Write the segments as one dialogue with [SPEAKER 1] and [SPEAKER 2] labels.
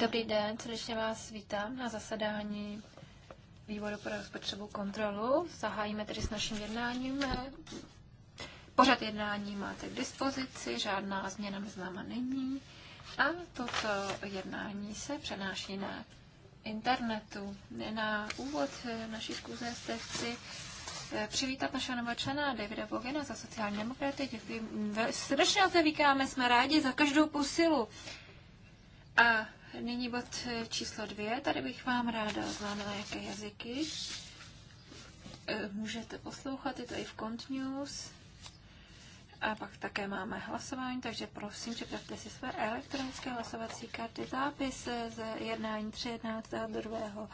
[SPEAKER 1] Dobrý den, srdečně vás vítám na zasedání výboru pro rozpočtovou kontrolu. Zahájíme tedy s naším jednáním. Pořad jednání máte k dispozici, žádná změna neznáma není. A toto jednání se přenáší na internetu. Na úvod naší zkuze jste chci Eh, přivítat našeho nového člena Davida Bogena za sociální demokraty. Děkuji. Srdečně se víkáme, jsme rádi za každou posilu. A nyní bod eh, číslo dvě. Tady bych vám ráda oznámila, jaké jazyky eh, můžete poslouchat. Je to i v Cont News. A pak také máme hlasování, takže prosím, připravte si své elektronické hlasovací karty, zápis z jednání 13. do 2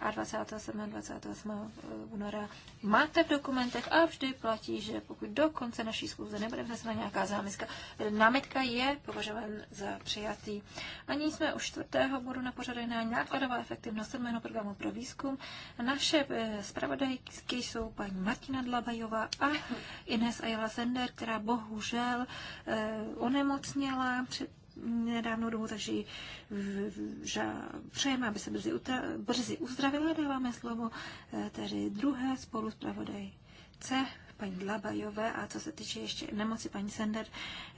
[SPEAKER 1] a 27. 28. Eh, února máte v dokumentech a vždy platí, že pokud do konce naší schůze nebude vnesena nějaká zámiska, eh, námitka je považován za přijatý. A nyní jsme u čtvrtého bodu na pořadu na nákladová efektivnost sedmého programu pro výzkum. Naše eh, zpravodajky jsou paní Martina Dlabajová a Ines Ayala Sender, která bohužel onemocněla před nedávnou dobu, takže ji přejeme, aby se brzy, brzy uzdravila. Dáváme slovo eh, tedy druhé spolu C paní Dlabajové a co se týče ještě nemoci paní Sender,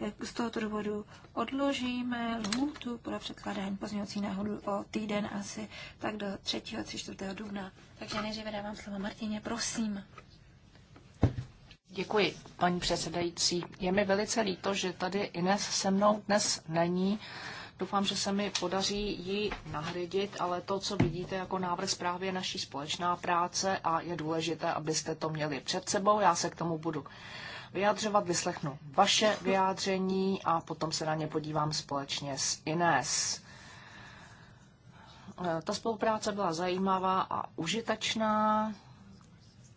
[SPEAKER 1] eh, z tohoto důvodu odložíme lhůtu pro předkládání pozměňovací náhodu o týden asi tak do 3. a 3. 4. dubna. Takže nejdříve dávám slovo Martině, prosím.
[SPEAKER 2] Děkuji, paní předsedající. Je mi velice líto, že tady Ines se mnou dnes není. Doufám, že se mi podaří ji nahradit, ale to, co vidíte jako návrh zprávy, je naší společná práce a je důležité, abyste to měli před sebou. Já se k tomu budu vyjadřovat, vyslechnu vaše vyjádření a potom se na ně podívám společně s Ines. E, ta spolupráce byla zajímavá a užitečná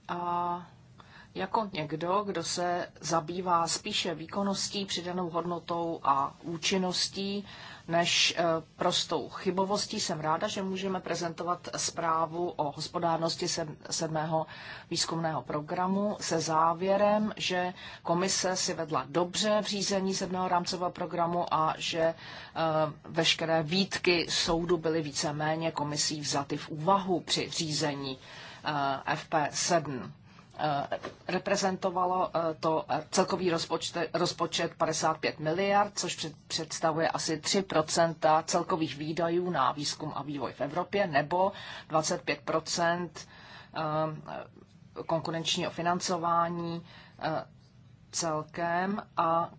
[SPEAKER 2] a jako někdo, kdo se zabývá spíše výkonností, přidanou hodnotou a účinností než eh, prostou chybovostí, jsem ráda, že můžeme prezentovat zprávu o hospodárnosti sedmého výzkumného programu se závěrem, že komise si vedla dobře v řízení sedmého rámcového programu a že eh, veškeré výtky soudu byly víceméně komisí vzaty v úvahu při řízení eh, FP7. Eh, reprezentovalo eh, to celkový rozpočet, rozpočet 55 miliard, což představuje asi 3 celkových výdajů na výzkum a vývoj v Evropě, nebo 25 eh, konkurenčního financování celkem a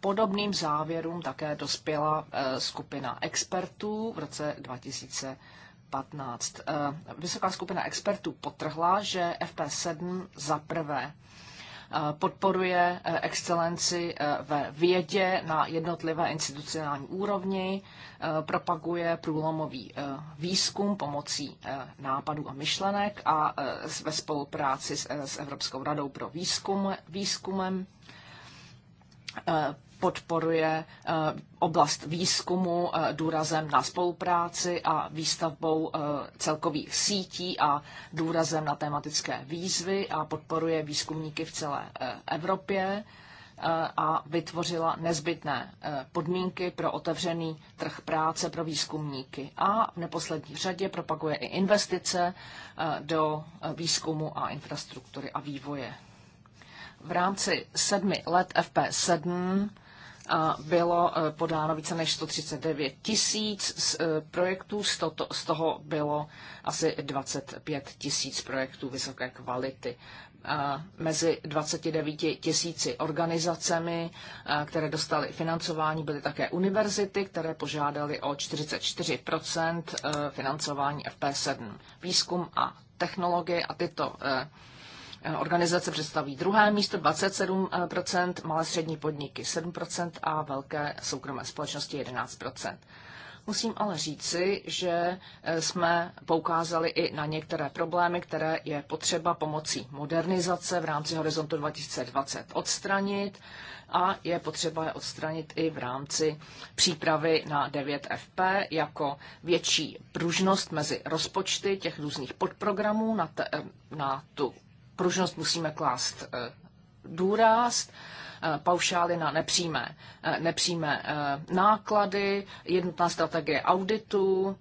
[SPEAKER 2] podobným závěrům také dospěla skupina expertů v roce 2000. 2015. Eh, vysoká skupina expertů potrhla, že FP7 za prvé eh, podporuje eh, excelenci ve vědě na jednotlivé institucionální úrovni, propaguje průlomový výzkum pomocí nápadů a myšlenek a ve spolupráci s Evropskou radou pro výzkum, výzkumem podporuje eh, oblast výzkumu eh, důrazem na spolupráci a výstavbou eh, celkových sítí a důrazem na tematické výzvy a podporuje výzkumníky v celé Evropě a vytvořila nezbytné podmínky pro otevřený trh práce pro výzkumníky a v neposlední řadě propaguje i investice do výzkumu a infrastruktury a vývoje. V rámci sedmi let FP7 bylo e, podáno více než 139 tisíc e, projektů, z toho bylo asi 25 tisíc projektů vysoké kvality. E, mezi 29 tisíci organizacemi, které dostaly financování, byly také univerzity, které požádaly o 44 financování FP7 výzkum a technologie a tyto Eh, organizace představí druhé místo, 27%, eh, malé střední podniky 7% a velké soukromé společnosti 11%. Musím ale říci, že eh, jsme poukázali i na některé problémy, které je potřeba pomocí modernizace v rámci Horizontu 2020 odstranit a je potřeba je odstranit i v rámci přípravy na 9FP jako větší pružnost mezi rozpočty těch různých podprogramů na, te, na tu pružnost musíme klást eh, důraz, eh, paušály na nepřímé, eh, nepřímé náklady, jednotná strategie auditu,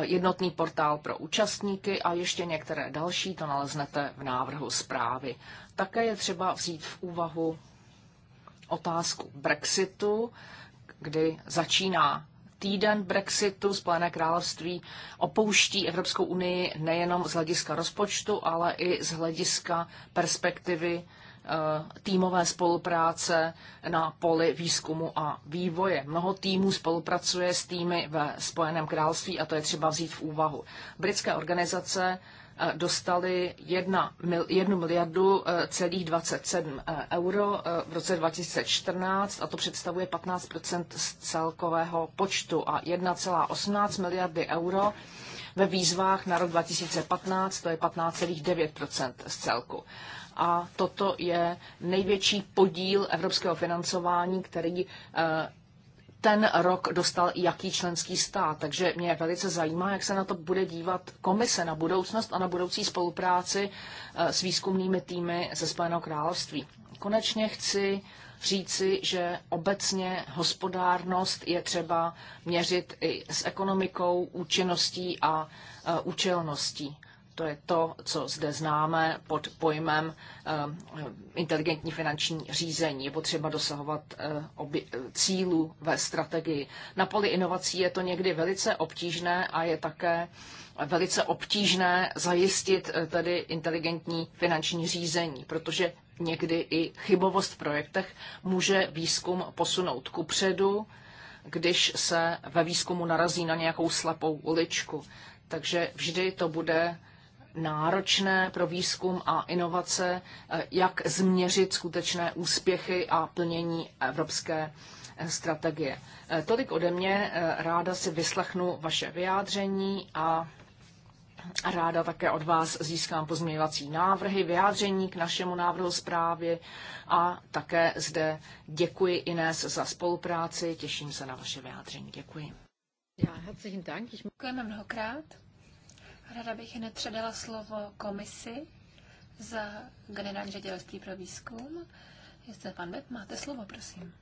[SPEAKER 2] jednotný portál pro účastníky a ještě některé další, to naleznete v návrhu zprávy. Také je třeba vzít v úvahu otázku Brexitu, kdy začíná týden Brexitu Spojené království opouští Evropskou unii nejenom z hlediska rozpočtu, ale i z hlediska perspektivy eh, týmové spolupráce na poli výzkumu a vývoje. Mnoho týmů spolupracuje s týmy ve Spojeném království a to je třeba vzít v úvahu. Britské organizace Eh, dostali 1 miliardu eh, celých 27 eh, euro v roce 2014 a to představuje 15 z celkového počtu a 1,18 miliardy euro ve výzvách na rok 2015 to je 15,9 z celku. A toto je největší podíl evropského financování, který ten rok dostal jaký členský stát. Takže mě velice zajímá, jak se na to bude dívat komise na budoucnost a na budoucí spolupráci eh, s výzkumnými týmy ze Spojeného království. Konečně chci říci, že obecně hospodárnost je třeba měřit i s ekonomikou, účinností a eh, účelností. To je to, co zde známe pod pojmem eh, inteligentní finanční řízení. Je potřeba dosahovat eh, eh, cílů ve strategii. Na poli inovací je to někdy velice obtížné a je také velice obtížné zajistit tedy inteligentní finanční řízení, protože někdy i chybovost v projektech může výzkum posunout kupředu, když se ve výzkumu narazí na nějakou slepou uličku. Takže vždy to bude náročné pro výzkum a inovace, eh, jak změřit skutečné úspěchy a plnění evropské eh, strategie. Eh, tolik ode mě, ráda si vyslechnu vaše vyjádření a ráda také od vás získám pozměňovací návrhy, vyjádření k našemu návrhu zprávy a také zde děkuji Inés za spolupráci, těším se na vaše vyjádření. Děkuji.
[SPEAKER 1] Já, herzlichen Dank. Děkujeme mnohokrát. Ráda bych hned předala slovo komisi za
[SPEAKER 3] generální ředitelství
[SPEAKER 1] pro výzkum. Jestli pan Beb, máte slovo, prosím.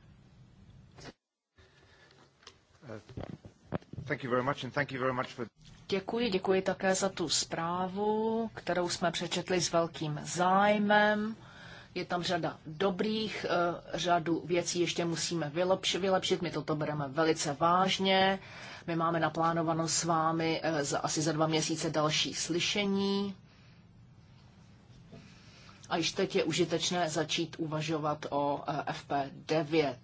[SPEAKER 2] Děkuji, děkuji také za tu zprávu, kterou jsme přečetli s velkým zájmem. Je tam řada dobrých, eh, řadu věcí ještě musíme vylepšit. my toto bereme velice vážně my máme naplánováno s vámi eh, za, asi za dva měsíce další slyšení. A již teď je užitečné začít uvažovat o eh, FP9.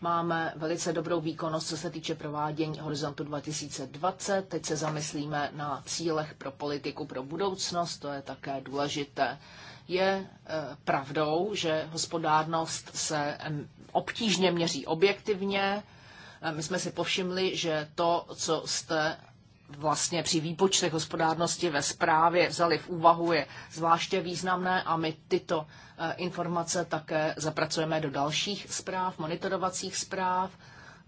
[SPEAKER 2] Máme velice dobrou výkonnost, co se týče provádění Horizontu 2020. Teď se zamyslíme na cílech pro politiku pro budoucnost, to je také důležité. Je eh, pravdou, že hospodárnost se obtížně měří objektivně, Eh, my jsme si povšimli, že to, co jste vlastně při výpočtech hospodárnosti ve zprávě vzali v úvahu, je zvláště významné a my tyto eh, informace také zapracujeme do dalších zpráv, monitorovacích zpráv,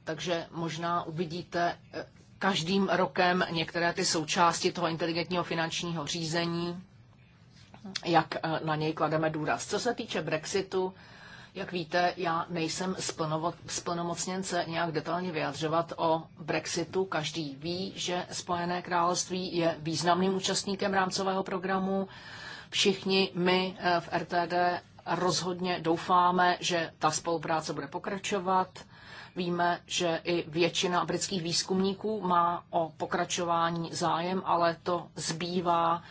[SPEAKER 2] takže možná uvidíte eh, každým rokem některé ty součásti toho inteligentního finančního řízení, jak na něj klademe důraz. Co se týče Brexitu, jak víte, já nejsem splnomocněnce nějak detailně vyjadřovat o Brexitu. Každý ví, že Spojené království je významným účastníkem rámcového programu. Všichni my eh, v RTD rozhodně doufáme, že ta spolupráce bude pokračovat. Víme, že i většina britských výzkumníků má o pokračování zájem, ale to zbývá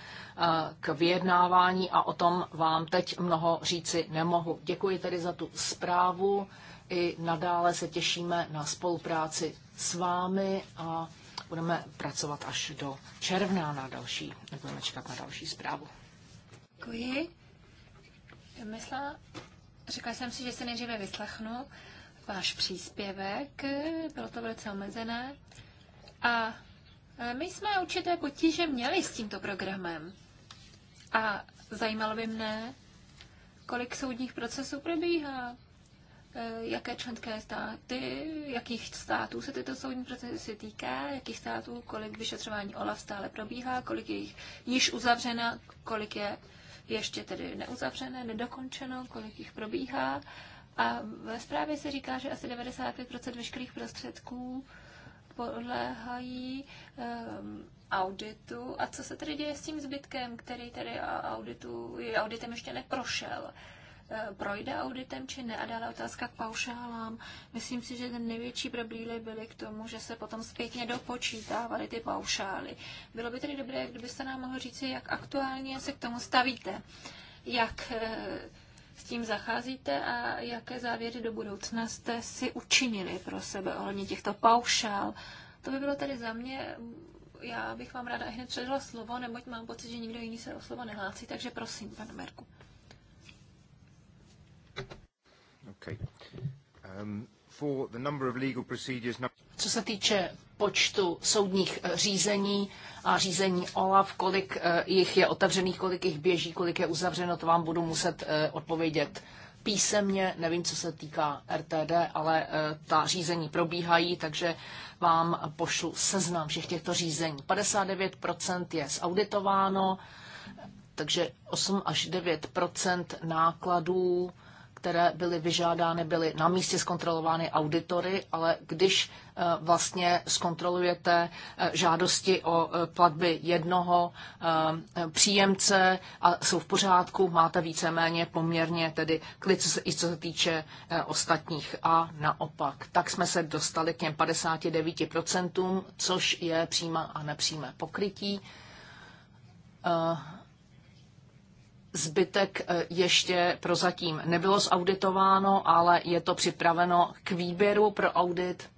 [SPEAKER 2] k vyjednávání a o tom vám teď mnoho říci nemohu. Děkuji tedy za tu zprávu. I nadále se těšíme na spolupráci s vámi a budeme pracovat až do června na další, budeme čekat na další zprávu.
[SPEAKER 1] Děkuji. Myslela, řekla jsem si, že se nejdříve vyslechnu váš příspěvek, bylo to velice omezené. A e, my jsme určité potíže měli s tímto programem. A zajímalo by mne, kolik soudních procesů probíhá, e, jaké členské státy, jakých států se tyto soudní procesy týká, jakých států, kolik vyšetřování OLAF stále probíhá, kolik je jich již uzavřena, kolik je ještě tedy neuzavřené, nedokončeno, kolik jich probíhá. A ve zprávě se říká, že asi 95 veškerých prostředků podléhají um, auditu. A co se tedy děje s tím zbytkem, který tedy auditu, auditem ještě neprošel? E, projde auditem či ne. A dále otázka k paušálám. Myslím si, že ten největší problémy byly k tomu, že se potom zpětně dopočítávaly ty paušály. Bylo by tedy dobré, kdybyste nám mohl říct, jak aktuálně se k tomu stavíte, jak e, s tím zacházíte a jaké závěry do budoucna jste si učinili pro sebe ohledně těchto paušál. To by bylo tedy za mě já bych vám ráda hned předala slovo, neboť mám pocit, že nikdo jiný se o slovo nehlásí, takže prosím,
[SPEAKER 2] pane Merku.
[SPEAKER 3] Okay. Um, for the number of legal procedures...
[SPEAKER 2] Co se týče počtu soudních eh, řízení a řízení OLAV, kolik eh, jich je otevřených, kolik jich běží, kolik je uzavřeno, to vám budu muset eh, odpovědět písemně, nevím, co se týká RTD, ale eh, ta řízení probíhají, takže vám pošlu seznam všech těchto řízení. 59% je zauditováno, takže 8 až 9 nákladů které byly vyžádány, byly na místě zkontrolovány auditory, ale když eh, vlastně zkontrolujete eh, žádosti o eh, platby jednoho příjemce a jsou v pořádku, máte víceméně poměrně tedy klid, co se, i co se týče ostatních a naopak. Tak jsme se dostali k těm 59%, což je přímá a nepřímé pokrytí. Zbytek eh, ještě prozatím nebylo zauditováno, ale je to připraveno k výběru pro audit.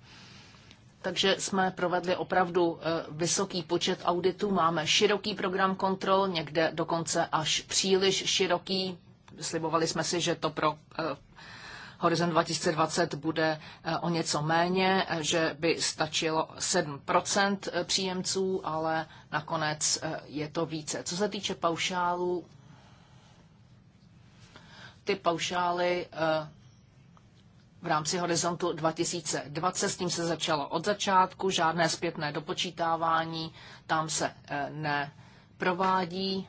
[SPEAKER 2] Takže jsme provedli opravdu eh, vysoký počet auditů. Máme široký program kontrol, někde dokonce až příliš široký. Slibovali jsme si, že to pro eh, Horizon 2020 bude o něco méně, že by stačilo 7 příjemců, ale nakonec je to více. Co se týče paušálů, ty paušály eh, v rámci horizontu 2020. S tím se začalo od začátku, žádné zpětné dopočítávání tam se eh, neprovádí.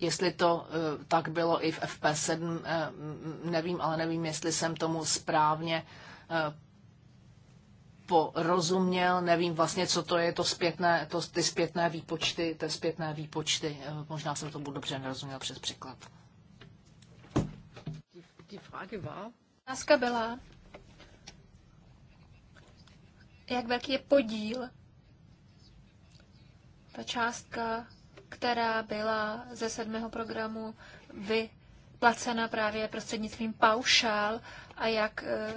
[SPEAKER 2] Jestli to eh, tak bylo i v FP7, nevím, ale nevím, jestli jsem tomu správně porozuměl, nevím vlastně, co to je, to zpětné, to, ty zpětné výpočty, ty zpětné výpočty, možná jsem to budu dobře nerozuměl přes překlad.
[SPEAKER 1] Otázka byla, jak velký je podíl, ta částka, která byla ze sedmého programu vyplacena právě prostřednictvím paušál a jak eh,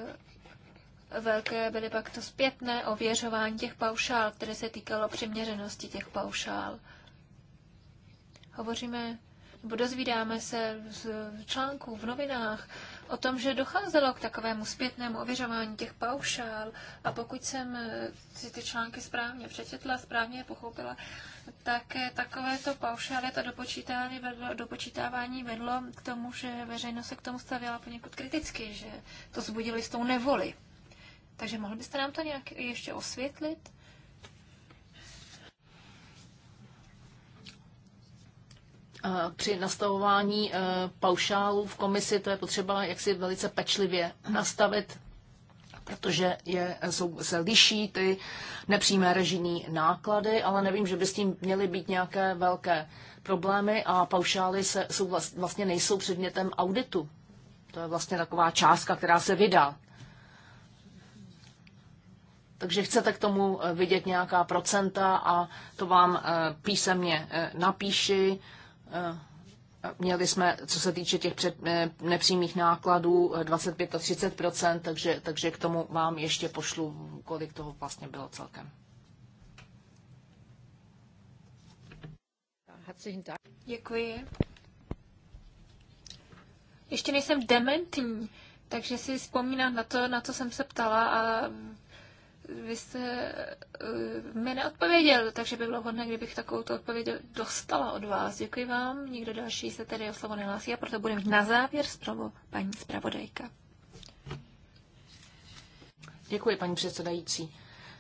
[SPEAKER 1] velké byly pak to zpětné ověřování těch paušál, které se týkalo přiměřenosti těch paušál. Hovoříme, nebo dozvídáme se z článků v novinách, o tom, že docházelo k takovému zpětnému ověřování těch paušál a pokud jsem eh, si ty články správně přečetla, správně je pochopila, tak eh, takovéto paušály, to dopočítávání vedlo, dopočítávání vedlo k tomu, že veřejnost se k tomu stavěla poněkud kriticky, že to zbudili s tou nevoli. Takže mohl byste nám to nějak ještě osvětlit?
[SPEAKER 2] při nastavování e, paušálů v komisi to je potřeba jaksi velice pečlivě nastavit, protože je, jsou, se liší ty nepřímé režijní náklady, ale nevím, že by s tím měly být nějaké velké problémy a paušály se, jsou vlastně nejsou předmětem auditu. To je vlastně taková částka, která se vydá. Takže chcete k tomu e, vidět nějaká procenta a to vám e, písemně napíši Eh, měli jsme, co se týče těch před, eh, nepřímých nákladů, 25 eh, a 30 takže, takže k tomu vám ještě pošlu, kolik toho vlastně bylo celkem.
[SPEAKER 1] Děkuji. Ještě nejsem dementní, takže si vzpomínám na to, na co jsem se ptala a vy jste uh, mi neodpověděl, takže by bylo hodné, kdybych takovou odpověď dostala od vás. Děkuji vám. Nikdo další se tedy o slovo nehlásí a proto budeme na závěr zpravo paní zpravodajka.
[SPEAKER 2] Děkuji, paní předsedající.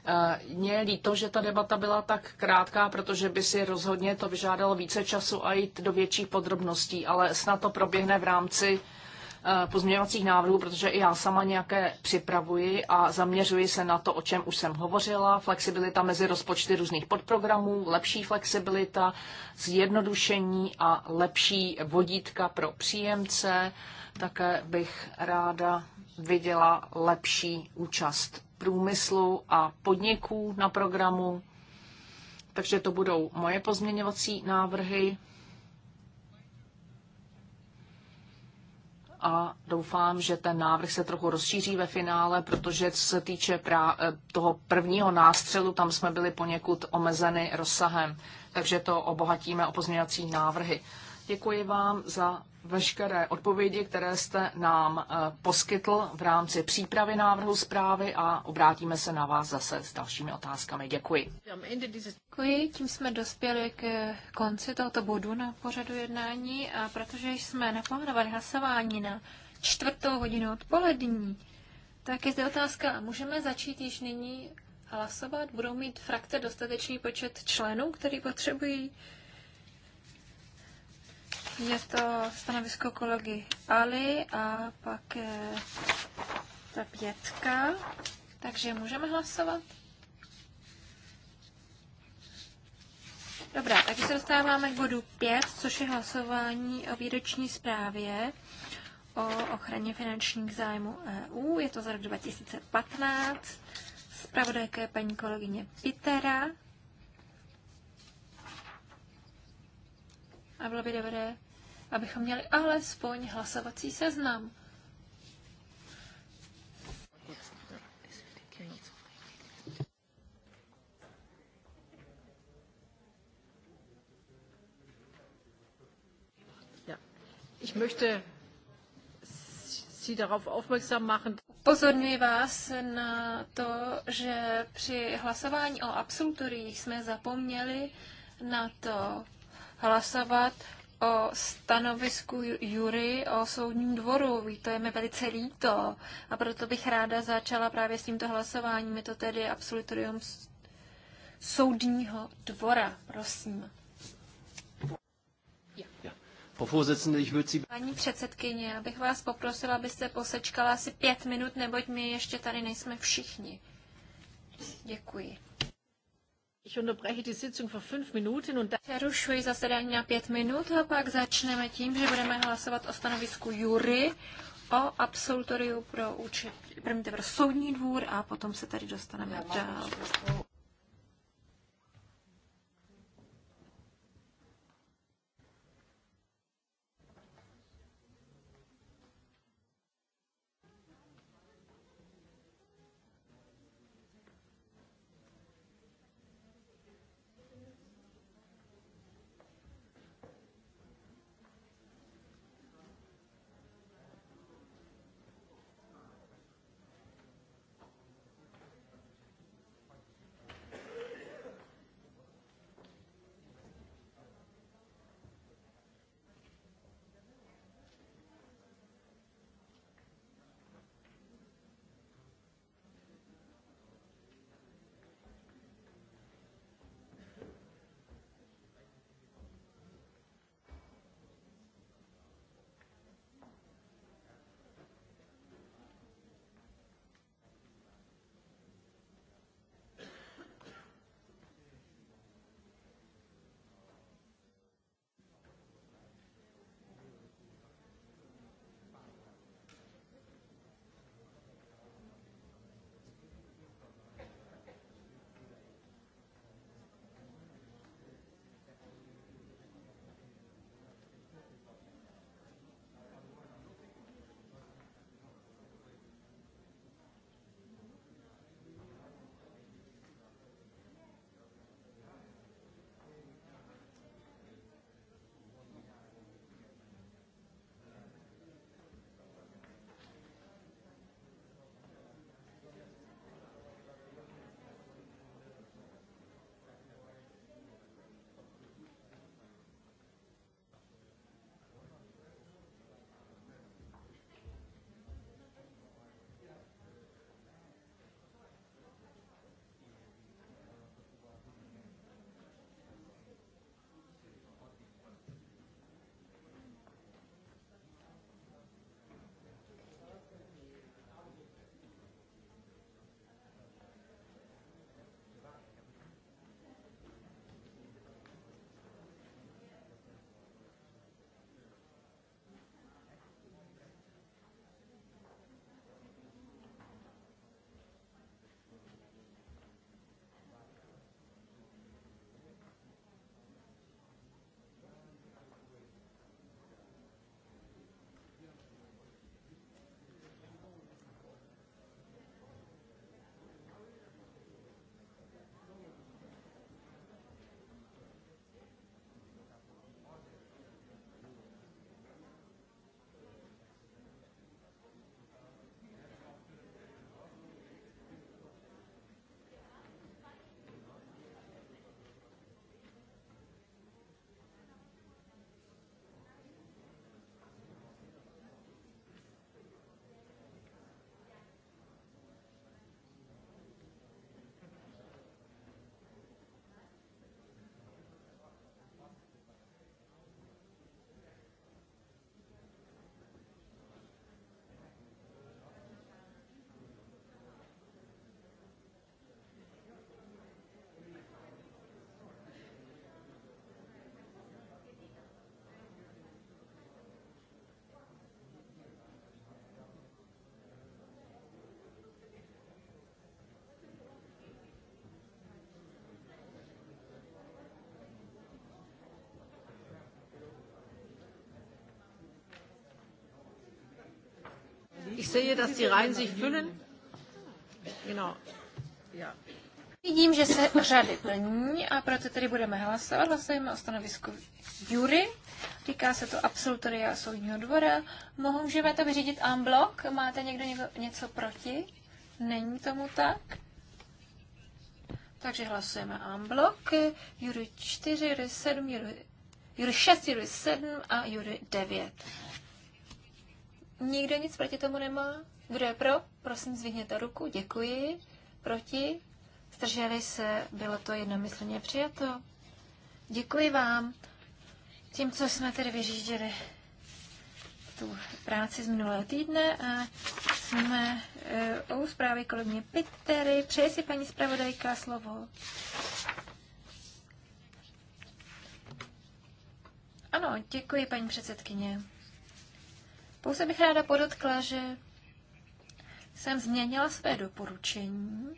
[SPEAKER 2] Eh, Mě je líto, že ta debata byla tak krátká, protože by si rozhodně to vyžádalo více času a jít do větších podrobností, ale snad to proběhne v rámci Eh, pozměňovacích návrhů, protože i já sama nějaké připravuji a zaměřuji se na to, o čem už jsem hovořila. Flexibilita mezi rozpočty různých podprogramů, lepší flexibilita, zjednodušení a lepší vodítka pro příjemce. Také bych ráda viděla lepší účast průmyslu a podniků na programu. Takže to budou moje pozměňovací návrhy. a doufám, že ten návrh se trochu rozšíří ve finále, protože co se týče eh, toho prvního nástřelu, tam jsme byli poněkud omezeny rozsahem, takže to obohatíme o pozměňovací návrhy. Děkuji vám za veškeré odpovědi, které jste nám eh, poskytl v rámci přípravy návrhu zprávy a obrátíme se na vás zase s dalšími otázkami. Děkuji.
[SPEAKER 1] Děkuji, tím jsme dospěli k konci tohoto bodu na pořadu jednání a protože jsme naplánovali hlasování na čtvrtou hodinu odpolední, tak je zde otázka, můžeme začít již nyní hlasovat? Budou mít frakce dostatečný počet členů, který potřebují? Je to stanovisko kolegy Ali a pak eh, ta pětka. Takže můžeme hlasovat? Dobrá, takže se dostáváme k bodu 5, což je hlasování o výroční zprávě o ochraně finančních zájmů EU. Je to za rok 2015. Spravodajka je paní kolegyně Pitera. A bylo by dobré abychom měli alespoň hlasovací seznam.
[SPEAKER 2] Ich möchte
[SPEAKER 3] Sie darauf aufmerksam machen.
[SPEAKER 1] Pozorňuji vás na to, že při hlasování o absolutoriích jsme zapomněli na to hlasovat o stanovisku Jury o soudním dvoru. To je mi velice líto a proto bych ráda začala právě s tímto hlasováním. Je to tedy absolutorium soudního dvora. Prosím. Paní předsedkyně, abych vás poprosila, abyste posečkala asi pět minut, neboť my ještě tady nejsme všichni. Děkuji. Přerušuji zasedání na pět minut a pak začneme tím, že budeme hlasovat o stanovisku jury o absolutoriu pro, uči... pro soudní dvůr a potom se tady dostaneme dál.
[SPEAKER 3] Ich sehe, dass die Reihen sich füllen. Genau.
[SPEAKER 1] Ja. Vidím, že se řady plní a proto tedy budeme hlasovat. Hlasujeme o stanovisku jury. Týká se to absolutoria soudního dvora. Mohu, můžeme to vyřídit en bloc? Máte někdo něko, něco proti? Není tomu tak? Takže hlasujeme en bloc. Jury 4, jury 7, jury, jury 6, jury 7 a jury 9. Nikdo nic proti tomu nemá? Kdo je pro? Prosím, zvihněte ruku. Děkuji. Proti? Zdrželi se? Bylo to jednomyslně přijato. Děkuji vám. Tím, co jsme tedy vyřížděli tu práci z minulého týdne a jsme e, u zprávy kolegyně Pittery. Přeje si paní zpravodajka slovo. Ano, děkuji, paní předsedkyně. Pouze bych ráda podotkla, že jsem změnila své doporučení.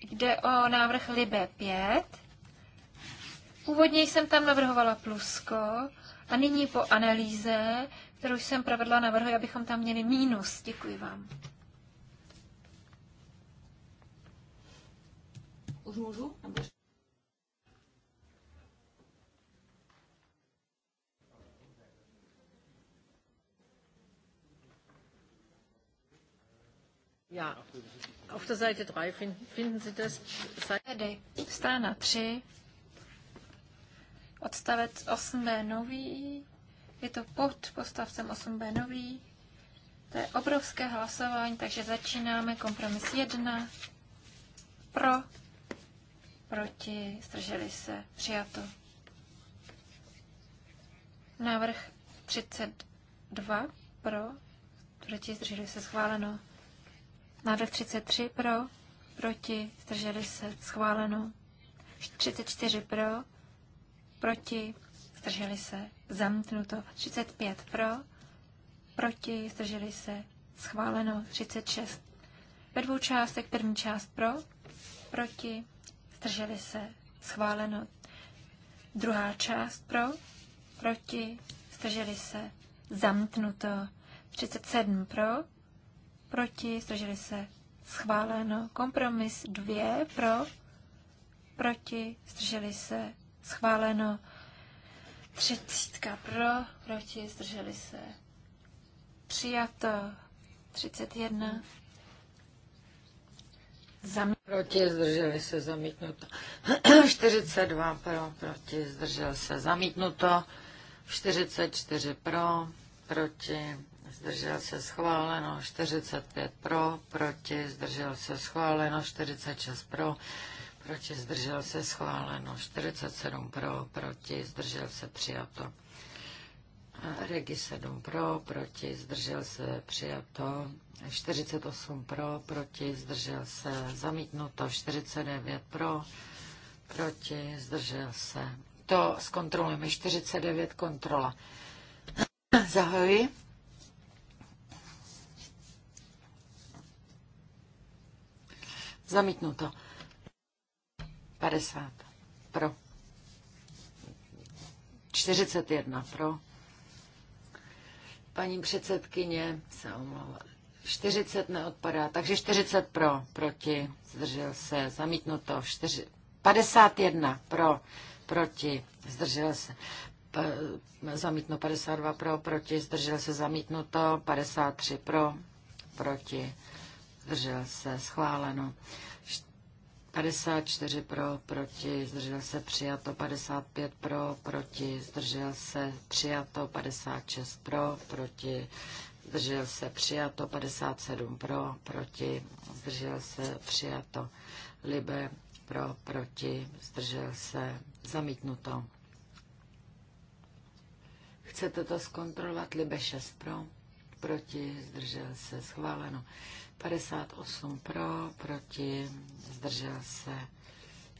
[SPEAKER 1] Jde o návrh Libe 5. Původně jsem tam navrhovala plusko a nyní po analýze, kterou jsem provedla, navrhuji, abychom tam měli mínus. Děkuji vám.
[SPEAKER 3] Už můžu?
[SPEAKER 4] Ja, auf der Seite 3
[SPEAKER 1] finden, Sie das. Tady, strana 3, odstavec 8b nový, je to pod postavcem 8b nový, to je obrovské hlasování, takže začínáme kompromis 1, pro, proti, Strželi se, přijato. Návrh 32, pro, proti, Strželi se, schváleno. Návrh 33 pro, proti, zdrželi se, schváleno. 34 pro, proti, zdrželi se, zamknuto. 35 pro, proti, zdrželi se, schváleno. 36 ve dvou částek první část pro, proti, zdrželi se, schváleno. Druhá část pro, proti, zdrželi se, zamknuto. 37 pro, proti, zdrželi se schváleno. Kompromis 2 pro, proti, zdrželi se schváleno. Třicítka pro, proti, zdrželi se přijato. 31
[SPEAKER 4] Zam... Proti zdrželi se zamítnuto. 42 pro, proti zdržel se zamítnuto. 44 pro, proti zdržel se schváleno 45 pro, proti zdržel se schváleno 46 pro, proti zdržel se schváleno 47 pro, proti zdržel se přijato. Regi 7 pro, proti zdržel se přijato 48 pro, proti zdržel se zamítnuto 49 pro, proti zdržel se. To zkontrolujeme 49 kontrola. Zahajuji. Zamítnuto. 50 pro. 41 pro. Paní předsedkyně se omlouvá. 40 neodpadá, takže 40 pro, proti, zdržel se, zamítnuto, 4, 51 pro, proti, zdržel se, P, zamítnu 52 pro, proti, zdržel se, zamítnuto, 53 pro, proti, zdržel se, schváleno. 54 pro, proti, zdržel se, přijato. 55 pro, proti, zdržel se, přijato. 56 pro, proti, zdržel se, přijato. 57 pro, proti, zdržel se, přijato. Libe pro, proti, zdržel se, zamítnuto. Chcete to zkontrolovat? Libe 6 pro, proti, zdržel se, schváleno. 58 pro, proti, zdržel se,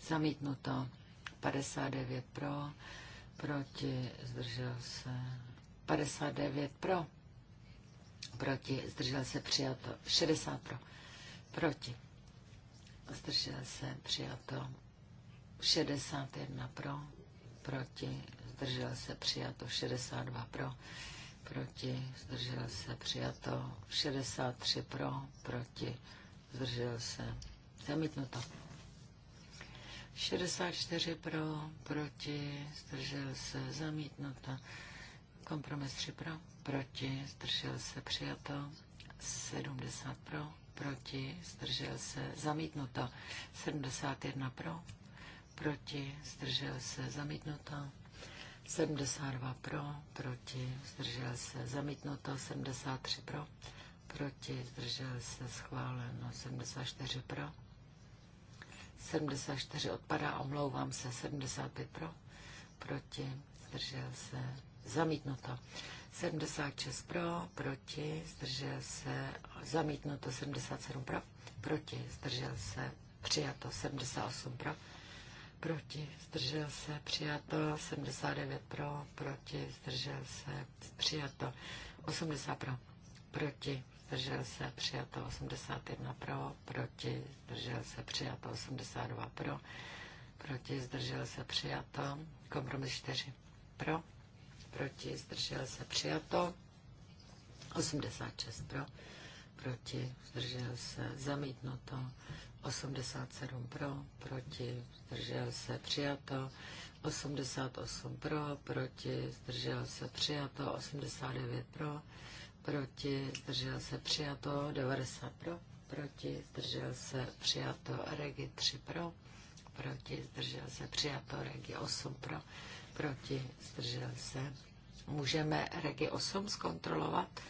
[SPEAKER 4] zamítnuto. 59 pro, proti, zdržel se, 59 pro, proti, zdržel se, přijato, 60 pro, proti, zdržel se, přijato, 61 pro, proti, zdržel se, přijato, 62 pro, proti, zdržel se, přijato. 63 pro, proti, zdržel se, zamítnuto. 64 pro, proti, zdržel se, zamítnuto. Kompromis 3 pro, proti, zdržel se, přijato. 70 pro, proti, zdržel se, zamítnuto. 71 pro, proti, zdržel se, zamítnuto. 72 pro, proti, zdržel se, zamítnuto, 73 pro, proti, zdržel se, schváleno, 74 pro, 74 odpadá, omlouvám se, 75 pro, proti, zdržel se, zamítnuto, 76 pro, proti, zdržel se, zamítnuto, 77 pro, proti, zdržel se, přijato, 78 pro, proti, zdržel se, přijato, 79 pro, proti, zdržel se, přijato, 80 pro, proti, zdržel se, přijato, 81 pro, proti, zdržel se, přijato, 82 pro, proti, zdržel se, přijato, kompromis 4 pro, proti, zdržel se, přijato, 86 pro, proti, zdržel se, zamítnuto, 87 pro, proti, zdržel se, přijato. 88 pro, proti, zdržel se, přijato. 89 pro, proti, zdržel se, přijato. 90 pro, proti, zdržel se, přijato. Regi 3 pro, proti, zdržel se, přijato. Regi 8 pro, proti, zdržel se. Můžeme Regi 8 zkontrolovat.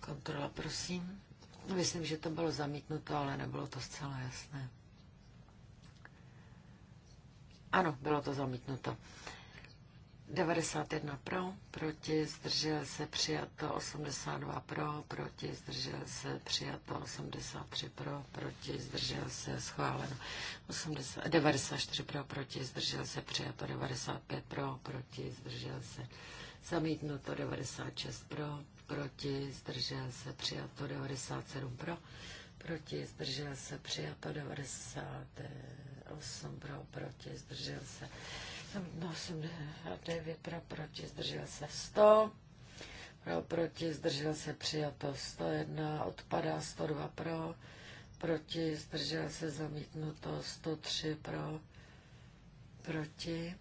[SPEAKER 4] Kontrola, prosím. Myslím, že to bylo zamítnuto, ale nebylo to zcela jasné. Ano, bylo to zamítnuto. 91 pro, proti zdržel se přijato 82 pro, proti zdržel se přijato 83 pro, proti zdržel se schváleno 80, 94 pro, proti zdržel se přijato 95 pro, proti zdržel se zamítnuto 96 pro, proti, zdržel se přijato 97 pro, proti, zdržel se přijato 98 pro, proti, zdržel se 89 pro, proti, zdržel se 100 pro, proti, zdržel se přijato 101, odpadá 102 pro, proti, zdržel se zamítnuto 103 pro, proti.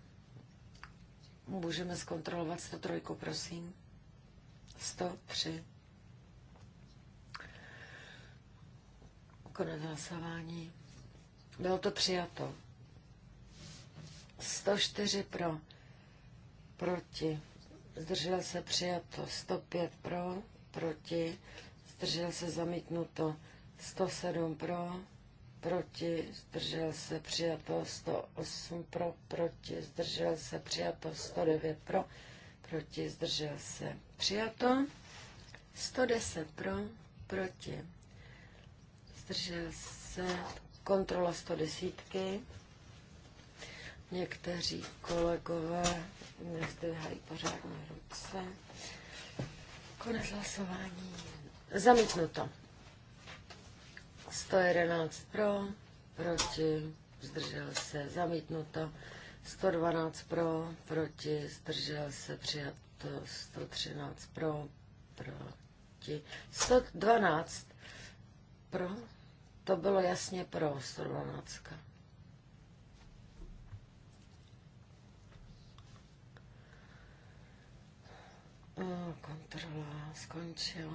[SPEAKER 4] Můžeme zkontrolovat 103, prosím. 103. Konec hlasování. Bylo to přijato. 104 pro, proti, zdržel se přijato. 105 pro, proti, zdržel se zamítnuto. 107 pro, proti, zdržel se přijato. 108 pro, proti, zdržel se přijato. 109 pro, proti, zdržel se, přijato. 110 pro, proti, zdržel se, kontrola 110. Někteří kolegové nezdvihají pořádně ruce. Konec hlasování. Zamítnuto. 111 pro, proti, zdržel se, zamítnuto. 112 pro, proti, zdržel se přijat 113 pro, proti, 112 pro, to bylo jasně pro 112. Kontrola skončila.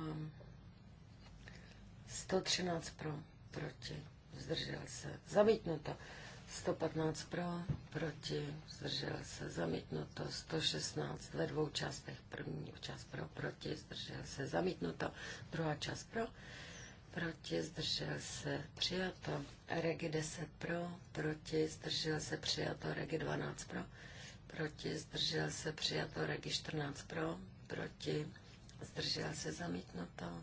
[SPEAKER 4] 113 pro, proti, zdržel se, zamítnuto. 115 pro, proti, zdržel se, zamítnuto, 116 ve dvou částech, první část pro, proti, zdržel se, zamítnuto, druhá část pro, proti, zdržel se, přijato, regi 10 pro, proti, zdržel se, přijato, regi 12 pro, proti, zdržel se, přijato, regi 14 pro, proti, zdržel se, zamítnuto,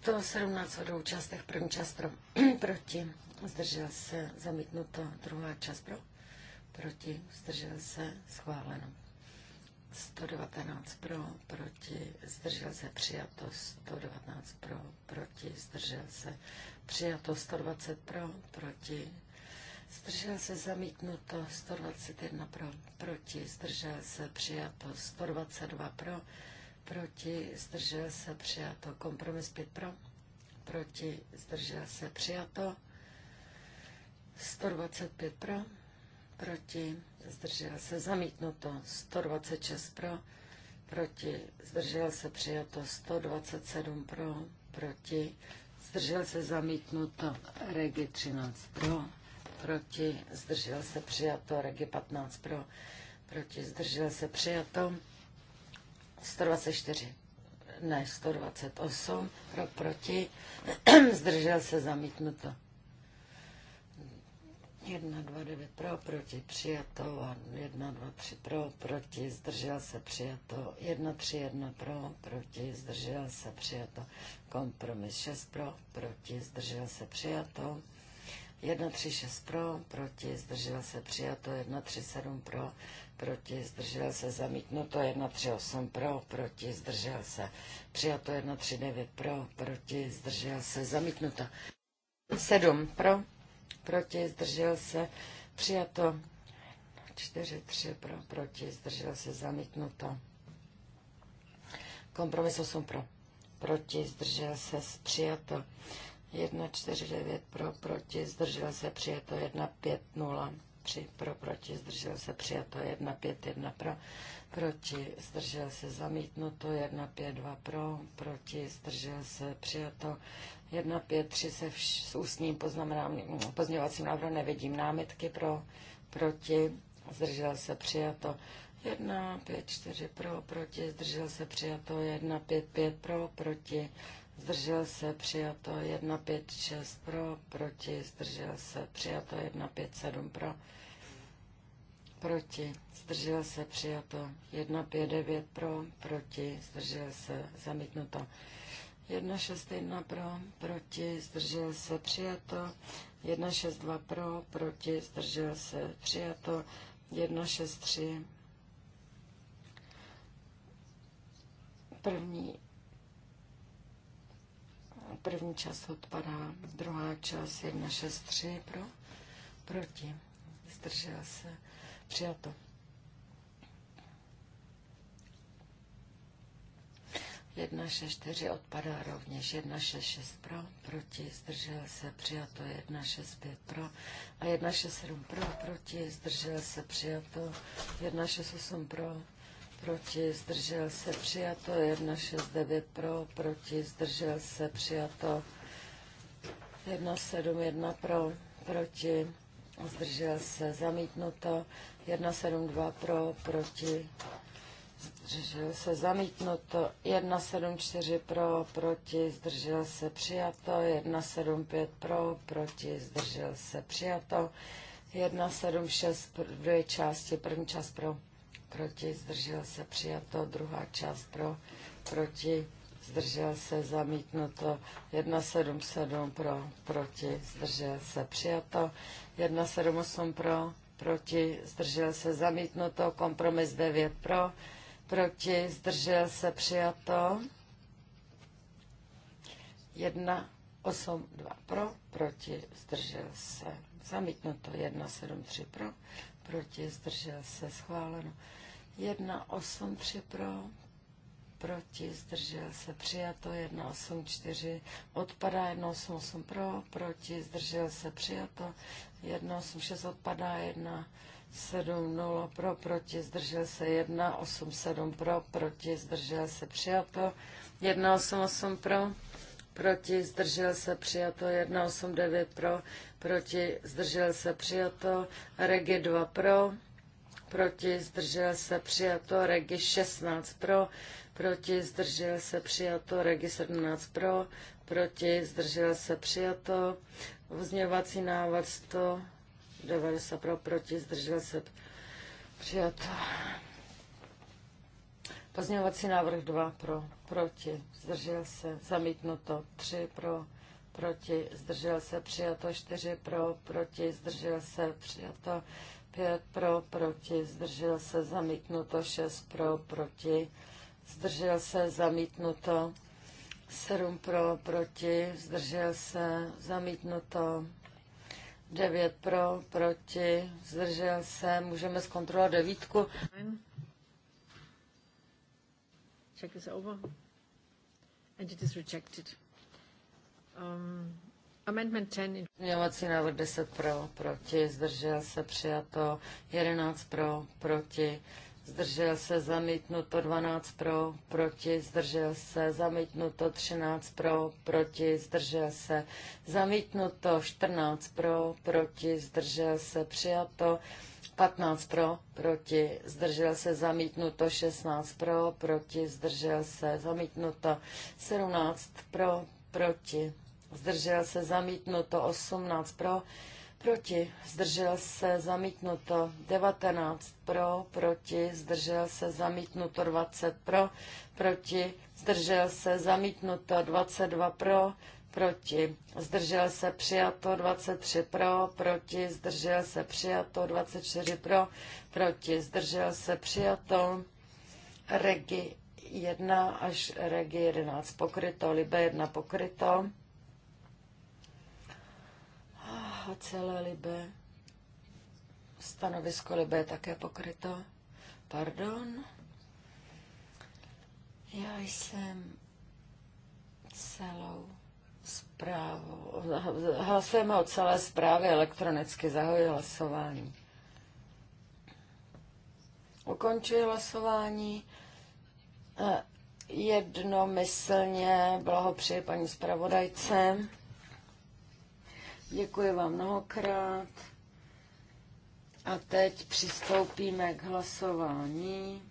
[SPEAKER 4] to 17 o účastech, první část pro, proti, zdržel se, zamítnuto, druhá část pro, proti, zdržel se, schváleno. 119 pro, proti, zdržel se, přijato, 119 pro, proti, zdržel se, přijato, 120 pro, proti, zdržel se, zamítnuto, 121 pro, proti, zdržel se, přijato, 122 pro, proti, zdržel se, přijato. Kompromis 5 pro, proti, zdržel se, přijato. 125 pro, proti, zdržel se, zamítnuto. 126 pro, proti, zdržel se, přijato. 127 pro, proti, zdržel se, zamítnuto. Regi 13 pro, proti, zdržel se, přijato. Regi 15 pro, proti, zdržel se, přijato. 124, ne, 128, pro, proti, zdržel se zamítnuto. 1, 2, 9 pro, proti, přijato, a 1, 2, 3 pro, proti, zdržel se, přijato, 1, 3, 1 pro, proti, zdržel se, přijato, kompromis 6 pro, proti, zdržel se, přijato, 136 pro, proti, zdržel se přijato, 137 pro, proti, zdržel se zamítnuto, 138 pro, proti, zdržel se přijato, 139 pro, proti, zdržel se zamítnuto, 7 pro, proti, zdržel se přijato, 4, 3 pro, proti, zdržel se zamítnuto, kompromis 8 pro, proti, zdržel se přijato, 9 pro, proti, zdržel se, přijato 0, 3 pro, proti, zdržel se, přijato 1 pro, proti, zdržel se, zamítnuto 2 pro, proti, zdržel se, přijato 3 se vš, s ústním pozměňovacím návrhem nevidím námitky pro, proti, zdržel se, přijato 4 pro, proti, zdržel se, přijato 5 pro, proti, zdržel se, přijato 156 pro, proti, zdržel se, přijato 157 pro, proti, zdržel se, přijato 159 pro, proti, zdržel se, zamítnuto 161 pro, proti, zdržel se, přijato 162 pro, proti, zdržel se, přijato 163 první První čas odpadá, druhá čas jedna šest tři pro, proti, zdržel se, přijato. Jedna, šest, čtyři odpadá rovněž. Jedna, šest, šest pro, proti, zdržel se, přijato. Jedna, šest, pět pro a jedna, šest, sedm pro, proti, zdržel se, přijato. Jedna, šest, osm pro, proti, zdržel se, přijato, 169 pro, proti, zdržel se, přijato, 171 pro, proti, zdržel se, zamítnuto, 172 pro, proti, zdržel se, zamítnuto, 174 pro, proti, zdržel se, přijato, 175 pro, proti, zdržel se, přijato, 176 v dvě části, první část pro, proti, zdržel se přijato, druhá část pro, proti, zdržel se zamítnuto, 177 pro, proti, zdržel se přijato, 178 pro, proti, zdržel se zamítnuto, kompromis 9 pro, proti, zdržel se přijato, 1, 8, 2 pro, proti, zdržel se zamítnuto, 1, 7, 3 pro, proti, zdržel se schváleno. Jedna osm tři pro, proti, zdržel se, přijato, jedna osm čtyři odpadá, jedna osm osm pro, proti, zdržel se, přijato, jedna osm šest odpadá, jedna 7, 0 pro, proti, zdržel se 1, 8, 7 pro, proti, zdržel se přijato, 1, 8, 8 pro, proti, zdržel se přijato, 1, 8, 9 pro, proti, zdržel se přijato, regi 2 pro, proti, zdržel se, přijato, regi 16 pro, proti, zdržel se, přijato, regi 17 pro, proti, zdržel se, přijato, vzněvací návod 190 pro, proti, zdržel se, přijato. Pozměňovací návrh 2 pro, proti, zdržel se, zamítnuto 3 pro, proti, zdržel se, přijato 4 pro, proti, zdržel se, přijato 5 pro, proti, zdržel se, zamítnuto, 6 pro, proti, zdržel se, zamítnuto, 7 pro, proti, zdržel se, zamítnuto, 9 pro, proti, zdržel se, můžeme zkontrolovat devítku. Check is over and it is rejected. Um, Amendment 10. Pozměňovací návrh 10 pro, proti, zdržel se, přijato. 11 pro, proti, zdržel se, zamítnuto. 12 pro, proti, zdržel se, zamítnuto. 13 pro, proti, zdržel se, zamítnuto. 14 pro, proti, zdržel se, přijato. 15 pro, proti, zdržel se, zamítnuto, 16 pro, proti, zdržel se, zamítnuto, 17 pro, proti, zdržel se zamítnuto 18 pro, proti, zdržel se zamítnuto 19 pro, proti, zdržel se zamítnuto 20 pro, proti, zdržel se zamítnuto 22 pro, proti, zdržel se přijato 23 pro, proti, zdržel se přijato 24 pro, proti, zdržel se přijato regi 1 až regi 11 pokryto, libe 1 pokryto. Praha celé Libe. Stanovisko Libe je také pokryto. Pardon. Já jsem celou zprávu. Hlasujeme o celé zprávě elektronicky. Zahoji hlasování. Ukončuji hlasování. Eh, Jednomyslně blahopřeji paní zpravodajce. Děkuji vám mnohokrát. A teď přistoupíme k hlasování.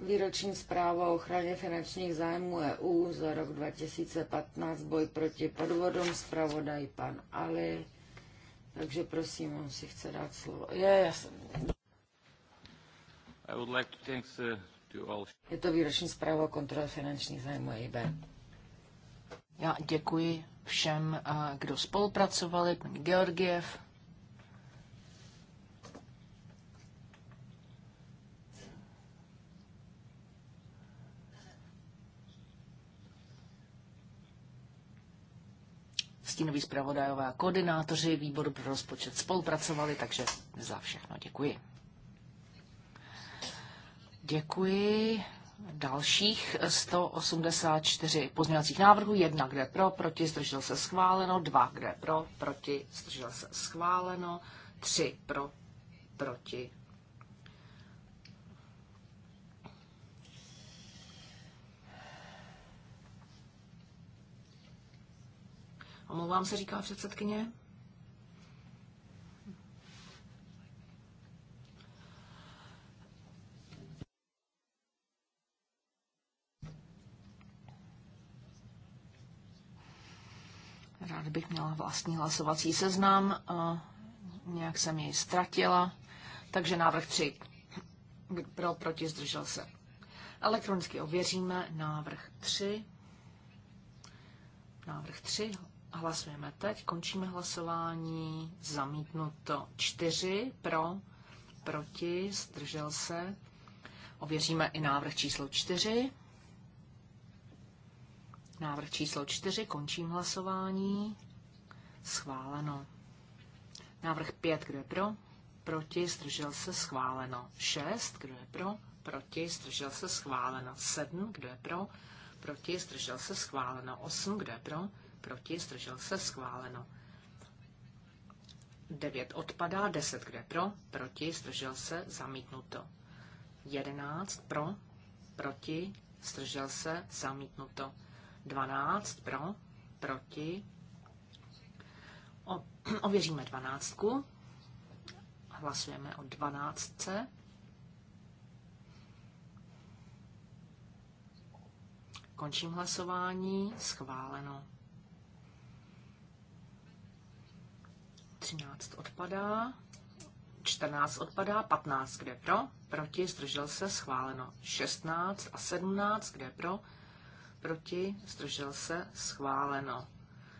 [SPEAKER 4] Výroční zpráva o ochraně finančních zájmů EU za rok 2015, boj proti podvodům, zpravodaj pan Ali. Takže prosím, on si chce dát slovo. Je, já jsem.
[SPEAKER 3] I would like to thank the
[SPEAKER 2] je to výroční zpráva o kontrole finančních zájmů EIB. Já děkuji všem, eh, kdo spolupracovali, paní Georgiev. Stínoví zpravodajové a koordinátoři výboru pro rozpočet spolupracovali, takže za všechno děkuji. Děkuji. Dalších 184 pozměňovacích návrhů. Jedna, kde pro, proti, zdržel se schváleno. Dva, kde pro, proti, zdržel se schváleno. Tři, pro, proti. Omlouvám se, říká předsedkyně. rád bych měla vlastní hlasovací seznam. a Nějak jsem jej ztratila. Takže návrh 3. Pro, proti, zdržel se. Elektronicky ověříme návrh 3. Návrh 3. Hlasujeme teď. Končíme hlasování. Zamítnuto 4. Pro, proti, zdržel se. Ověříme i návrh číslo 4. Návrh číslo 4. Končím hlasování. Schváleno. Návrh 5. Kdo je pro? Proti. Zdržel se. Schváleno. 6. Kdo je pro? Proti. Zdržel se. Schváleno. 7. Kdo je pro? Proti. Zdržel se. Schváleno. 8. Kdo je pro? Proti. Zdržel se. Schváleno. 9 odpadá, 10 kde pro, proti, zdržel se, zamítnuto. 11 pro, proti, zdržel se, zamítnuto. 12 pro, proti. O, ověříme 12. Hlasujeme o 12. Končím hlasování. Schváleno. 13 odpadá. 14 odpadá, 15 kde pro, proti, zdržel se, schváleno 16 a 17 kde pro, proti, zdržel se, schváleno.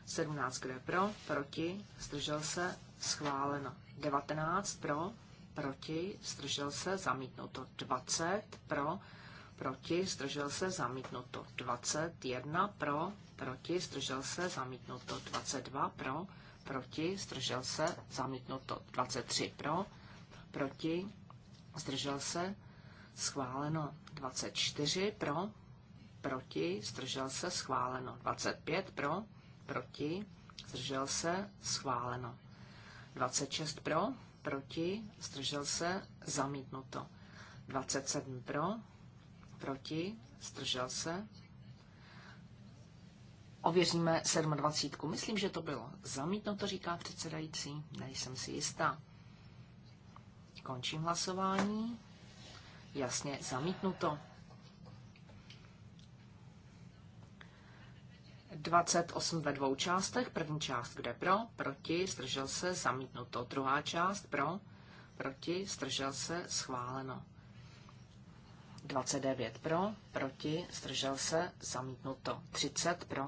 [SPEAKER 2] 17, kdo je pro, proti, zdržel se, schváleno. 19 pro, proti, zdržel se, zamítnuto. 20 pro, proti, zdržel se, zamítnuto. 21 pro, proti, zdržel se, zamítnuto. 22 pro, proti, zdržel se, zamítnuto. 23 pro, proti, zdržel se, schváleno. 24 pro, proti, zdržel se, schváleno. 25 pro, proti, zdržel se, schváleno. 26 pro, proti, zdržel se, zamítnuto. 27 pro, proti, zdržel se. Ověříme 27. Myslím, že to bylo zamítnuto, říká předsedající. Nejsem si jistá. Končím hlasování. Jasně, zamítnuto. 28 ve dvou částech. První část, kde pro, proti, zdržel se, zamítnuto. Druhá část, pro, proti, zdržel se, schváleno. 29 pro, proti, zdržel se, zamítnuto. 30 pro,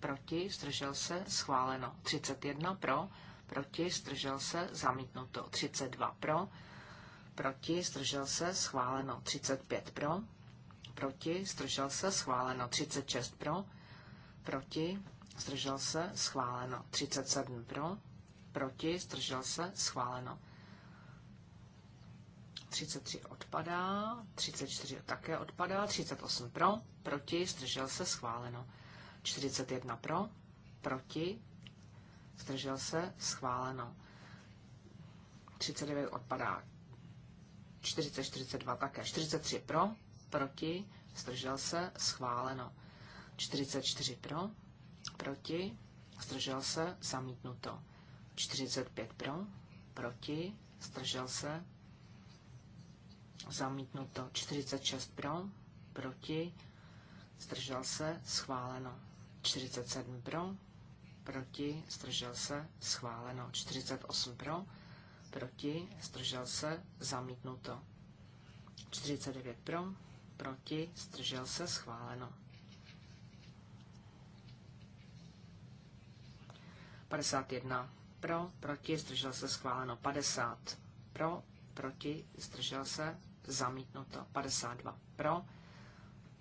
[SPEAKER 2] proti, zdržel se, schváleno. 31 pro, proti, zdržel se, zamítnuto. 32 pro, proti, zdržel se, schváleno. 35 pro, proti, zdržel se, schváleno. 36 pro, proti, zdržel se, schváleno. 37 pro, proti, zdržel se, schváleno. 33 odpadá, 34 také odpadá, 38 pro, proti, zdržel se, schváleno. 41 pro, proti, zdržel se, schváleno. 39 odpadá, 40, 42 také, 43 pro, proti, zdržel se, schváleno. 44 pro, proti, zdržel se, zamítnuto. 45 pro, proti, zdržel se, zamítnuto. 46 pro, proti, zdržel se, schváleno. 47 pro, proti, zdržel se, schváleno. 48 pro, proti, zdržel se, zamítnuto. 49 pro, proti, zdržel se, schváleno. 51 pro, proti, zdržel se schváleno 50 pro, proti, zdržel se zamítnuto 52 pro,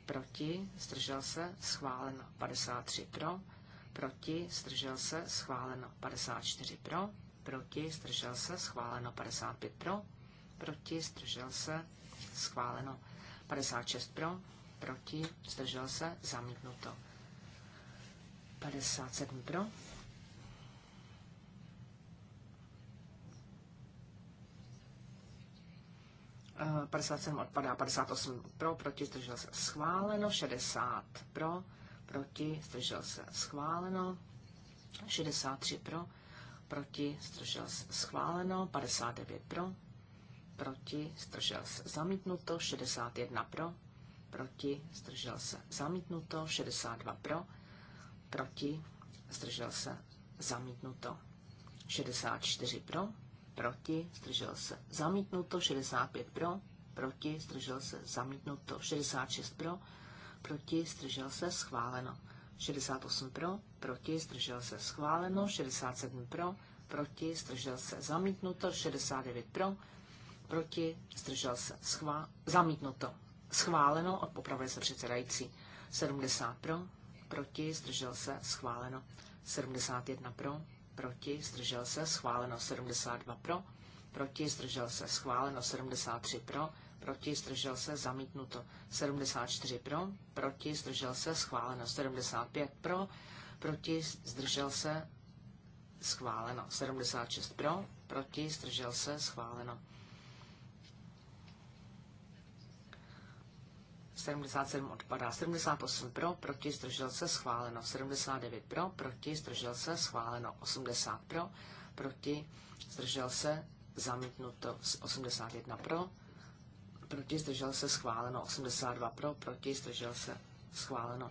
[SPEAKER 2] proti, zdržel se schváleno 53 pro, proti, zdržel se schváleno 54 pro, proti, zdržel se schváleno 55 pro, proti, zdržel se schváleno 56 pro, proti, zdržel se zamítnuto 57 pro, 57 odpadá, 58 pro, proti, zdržel se schváleno, 60 pro, proti, zdržel se schváleno, 63 pro, proti, zdržel se schváleno, 59 pro, proti, zdržel se zamítnuto, 61 pro, proti, zdržel se zamítnuto, 62 pro, proti, zdržel se zamítnuto, 64 pro, proti, zdržel se, zamítnuto, 65 pro, proti, zdržel se, zamítnuto, 66 pro, proti, zdržel se, schváleno, 68 pro, proti, zdržel se, schváleno, 67 pro, proti, zdržel se, zamítnuto, 69 pro, proti, zdržel se, schvá, zamítnuto, schváleno, a se předsedající, 70 pro, proti, zdržel se, schváleno, 71 pro, proti, zdržel se, schváleno 72 pro, proti, zdržel se, schváleno 73 pro, proti, zdržel se, zamítnuto 74 pro, proti, zdržel se, schváleno 75 pro, proti, zdržel se, schváleno 76 pro, proti, zdržel se, schváleno 77 odpadá. 78 pro, proti, zdržel se, schváleno. 79 pro, proti, zdržel se, schváleno. 80 pro, proti, zdržel se, zamítnuto. 81 pro, proti, zdržel se, schváleno. 82 pro, proti, zdržel se, schváleno.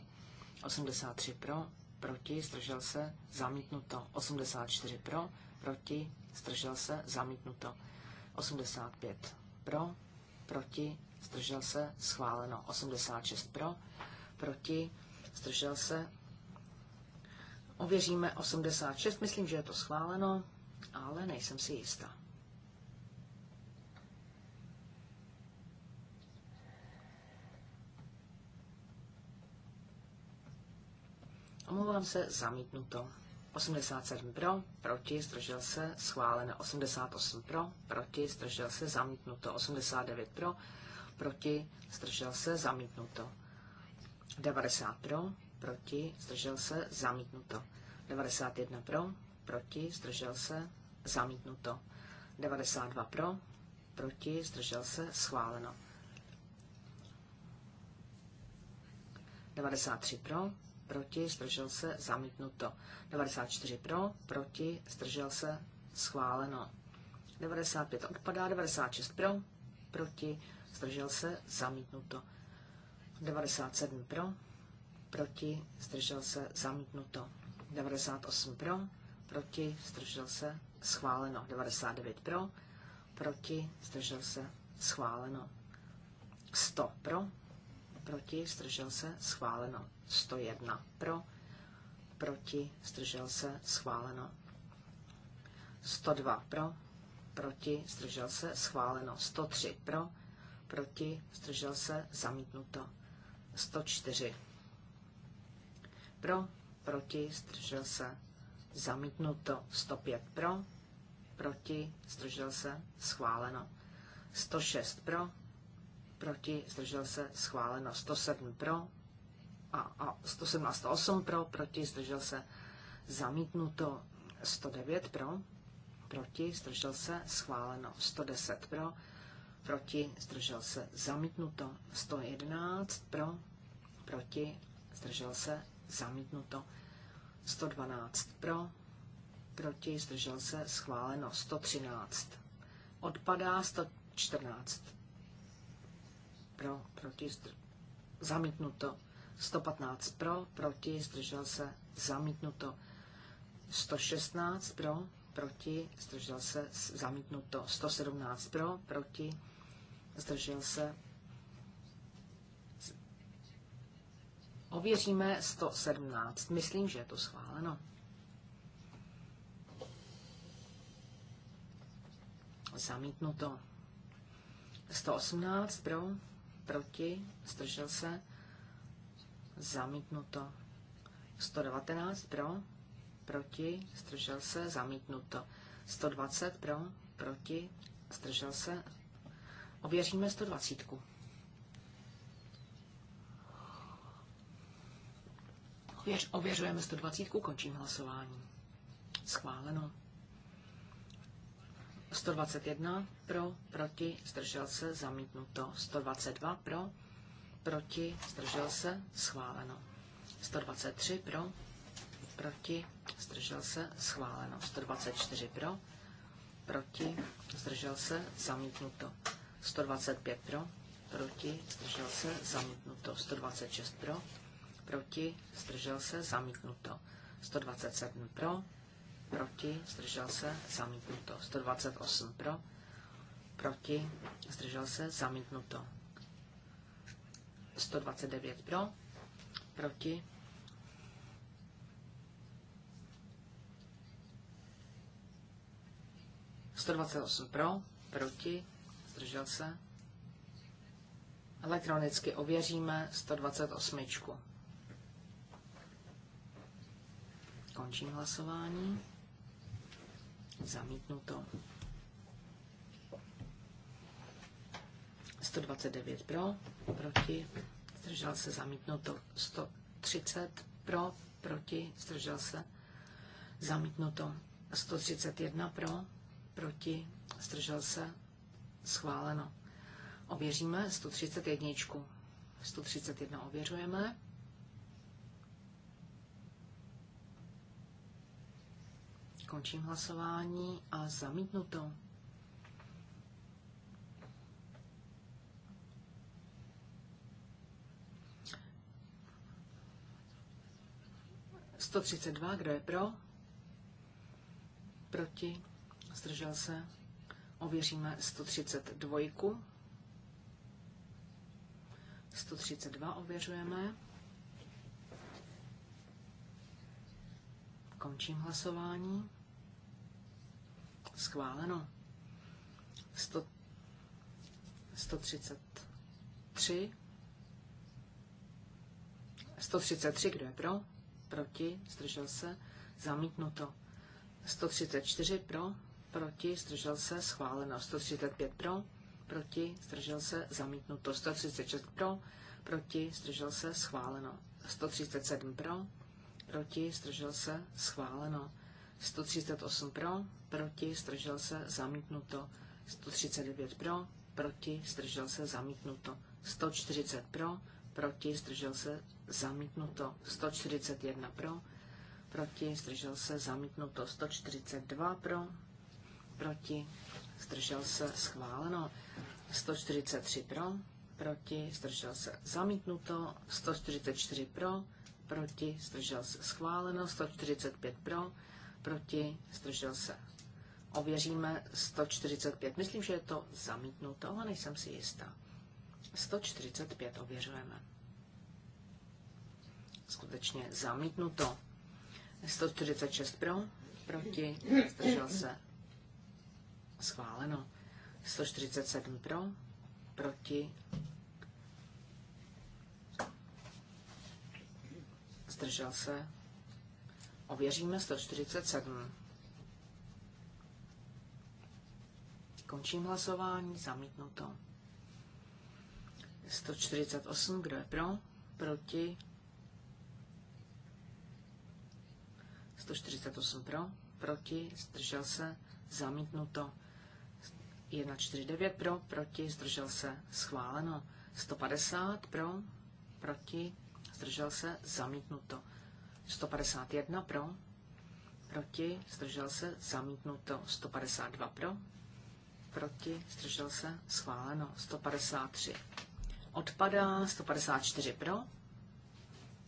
[SPEAKER 2] 83 pro, proti, zdržel se, zamítnuto. 84 pro, proti, zdržel se, zamítnuto. 85 pro, proti, zdržel se, schváleno. 86 pro, proti, zdržel se. Ověříme 86, myslím, že je to schváleno, ale nejsem si jistá. Omlouvám se, zamítnuto. 87 pro, proti, zdržel se, schváleno. 88 pro, proti, zdržel se, zamítnuto. 89 pro, proti, zdržel se, zamítnuto. 90 pro, proti, zdržel se, zamítnuto. 91 pro, proti, zdržel se, zamítnuto. 92 pro, proti, zdržel se, schváleno. 93 pro, proti, zdržel se, zamítnuto. 94 pro, proti, zdržel se, schváleno. 95 odpadá, 96 pro, proti, zdržel se, zamítnuto. 97 pro, proti, zdržel se, zamítnuto. 98 pro, proti, zdržel se, schváleno. 99 pro, proti, zdržel se, schváleno. 100 pro, proti, zdržel se, schváleno. 101 pro, proti, zdržel se, schváleno. 102 pro, proti, zdržel se, schváleno. 103 pro, proti, zdržel se, zamítnuto. 104. Pro, proti, zdržel se, zamítnuto. 105 pro, proti, zdržel se, schváleno. 106 pro, proti, zdržel se, schváleno. 107 pro a, a 107 a 108 pro, proti, zdržel se, zamítnuto. 109 pro, proti, zdržel se, schváleno. 110 pro, proti, zdržel se, zamítnuto. 111 pro, proti, zdržel se, zamítnuto. 112 pro, proti, zdržel se, schváleno. 113 odpadá, 114 pro, proti, zdr- zamítnuto. 115 pro, proti, zdržel se, zamítnuto. 116 pro, proti, zdržel se, zamítnuto. 117 pro, proti, zdržel se. Ověříme 117. Myslím, že je to schváleno. Zamítnuto. 118 pro, proti, zdržel se. Zamítnuto. 119 pro, proti, zdržel se, zamítnuto. 120 pro, proti, zdržel se, Ověříme 120. Ověř, ověřujeme 120, končím hlasování. Schváleno. 121 pro, proti, zdržel se, zamítnuto. 122 pro, proti, zdržel se, schváleno. 123 pro, proti, zdržel se, schváleno. 124 pro, proti, zdržel se, zamítnuto. 125 pro, proti, zdržel se, zamítnuto. 126 pro, proti, zdržel se, zamítnuto. 127 pro, proti, zdržel se, zamítnuto. 128 pro, proti, zdržel se, zamítnuto. 129 pro, proti, Sto dvacet osm pro, proti, zdržel se. Elektronicky ověříme 128. Končím hlasování. Zamítnuto. 129 pro, proti, zdržel se zamítnuto 130 pro, proti, zdržel se zamítnuto 131 pro, proti, zdržel se Schváleno. Ověříme 131. 131 ověřujeme. Končím hlasování a zamítnuto. kdo je pro? Proti? Zdržel se? Ověříme 132. 132 ověřujeme. Končím hlasování. Schváleno. 100, 133. 133, kdo je pro? Proti, zdržel se, zamítnuto. 134 pro, proti, zdržel se, schváleno 135 pro, proti, zdržel se, zamítnuto 136 pro, proti, zdržel se, schváleno 137 pro, proti, zdržel se, schváleno 138 pro, proti, zdržel se, zamítnuto 139 pro, proti, zdržel se, zamítnuto 140 pro, proti, zdržel se, zamítnuto 141 pro, proti, zdržel se, zamítnuto 142 pro, proti, zdržel se, schváleno. 143 pro, proti, zdržel se, zamítnuto. 144 pro, proti, zdržel se, schváleno. 145 pro, proti, zdržel se. Ověříme 145. Myslím, že je to zamítnuto, ale nejsem si jistá. 145 ověřujeme. Skutečně zamítnuto. 146 pro, proti, zdržel se Schváleno. 147 pro, proti. Zdržel se. Ověříme 147. Končím hlasování, zamítnuto. 148, kdo je pro? Proti? 148 pro, proti, zdržel se, zamítnuto. 149 pro, proti, zdržel se, schváleno. 150 pro, proti, zdržel se, zamítnuto. 151 pro, proti, zdržel se, zamítnuto. 152 pro, proti, zdržel se, schváleno. 153 odpadá, 154 pro,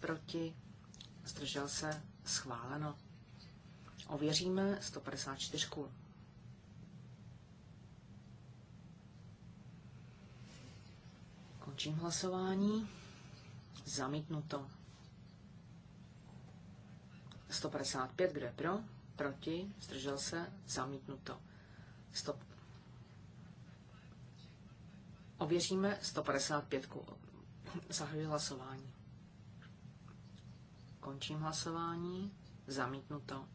[SPEAKER 2] proti, zdržel se, schváleno. Ověříme 154. Končím hlasování. Zamítnuto. 155, kdo je pro? Proti? Zdržel se? Zamítnuto. Stop. Ověříme 155. Zahajuji hlasování. Končím hlasování. Zamítnuto.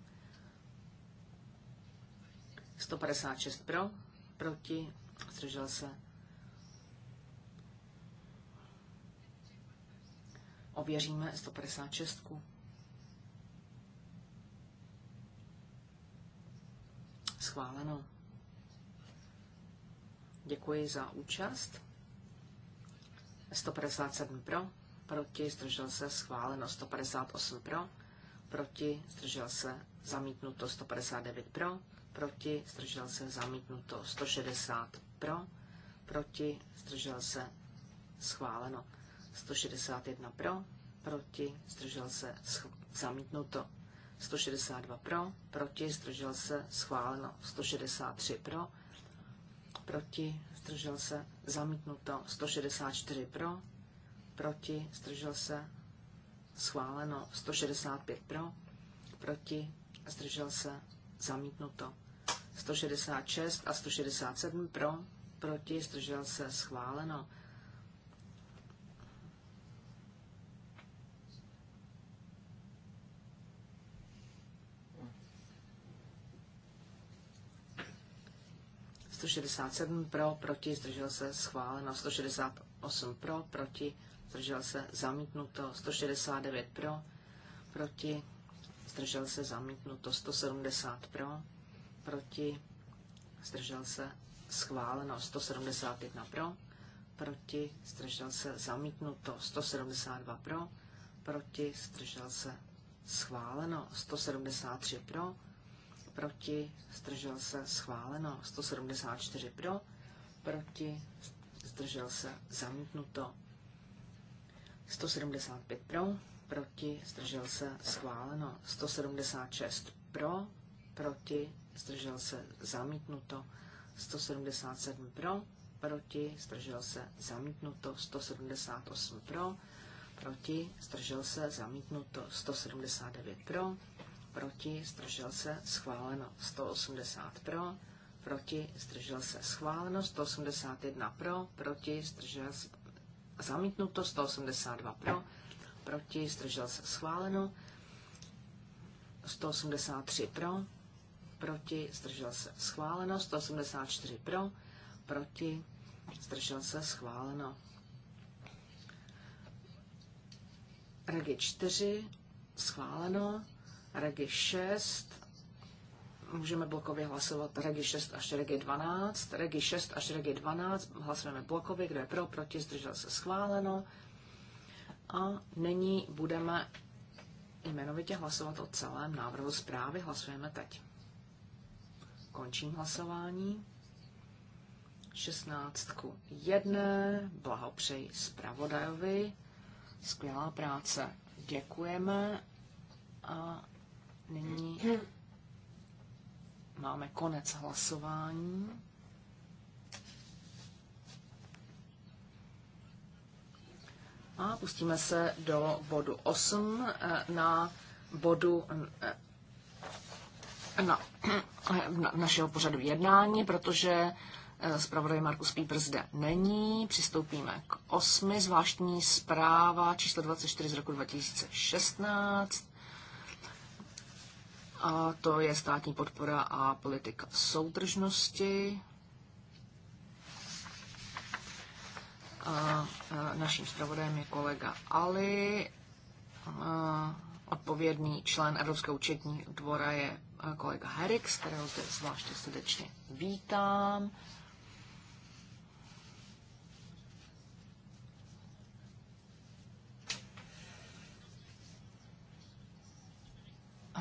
[SPEAKER 2] 156 pro, proti, zdržel se Ověříme 156. Schváleno. Děkuji za účast. 157 pro, proti, zdržel se, schváleno 158 pro, proti, zdržel se, zamítnuto 159 pro, proti, zdržel se, zamítnuto 160 pro, proti, zdržel se, schváleno 161 pro, proti, zdržel se, zamítnuto. 162 pro, proti, zdržel se, schváleno. 163 pro, proti, zdržel se, zamítnuto. 164 pro, proti, zdržel se, schváleno. 165 pro, proti, zdržel se, zamítnuto. 166 a 167 pro, proti, zdržel se, schváleno. 167 pro, proti, zdržel se, schváleno. 168 pro, proti, zdržel se, zamítnuto. 169 pro, proti, zdržel se, zamítnuto. 170 pro, proti, zdržel se, schváleno. 171 pro, proti, zdržel se, zamítnuto. 172 pro, proti, zdržel se, schváleno. 173 pro, proti, zdržel se, schváleno. 174 pro, proti, zdržel se, zamítnuto. 175 pro, proti, zdržel se, schváleno. 176 pro, proti, zdržel se, zamítnuto. 177 pro, proti, zdržel se, zamítnuto. 178 pro, proti, zdržel se, zamítnuto. 179 pro, proti, zdržel se, schváleno 180 pro, proti, zdržel se, schváleno 181 pro, proti, zdržel se, zamítnuto 182 pro, proti, zdržel se, schváleno 183 pro, proti, zdržel se, schváleno 184 pro, proti, zdržel se, schváleno. Regi 4, schváleno, Regi 6. Můžeme blokově hlasovat Regi 6 až Regi 12. Regi 6 až Regi 12 hlasujeme blokově, kdo je pro, proti, zdržel se schváleno. A nyní budeme jmenovitě hlasovat o celém návrhu zprávy. Hlasujeme teď. Končím hlasování. 16 ku 1. Blahopřeji zpravodajovi. Skvělá práce. Děkujeme. A Nyní máme konec hlasování. A pustíme se do bodu 8 eh, na bodu eh, na, eh, na našeho pořadu jednání, protože zpravodaj Markus Pípr zde není. Přistoupíme k osmi, zvláštní zpráva číslo 24 z roku 2016. A to je státní podpora a politika soudržnosti. A e, naším zpravodajem je kolega Ali. A odpovědný člen Evropského účetní dvora je e, kolega Herix, kterého zde zvláště srdečně vítám.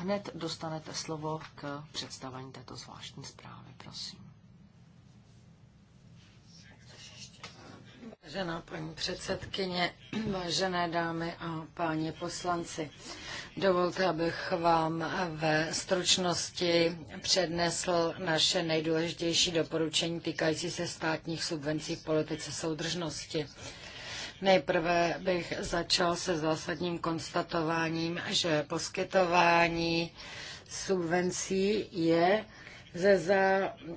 [SPEAKER 2] Hned dostanete slovo k představení této zvláštní zprávy, prosím. Vážená paní předsedkyně,
[SPEAKER 4] vážené dámy a páni poslanci, dovolte, abych vám ve stručnosti přednesl naše nejdůležitější doporučení týkající se státních subvencí v politice soudržnosti. Nejprve bych začal se zásadním konstatováním, že poskytování subvencí je ze, za,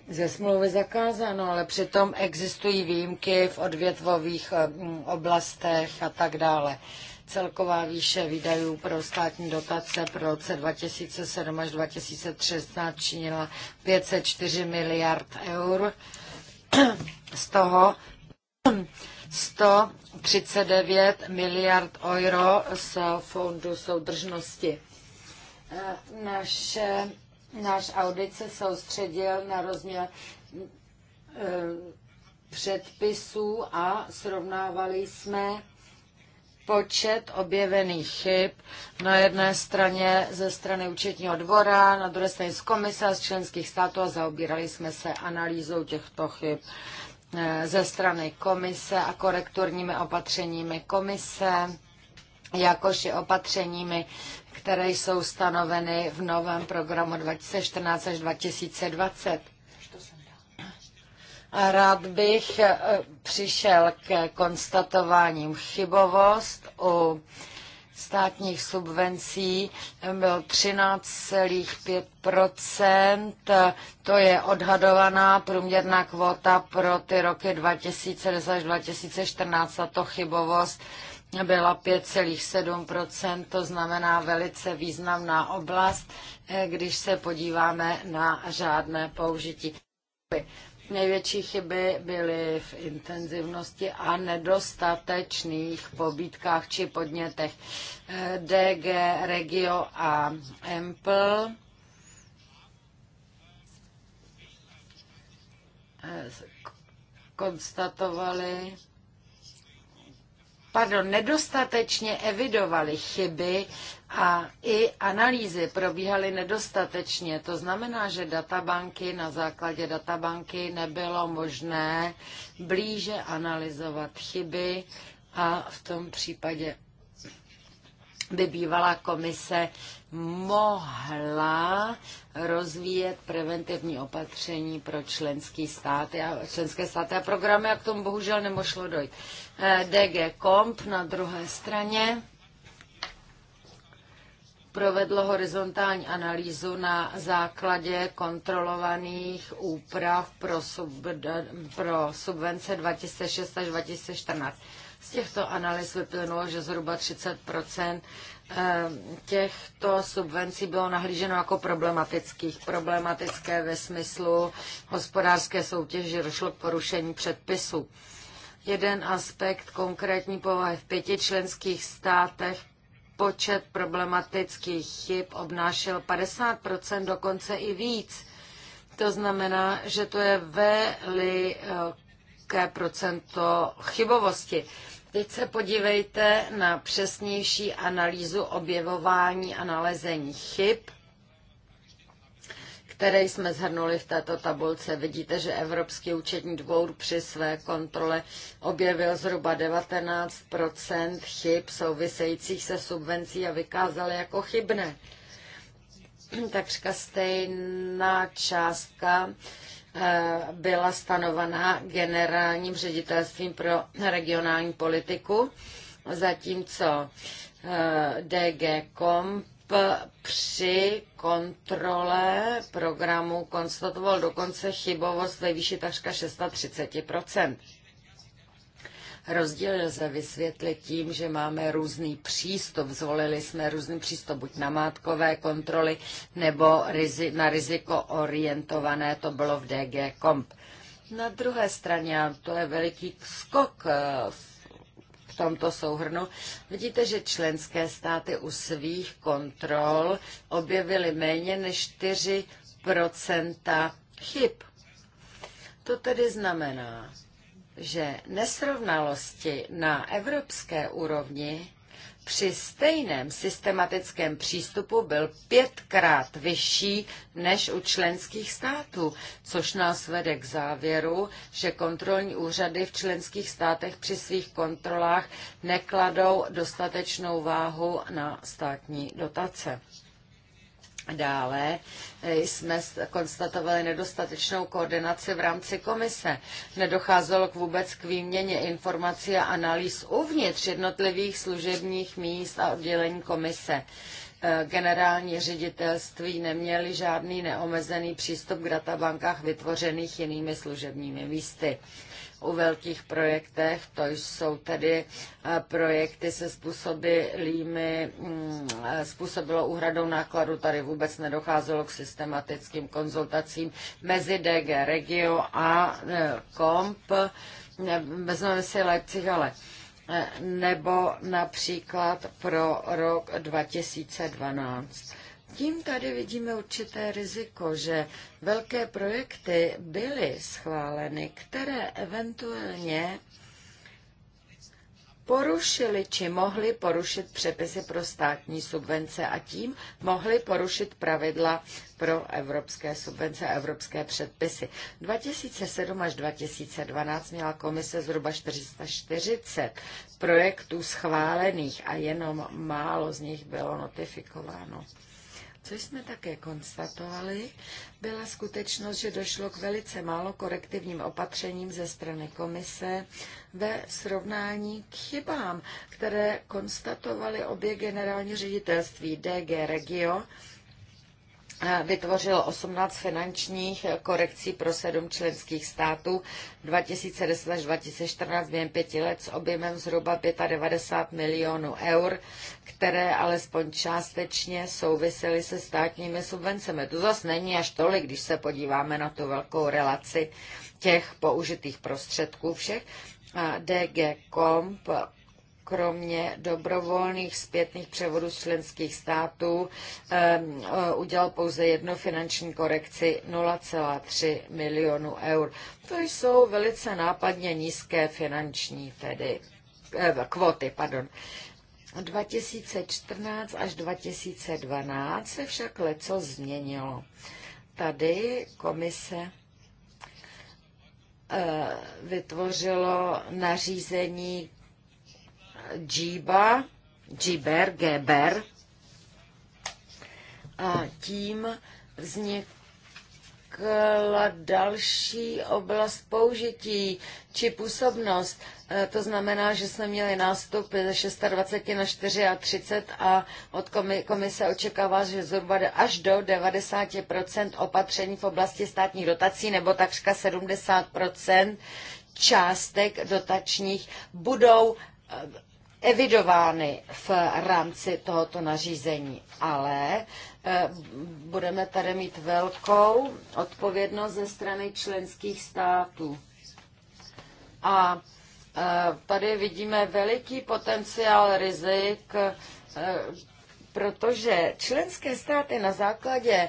[SPEAKER 4] ze smlouvy zakázáno, ale přitom existují výjimky v odvětvových mm, oblastech a tak dále. Celková výše výdajů pro státní dotace pro roce 2007 až 2016 činila 504 miliard eur. Z toho 139 miliard euro z fondu soudržnosti. Eh, naše, náš audit se soustředil na rozměr eh, předpisů a srovnávali jsme počet objevených chyb
[SPEAKER 3] na jedné straně
[SPEAKER 4] ze strany účetního dvora, na druhé straně z komise a z členských států a zaobírali jsme se analýzou těchto chyb. Eh, ze strany komise a korekturními opatřeními komise, jakož i opatřeními, které jsou stanoveny v novém programu 2014 až 2020. A rád bych eh, přišel k konstatováním chybovost u státních subvencí byl 13,5 To je odhadovaná průměrná kvota pro ty roky 2010 až 2014. Tato chybovost byla 5,7 to znamená velice významná oblast, eh, když se podíváme na řádné použití. Největší chyby byly v intenzivnosti a nedostatečných pobítkách či podnětech. DG, Regio a Empl konstatovali, pardon, nedostatečně evidovali chyby a i analýzy probíhaly nedostatečně. To znamená, že databanky na základě databanky nebylo možné blíže analyzovat chyby a v tom případě by bývalá komise mohla rozvíjet preventivní opatření pro členský státy a, členské státy a programy a k tomu bohužel nemošlo dojít. Eh, DG Komp na druhé straně provedlo horizontální analýzu na základě kontrolovaných úprav pro, sub, pro subvence 2006 až 2014. Z těchto analýz vyplynulo, že zhruba 30 eh, těchto subvencí bylo nahlíženo jako problematických. Problematické ve smyslu hospodářské soutěže došlo k porušení předpisů. Jeden aspekt konkrétní povahy v pěti členských státech počet problematických chyb obnášel 50%, dokonce i víc. To znamená, že to je veliké procento chybovosti. Teď se podívejte na přesnější analýzu objevování a nalezení chyb které jsme zhrnuli v této tabulce, vidíte, že Evropský účetní dvůr při své kontrole objevil zhruba 19 chyb souvisejících se subvencí a vykázal jako chybné. Takřka stejná částka eh, byla stanovaná generálním ředitelstvím pro regionální politiku, zatímco eh, DG.com při kontrole programu konstatoval dokonce chybovost ve výši takřka 630 Rozdíl lze vysvětlit tím, že máme různý přístup. Zvolili jsme různý přístup buď na mátkové kontroly nebo na riziko orientované, to bylo v DG Comp. Na druhé straně, to je veliký skok v eh, tomto souhrnu, vidíte, že členské státy u svých kontrol objevily méně než 4 chyb. To tedy znamená, že nesrovnalosti na evropské úrovni při stejném systematickém přístupu byl pětkrát vyšší než u členských států, což nás vede k závěru, že kontrolní úřady v členských státech při svých kontrolách nekladou dostatečnou váhu na státní dotace. Dále eh, jsme konstatovali nedostatečnou koordinaci v rámci komise. Nedocházelo k vůbec k výměně informací a analýz uvnitř jednotlivých služebních míst a oddělení komise. Eh, Generální ředitelství neměli žádný neomezený přístup k databankách vytvořených jinými služebními místy u velkých projektech, to jsou tedy eh, projekty se způsobilými, mm, eh, způsobilo úhradou nákladu, tady vůbec nedocházelo k systematickým konzultacím mezi DG Regio a eh, KOMP, vezmeme si Leipzig, ale nebo například pro rok 2012 tím tady vidíme určité riziko, že velké projekty byly schváleny, které eventuálně porušili či mohli porušit přepisy pro státní subvence a tím mohli porušit pravidla pro evropské subvence a evropské předpisy. 2007 až 2012 měla komise zhruba 440 projektů schválených a jenom málo z nich bylo notifikováno. Co jsme také konstatovali, byla skutečnost, že došlo k velice málo korektivním opatřením ze strany komise ve srovnání k chybám, které konstatovaly obě generální ředitelství DG Regio vytvořil 18 finančních korekcí pro sedm členských států 2010 až 2014 během pěti let s objemem zhruba 95 milionů eur, které alespoň částečně souvisely se státními subvencemi. To zase není až tolik, když se podíváme na tu velkou relaci těch použitých prostředků všech. DG Comp kromě dobrovolných zpětných převodů z členských států udělal pouze jednu finanční korekci 0,3 milionu eur. To jsou velice nápadně nízké finanční tedy, eh, kvoty. Pardon. 2014 až 2012 se však leco změnilo. Tady komise eh, vytvořilo nařízení Džiba, Džiber, Geber a tím vznikla další oblast použití či působnost. E, to znamená, že jsme měli nástup ze 26 na 34 a od komise očekává, že zhruba až do 90 opatření v oblasti státních dotací nebo takřka 70 částek dotačních budou e, evidovány v rámci tohoto nařízení, ale eh, budeme tady mít velkou odpovědnost ze strany členských států. A eh, tady vidíme veliký potenciál rizik, eh, protože členské státy na základě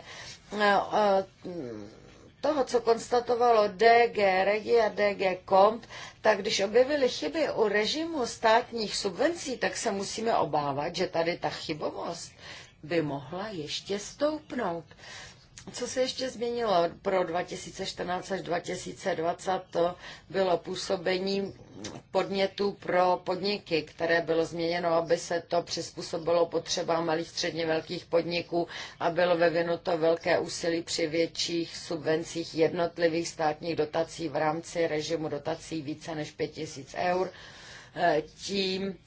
[SPEAKER 4] toho, co konstatovalo DG Regia a DG Comp, tak když objevili chyby u režimu státních subvencí, tak se musíme obávat, že tady ta chybovost by mohla ještě stoupnout. Co se ještě změnilo pro 2014 až 2020, to bylo působení podnětů pro podniky, které bylo změněno, aby se to přizpůsobilo potřebám malých středně velkých podniků a bylo vyvinuto velké úsilí při větších subvencích jednotlivých státních dotací v rámci režimu dotací více než 5000 eur. Eh, tím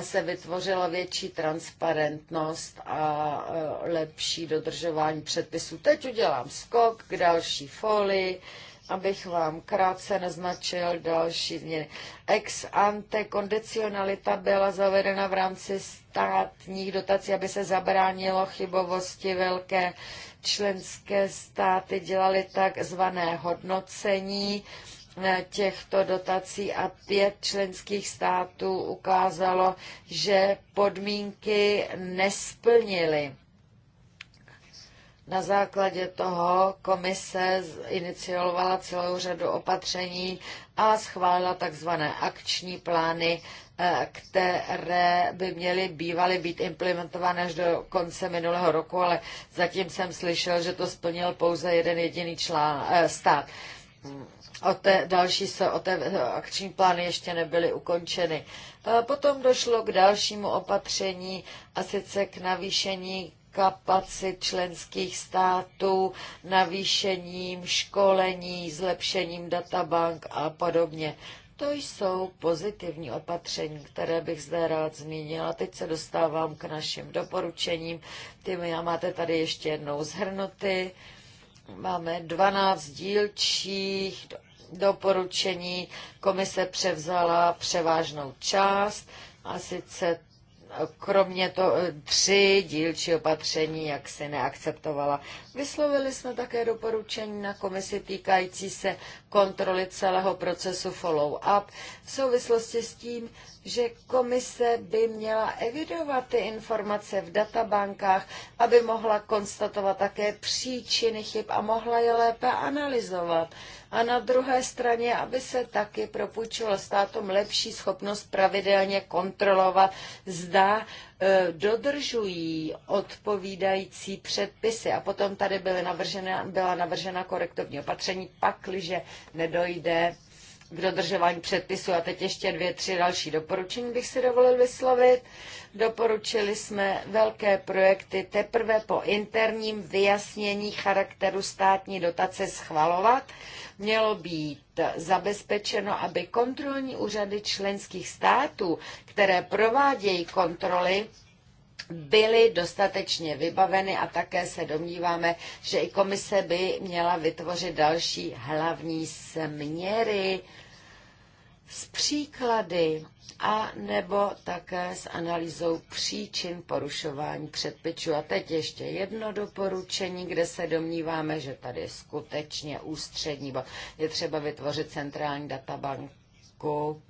[SPEAKER 4] se vytvořila větší transparentnost a eh, lepší dodržování předpisů. Teď udělám skok k další folii abych vám krátce naznačil další změny. Ex ante kondicionalita byla zavedena v rámci státních dotací, aby se zabránilo chybovosti velké členské státy dělali takzvané hodnocení eh, těchto dotací a pět členských států ukázalo, že podmínky nesplnily na základě toho komise iniciovala celou řadu opatření a schválila takzvané akční plány, eh, které by měly bývaly být implementovány až do konce minulého roku, ale zatím jsem slyšel, že to splnil pouze jeden jediný člán, eh, stát. O té, další se, o té akční plány ještě nebyly ukončeny. Eh, potom došlo k dalšímu opatření a sice k navýšení kapacit členských států, navýšením školení, zlepšením databank a podobně. To jsou pozitivní opatření, které bych zde rád zmínila. Teď se dostávám k našim doporučením. Ty mi máte tady ještě jednou zhrnuty. Máme 12 dílčích doporučení. Komise převzala převážnou část a sice kromě to eh, tři dílčí opatření, jak se neakceptovala. Vyslovili jsme také doporučení na komisi týkající se kontroly celého procesu follow-up v souvislosti s tím, že komise by měla evidovat ty informace v databankách, aby mohla konstatovat také příčiny chyb a mohla je lépe analyzovat. A na druhé straně, aby se taky propůjčila státům lepší schopnost pravidelně kontrolovat, zda e, dodržují odpovídající předpisy. A potom tady byly navržena, byla navržena korektovní opatření, pakliže nedojde k dodržování předpisu. A teď ještě dvě, tři další doporučení bych si dovolil vyslovit. Doporučili jsme velké projekty teprve po interním vyjasnění charakteru státní dotace schvalovat. Mělo být zabezpečeno, aby kontrolní úřady členských států, které provádějí kontroly, byly dostatečně vybaveny a také se domníváme, že i komise by měla vytvořit další hlavní směry s příklady a nebo také s analýzou příčin porušování předpičů. A teď ještě jedno doporučení, kde se domníváme, že tady je skutečně ústřední, bo je třeba vytvořit centrální databanku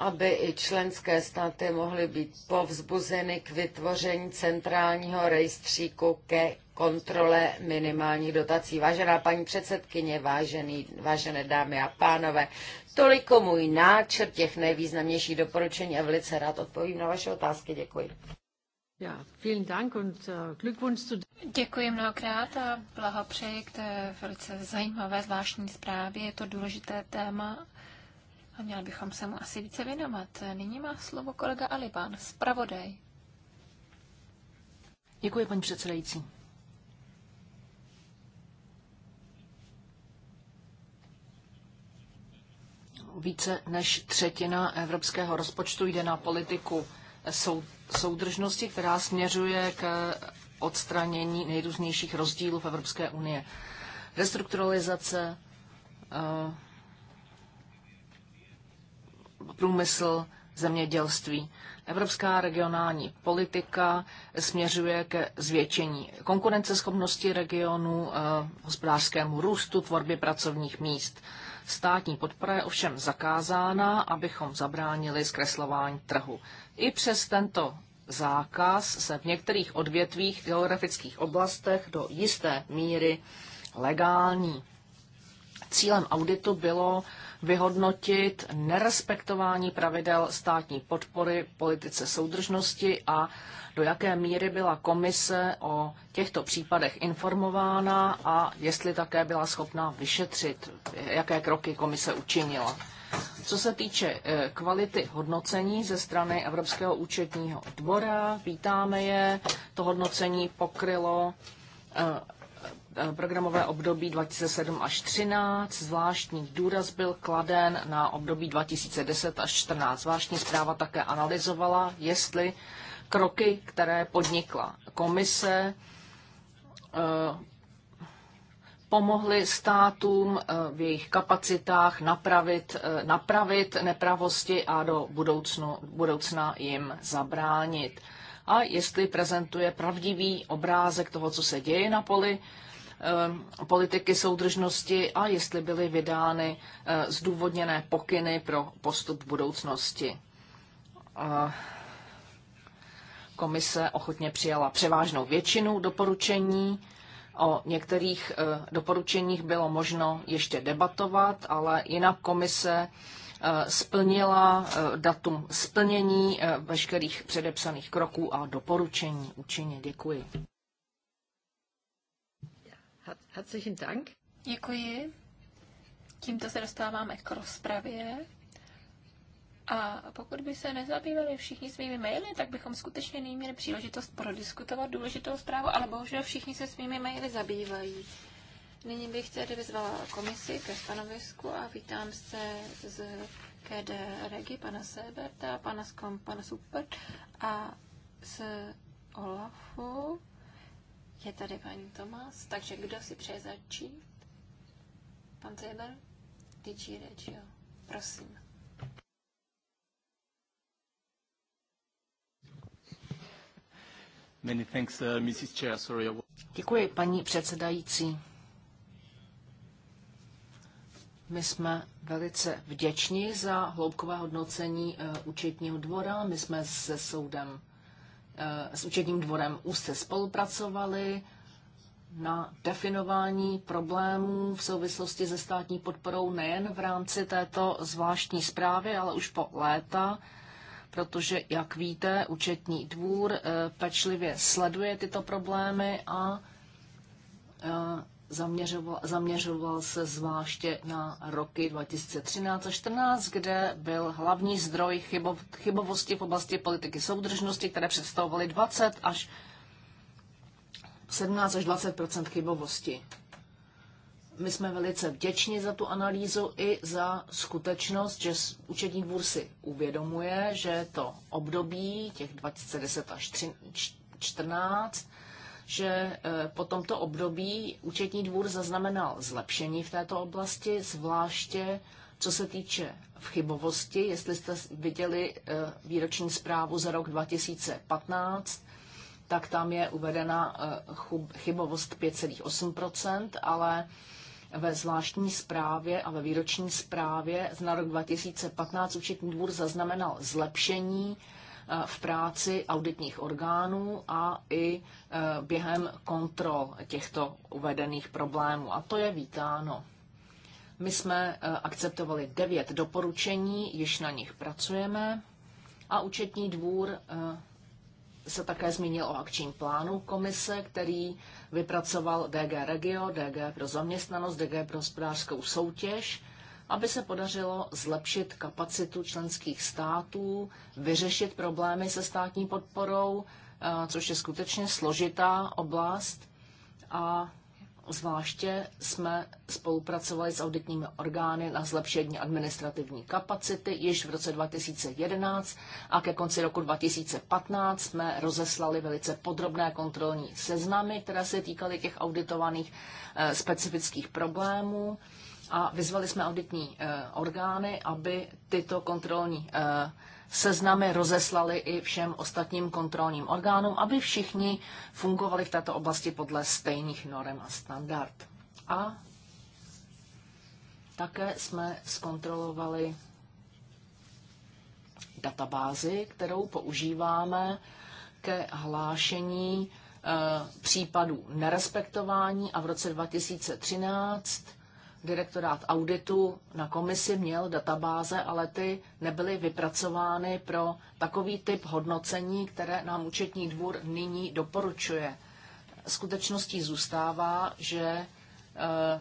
[SPEAKER 4] aby i členské státy mohly být povzbuzeny k vytvoření centrálního rejstříku ke kontrole minimálních dotací. Vážená paní předsedkyně, vážený, vážené dámy a pánové, toliko můj náčrt těch nejvýznamnějších doporučení a velice rád odpovím na vaše otázky. Děkuji.
[SPEAKER 1] Ja, vielen Dank und äh, Glückwunsch zu... Děkuji mnohokrát a blahopřeji k té velice zajímavé zvláštní zprávě. Je to důležité téma a měli bychom se mu asi více věnovat. Nyní má slovo kolega Aliban, zpravodaj.
[SPEAKER 2] Děkuji, paní předsedající. Více než třetina evropského rozpočtu jde na politiku sou, soudržnosti, která směřuje k odstranění nejrůznějších rozdílů v Evropské unie. Restrukturalizace, eh, průmysl, zemědělství. Evropská regionální politika směřuje ke zvětšení konkurenceschopnosti regionu, eh, hospodářskému růstu, tvorbě pracovních míst. Státní podpora je ovšem zakázána, abychom zabránili zkreslování trhu. I přes tento zákaz se v některých odvětvích geografických oblastech do jisté míry legální. Cílem auditu bylo vyhodnotit nerespektování pravidel státní podpory politice soudržnosti a do jaké míry byla komise o těchto případech informována a jestli také byla schopná vyšetřit, jaké kroky komise učinila. Co se týče eh, kvality hodnocení ze strany Evropského účetního dvora, vítáme je. To hodnocení pokrylo eh, Eh, programové období 2007 až 2013. Zvláštní důraz byl kladen na období 2010 až 2014. Zvláštní zpráva také analyzovala, jestli kroky, které podnikla komise, eh, pomohly státům eh, v jejich kapacitách napravit, napravit nepravosti a do budoucnu, budoucna jim zabránit. A jestli prezentuje pravdivý obrázek toho, co se děje na poli politiky soudržnosti a jestli byly vydány e, zdůvodněné pokyny pro postup v budoucnosti. Komise ochotně přijala převážnou většinu doporučení. O některých e, doporučeních bylo možno ještě debatovat, ale jinak komise e, splnila datum splnění veškerých předepsaných kroků a doporučení. Učině děkuji. Herzlichen Dank.
[SPEAKER 1] Děkuji. Tímto se dostáváme k rozpravě. A pokud by se nezabývali všichni svými maily, tak bychom skutečně neměli příležitost prodiskutovat důležitou zprávu, ale bohužel všichni se svými maily zabývají. Nyní bych tedy vyzvala komisi ke stanovisku a vítám se z KD Regi, pana Seberta, pana Skom, pana Super a z Olafu je tady paní Tomás, takže kdo si přeje začít? Pan Zeber? Dici Reggio. Prosím.
[SPEAKER 3] Many thanks, uh, Mrs. Chair. Sorry.
[SPEAKER 2] Děkuji, paní předsedající. My jsme velice vděční za hloubkové hodnocení uh, účetního dvora. My jsme se soudem Eh, s účetním dvorem úzce spolupracovali na definování problémů v souvislosti se státní podporou nejen v rámci této zvláštní zprávy, ale už po léta, protože, jak víte, účetní dvůr eh, pečlivě sleduje tyto problémy a eh, zaměřoval, zaměřoval se zvláště na roky 2013 a 14, kde byl hlavní zdroj chybov, chybovosti v oblasti politiky soudržnosti, které představovaly 20 až 17 až 20 chybovosti. My jsme velice vděční za tu analýzu i za skutečnost, že účetní dvůr si uvědomuje, že to období těch 2010 až 14 že e, po tomto období účetní dvůr zaznamenal zlepšení v této oblasti, zvláště co se týče v chybovosti, jestli jste viděli e, výroční zprávu za rok 2015, tak tam je uvedena e, chybovost 5,8 ale ve zvláštní zprávě a ve výroční zprávě na rok 2015 účetní dvůr zaznamenal zlepšení v práci auditních orgánů a i e, během kontrol těchto uvedených problémů. A to je vítáno. My jsme e, akceptovali devět doporučení, již na nich pracujeme a účetní dvůr e, se také zmínil o akčním plánu komise, který vypracoval DG Regio, DG pro zaměstnanost, DG pro hospodářskou soutěž aby se podařilo zlepšit kapacitu členských států, vyřešit problémy se státní podporou, eh, což je skutečně složitá oblast. A zvláště jsme spolupracovali s auditními orgány na zlepšení administrativní kapacity již v roce 2011 a ke konci roku 2015 jsme rozeslali velice podrobné kontrolní seznamy, které se týkaly těch auditovaných eh, specifických problémů a vyzvali jsme auditní eh, orgány, aby tyto kontrolní eh, seznamy rozeslali i všem ostatním kontrolním orgánům, aby všichni fungovali v této oblasti podle stejných norm a standard. A také jsme zkontrolovali databázi, kterou používáme ke hlášení eh, případů nerespektování a v roce 2013 direktorát auditu na komisi měl databáze, ale ty nebyly vypracovány pro takový typ hodnocení, které nám účetní dvůr nyní doporučuje. Skutečností zůstává, že eh,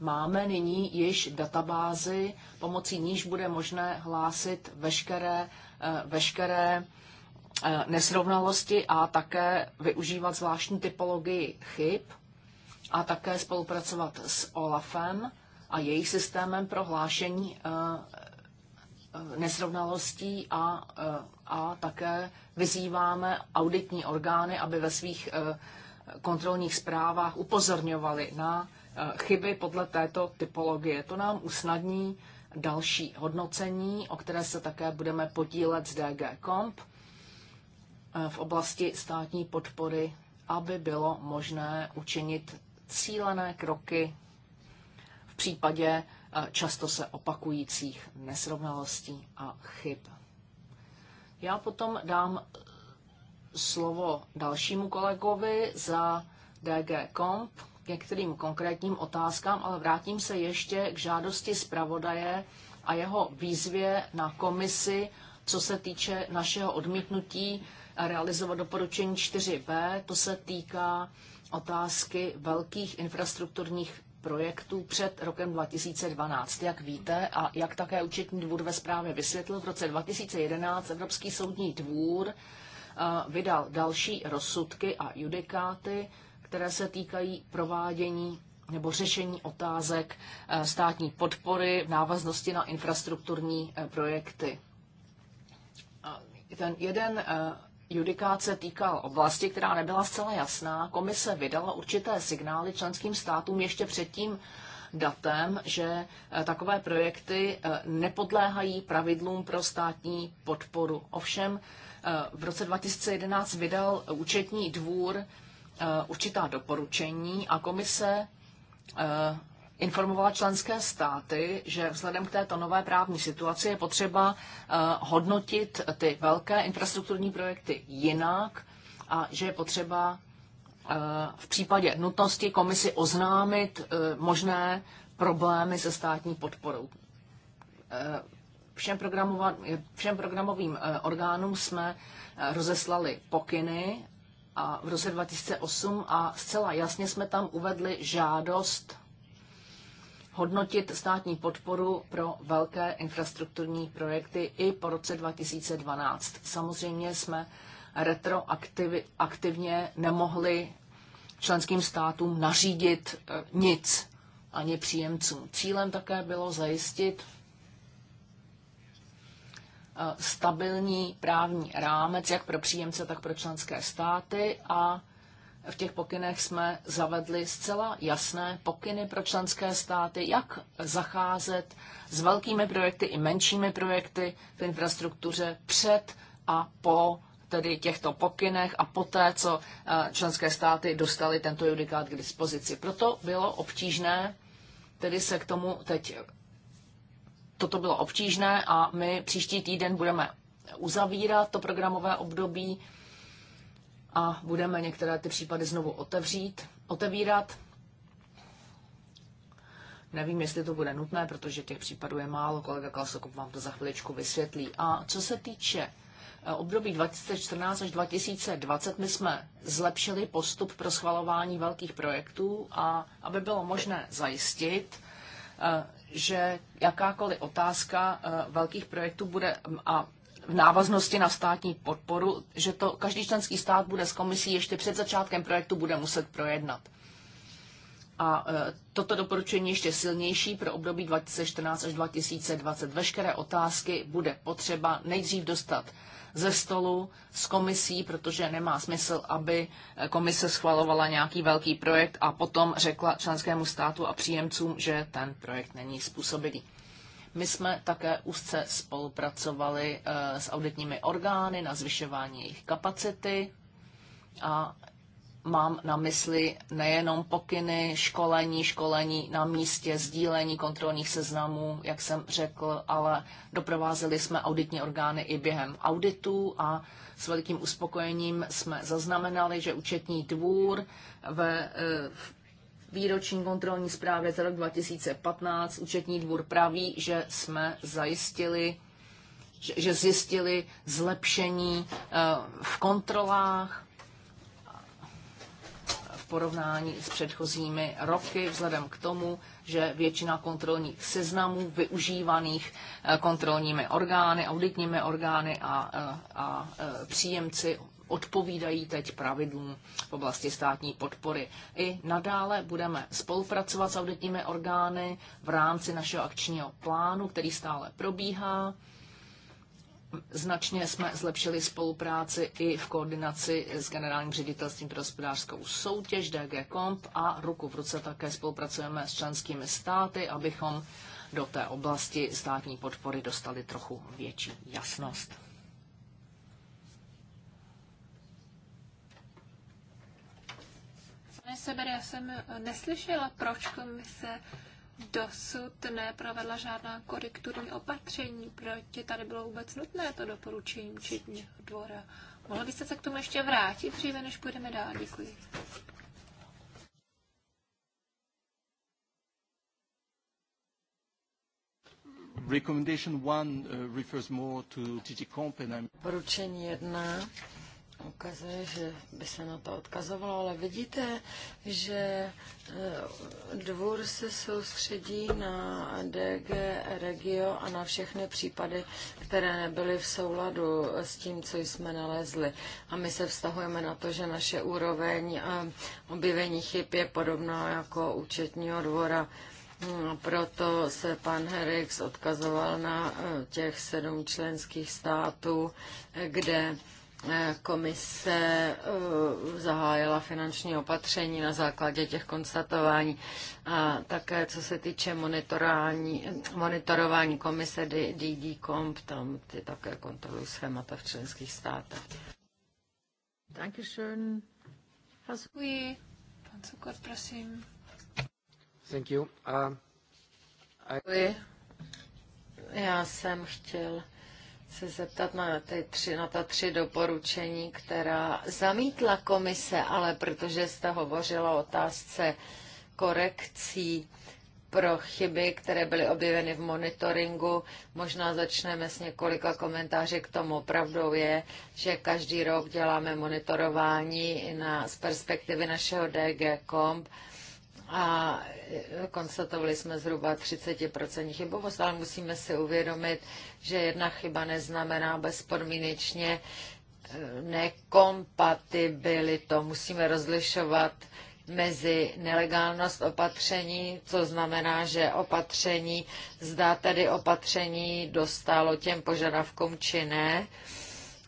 [SPEAKER 2] máme nyní již databázy, pomocí níž bude možné hlásit veškeré, eh, veškeré Eh, nesrovnalosti a také využívat zvláštní typologii chyb a také spolupracovat s OLAFem a jejich systémem pro hlášení eh, eh, nesrovnalostí a, a také vyzýváme auditní orgány, aby ve svých kontrolních zprávách upozorňovali na chyby podle této typologie. To nám usnadní další hodnocení, o které se také budeme podílet s DG Comp Eh, v oblasti státní podpory, aby bylo možné učinit cílené kroky v případě eh, často se opakujících nesrovnalostí a chyb. Já potom dám slovo dalšímu kolegovi za DG Comp k některým konkrétním otázkám, ale vrátím se ještě k žádosti zpravodaje a jeho výzvě na komisi, co se týče našeho odmítnutí realizovat doporučení 4b. To se týká otázky velkých infrastrukturních projektů před rokem 2012. Jak víte a jak také účetní dvůr ve zprávě vysvětlil, v roce 2011 Evropský soudní dvůr eh, vydal další rozsudky a judikáty, které se týkají provádění nebo řešení otázek eh, státní podpory v návaznosti na infrastrukturní eh, projekty. Ten jeden judikát se týkal oblasti, která nebyla zcela jasná. Komise vydala určité signály členským státům ještě předtím, datem, že eh, takové projekty eh, nepodléhají pravidlům pro státní podporu. Ovšem eh, v roce 2011 vydal účetní dvůr určitá doporučení a komise informovala členské státy, že vzhledem k této nové právní situaci je potřeba eh, hodnotit ty velké infrastrukturní projekty jinak a že je potřeba eh, v případě nutnosti komisi oznámit eh, možné problémy se státní podporou. Všem, všem programovým orgánům jsme rozeslali pokyny a v roce 2008 a zcela jasně jsme tam uvedli žádost hodnotit státní podporu pro velké infrastrukturní projekty i po roce 2012. Samozřejmě jsme retroaktivně nemohli členským státům nařídit eh, nic ani příjemcům. Cílem také bylo zajistit eh, stabilní právní rámec jak pro příjemce, tak pro členské státy a v těch pokynech jsme zavedli zcela jasné pokyny pro členské státy, jak zacházet s velkými projekty i menšími projekty v infrastruktuře před a po tedy těchto pokynech a poté, co eh, členské státy dostali tento judikát k dispozici. Proto bylo obtížné tedy se k tomu teď toto bylo obtížné a my příští týden budeme uzavírat to programové období a budeme některé ty případy znovu otevřít, otevírat. Nevím, jestli to bude nutné, protože těch případů je málo. Kolega Kalsokop vám to za chviličku vysvětlí. A co se týče eh, období 2014 až 2020, my jsme zlepšili postup pro schvalování velkých projektů a aby bylo možné zajistit, eh, že jakákoliv otázka eh, velkých projektů bude a v návaznosti na státní podporu, že to každý členský stát bude s komisí ještě před začátkem projektu bude muset projednat. A e, toto doporučení ještě silnější pro období 2014 až 2020. Veškeré otázky bude potřeba nejdřív dostat ze stolu s komisí, protože nemá smysl, aby e, komise schvalovala nějaký velký projekt a potom řekla členskému státu a příjemcům, že ten projekt není způsobilý. My jsme také úzce spolupracovali eh, s auditními orgány na zvyšování jejich kapacity a mám na mysli nejenom pokyny, školení, školení na místě, sdílení kontrolních seznamů, jak jsem řekl, ale doprovázeli jsme auditní orgány i během auditů a s velkým uspokojením jsme zaznamenali, že účetní dvůr ve, eh, v výroční kontrolní zprávě za rok 2015 účetní dvůr praví, že jsme zajistili, že zjistili zlepšení eh, v kontrolách v porovnání s předchozími roky, vzhledem k tomu, že většina kontrolních seznamů využívaných eh, kontrolními orgány, auditními orgány a, eh, a, a příjemci odpovídají teď pravidlům v oblasti státní podpory. I nadále budeme spolupracovat s auditními orgány v rámci našeho akčního plánu, který stále probíhá. Značně jsme zlepšili spolupráci i v koordinaci s Generálním ředitelstvím pro hospodářskou soutěž DG Comp a ruku v ruce také spolupracujeme s členskými státy, abychom do té oblasti státní podpory dostali trochu větší jasnost.
[SPEAKER 1] sebere. Já jsem eh, neslyšela, proč komise dosud neprovedla žádná korekturní opatření, proč tady bylo vůbec nutné to doporučení včetně dvora. Mohla byste se k tomu ještě vrátit dříve, než půjdeme dál? Děkuji.
[SPEAKER 3] Recommendation one uh, refers more to Poručení jedna
[SPEAKER 4] ukazuje, že by se na to odkazovalo, ale vidíte, že eh, dvůr se soustředí na DG Regio a na všechny případy, které nebyly v souladu s tím, co jsme nalezli. A my se vztahujeme na to, že naše úroveň eh, objevení chyb je podobná jako účetního dvora. No, proto se pan Herix odkazoval na eh, těch sedm členských států, kde komise eh, zahájila finanční opatření na základě těch konstatování a také co se týče monitorování, monitorování komise DD Comp, tam ty také kontrolují schémata v členských státech.
[SPEAKER 1] schön. Děkuji. Pan Cukor, prosím.
[SPEAKER 2] Thank you. Uh, I...
[SPEAKER 4] Já jsem chtěl se zeptat na, ty tři, na ta tři doporučení, která zamítla komise, ale protože jste hovořila o otázce korekcí pro chyby, které byly objeveny v monitoringu. Možná začneme s několika komentáři k tomu. Pravdou je, že každý rok děláme monitorování na, z perspektivy našeho DG Comp a e, konstatovali jsme zhruba 30% chybovost, ale musíme si uvědomit, že jedna chyba neznamená bezpodmínečně e, nekompatibilitu. Musíme rozlišovat mezi nelegálnost opatření, co znamená, že opatření, zdá tedy opatření dostalo těm požadavkům či ne,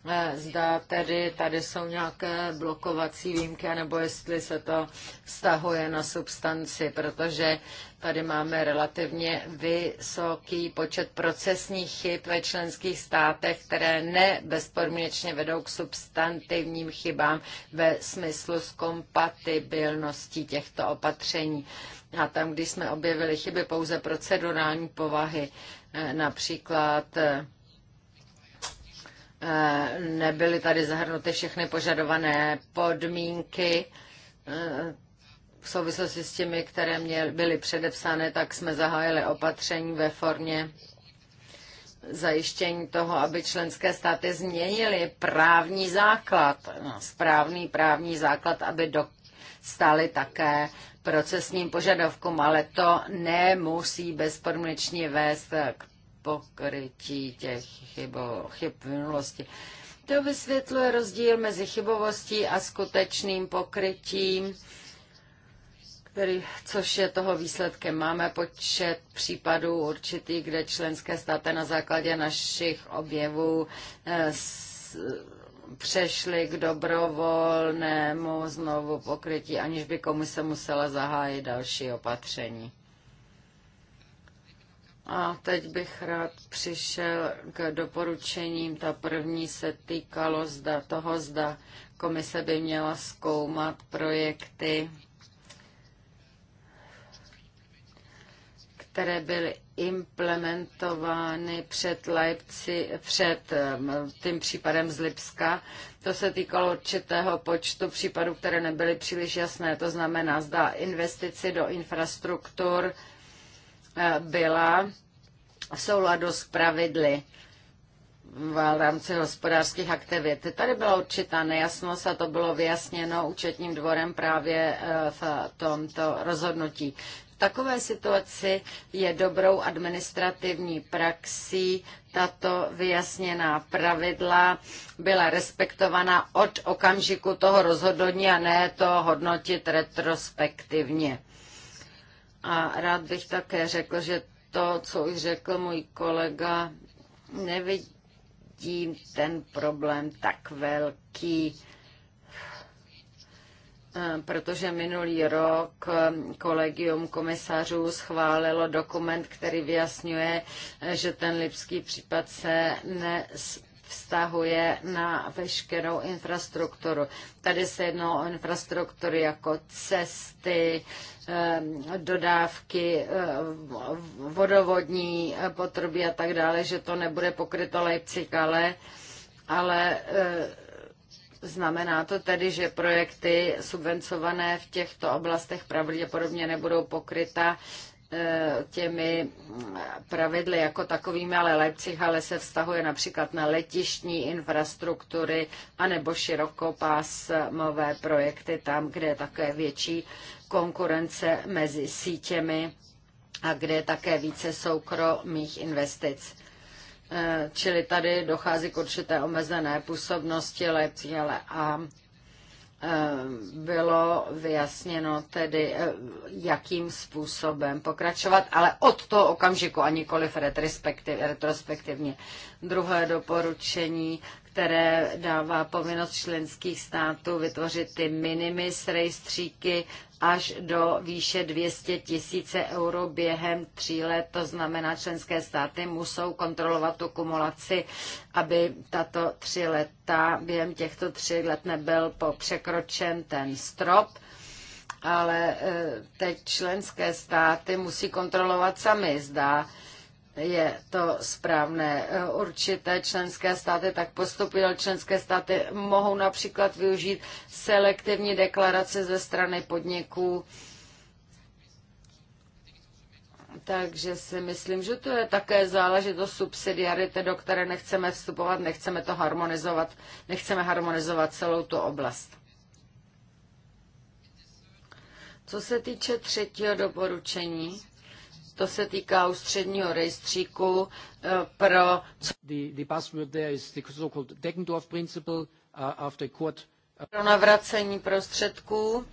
[SPEAKER 4] Eh, zda tedy tady jsou nějaké blokovací výjimky, nebo jestli se to stahuje na substanci, protože tady máme relativně vysoký počet procesních chyb ve členských státech, které nebezpodmínečně vedou k substantivním chybám ve smyslu s kompatibilností těchto opatření. A tam, když jsme objevili chyby pouze procedurální povahy, eh, například eh, Eh, nebyly tady zahrnuty všechny požadované podmínky eh, v souvislosti s těmi, které mě byly předepsány, tak jsme zahájili opatření ve formě zajištění toho, aby členské státy změnily právní základ, no, správný právní základ, aby dostali také procesním požadavkům, ale to nemusí bezpodmínečně vést k pokrytí těch chybo, chyb v minulosti. To vysvětluje rozdíl mezi chybovostí a skutečným pokrytím, který, což je toho výsledkem. Máme počet případů určitých, kde členské státy na základě našich objevů eh, s, přešli k dobrovolnému znovu pokrytí, aniž by komise musela zahájit další opatření. A teď bych rád přišel k doporučením. Ta první se týkalo zda, toho, zda komise by měla zkoumat projekty, které byly implementovány před, Leipci, před tím případem z Lipska. To se týkalo určitého počtu případů, které nebyly příliš jasné. To znamená, zda investici do infrastruktur, byla v souladu s pravidly v rámci hospodářských aktivit. Tady byla určitá nejasnost a to bylo vyjasněno účetním dvorem právě eh, v tomto rozhodnutí. V takové situaci je dobrou administrativní praxí tato vyjasněná pravidla byla respektovaná od okamžiku toho rozhodnutí a ne to hodnotit retrospektivně. A rád bych také řekl, že to, co už řekl můj kolega, nevidím ten problém tak velký, protože minulý rok kolegium komisařů schválilo dokument, který vyjasňuje, že ten lipský případ se ne vztahuje na veškerou infrastrukturu. Tady se jedná o infrastruktury jako cesty, dodávky vodovodní potrubí a tak dále, že to nebude pokryto Leipzig, ale, ale eh, Znamená to tedy, že projekty subvencované v těchto oblastech pravděpodobně nebudou pokryta E, těmi mm, pravidly jako takovými, ale Leipzig ale se vztahuje například na letištní infrastruktury anebo širokopásmové projekty tam, kde je také větší konkurence mezi sítěmi a kde je také více soukromých investic. E, čili tady dochází k určité omezené působnosti Leipzig ale a Eh, bylo vyjasněno tedy, eh, jakým způsobem pokračovat, ale od toho okamžiku a nikoliv retrospektivně. Druhé doporučení které dává povinnost členských států vytvořit ty minimis rejstříky až do výše 200 tisíce euro během tří let. To znamená, členské státy musou kontrolovat tu kumulaci, aby tato tři leta, během těchto tří let nebyl překročen ten strop ale eh, teď členské státy musí kontrolovat sami, zda je to správné. Určité členské státy tak postupují, ale členské státy mohou například využít selektivní deklarace ze strany podniků. Takže si myslím, že to je také záležitost subsidiarity, do které nechceme vstupovat, nechceme to harmonizovat, nechceme harmonizovat celou tu oblast. Co se týče třetího doporučení, to se týká ústředního rejstříku eh, pro...
[SPEAKER 3] The, the there is the so-called Deggendorf principle uh, after court. Uh,
[SPEAKER 4] pro navracení prostředků.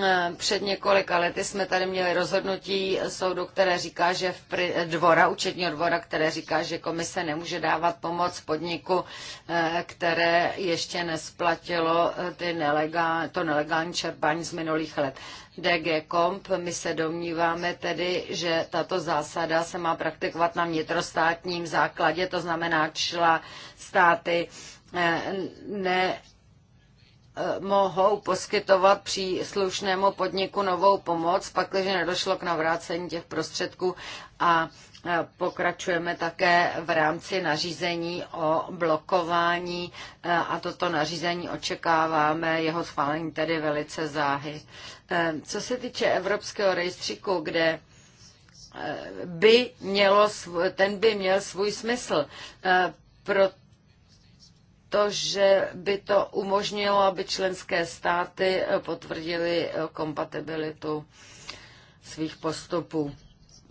[SPEAKER 4] Eh, před několika lety jsme tady měli rozhodnutí soudu, které říká, že v dvora, účetního dvora, které říká, že komise nemůže dávat pomoc podniku, eh, které ještě nesplatilo ty nelegál, to nelegální čerpání z minulých let. DG Comp. My se domníváme tedy, že tato zásada se má praktikovat na vnitrostátním základě, to znamená, čla státy eh, ne eh, mohou poskytovat příslušnému podniku novou pomoc, pakliže nedošlo k navrácení těch prostředků a Pokračujeme také v rámci nařízení o blokování eh, a toto nařízení očekáváme jeho schválení tedy velice záhy. Eh, co se týče Evropského rejstříku, kde eh, by mělo, ten by měl svůj smysl, protože by to umožnilo, aby členské státy potvrdili kompatibilitu svých postupů.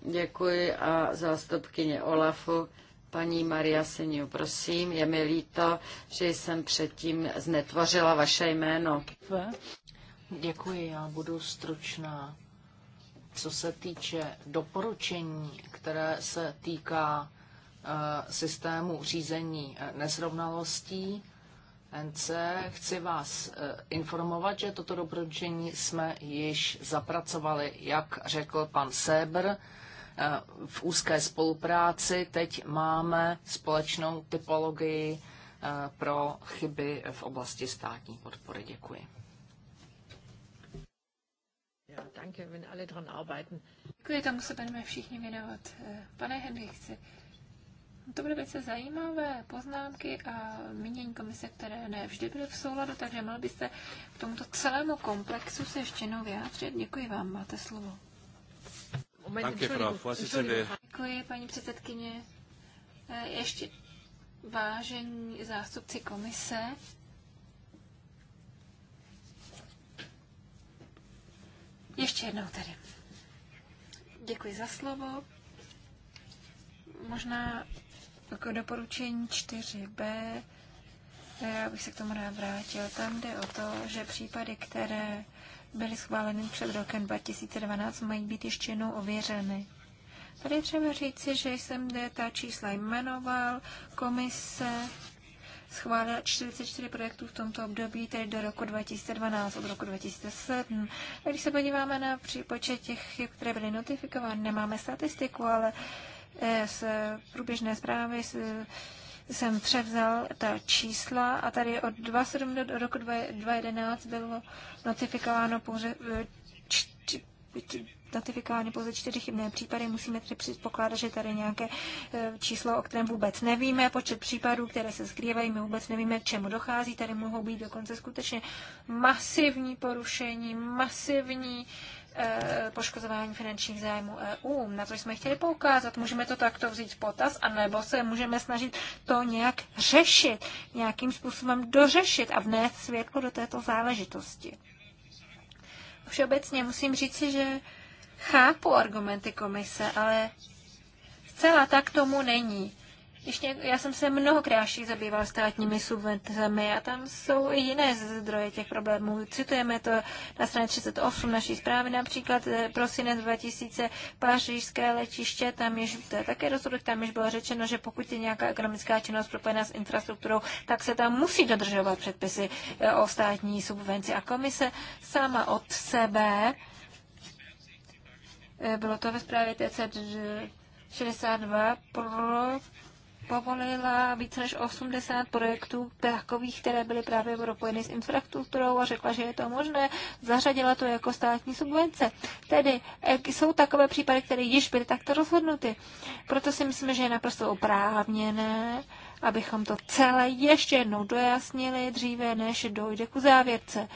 [SPEAKER 4] Děkuji a zástupkyně Olafu. Paní Maria Seniu, prosím, je mi líto, že jsem předtím znetvořila vaše
[SPEAKER 2] jméno. Děkuji, já budu stručná. Co se týče doporučení, které se týká eh, systému řízení eh, nesrovnalostí NC, chci vás eh, informovat, že toto doporučení jsme již zapracovali, jak řekl pan Sebr, Eh, v úzké spolupráci. Teď máme společnou typologii eh, pro chyby v oblasti státní podpory. Děkuji.
[SPEAKER 1] Děkuji, tomu se budeme všichni věnovat. Eh, pane Henrichci, to byly velice zajímavé poznámky a mínění komise, které ne vždy
[SPEAKER 2] byly v souladu, takže mohl
[SPEAKER 1] byste k tomuto celému komplexu se ještě jednou vyjádřit. Děkuji vám, máte slovo. Děkuji, paní předsedkyně. E, ještě vážení zástupci komise. Ještě jednou tedy. Děkuji za slovo. Možná jako doporučení 4b, e, já bych se k tomu rád vrátil. Tam jde o to, že případy, které byly schváleny před rokem 2012, mají být ještě jednou ověřeny. Tady třeba říci, že jsem ta čísla jmenoval, komise schválila 44 projektů v tomto období, tedy do roku 2012, od roku 2007. A když se podíváme na přípočet těch chyb, které byly notifikovány, nemáme statistiku, ale z eh, průběžné zprávy, z jsem převzal ta čísla a tady od 27 do roku 2011 bylo notifikováno pouze e, notifikovány pouze čtyři chybné případy. Musíme tedy předpokládat, že tady nějaké e, číslo, o kterém vůbec nevíme, počet případů, které se skrývají, my vůbec nevíme, k čemu dochází. Tady mohou být dokonce skutečně masivní porušení, masivní uh, Eh, poškozování finančních zájmů EU. Na to jsme chtěli poukázat. Můžeme to takto vzít v potaz, anebo se můžeme snažit to nějak řešit, nějakým způsobem dořešit a vnést světlo do této záležitosti. Všeobecně musím říci, že chápu argumenty komise, ale zcela tak tomu není. Ještě, já jsem se mnohokrát zabýval státními subvencemi a tam jsou i jiné zdroje těch problémů. Citujeme to na straně 38 naší zprávy, například eh, prosinec 2000 pařížské letiště, tam již, to je také rozhodnutí, tam již bylo řečeno, že pokud je nějaká ekonomická činnost propojená s infrastrukturou, tak se tam musí dodržovat předpisy eh, o státní subvenci. A komise sama od sebe, eh, bylo to ve zprávě TC 62, pro povolila více než 80 projektů takových, které byly právě propojeny s infrastrukturou a řekla, že je to možné, zařadila to jako státní subvence. Tedy eh, jsou takové případy, které již byly takto rozhodnuty. Proto si myslím, že je naprosto oprávněné, abychom to celé ještě jednou dojasnili dříve, než dojde ku závěrce.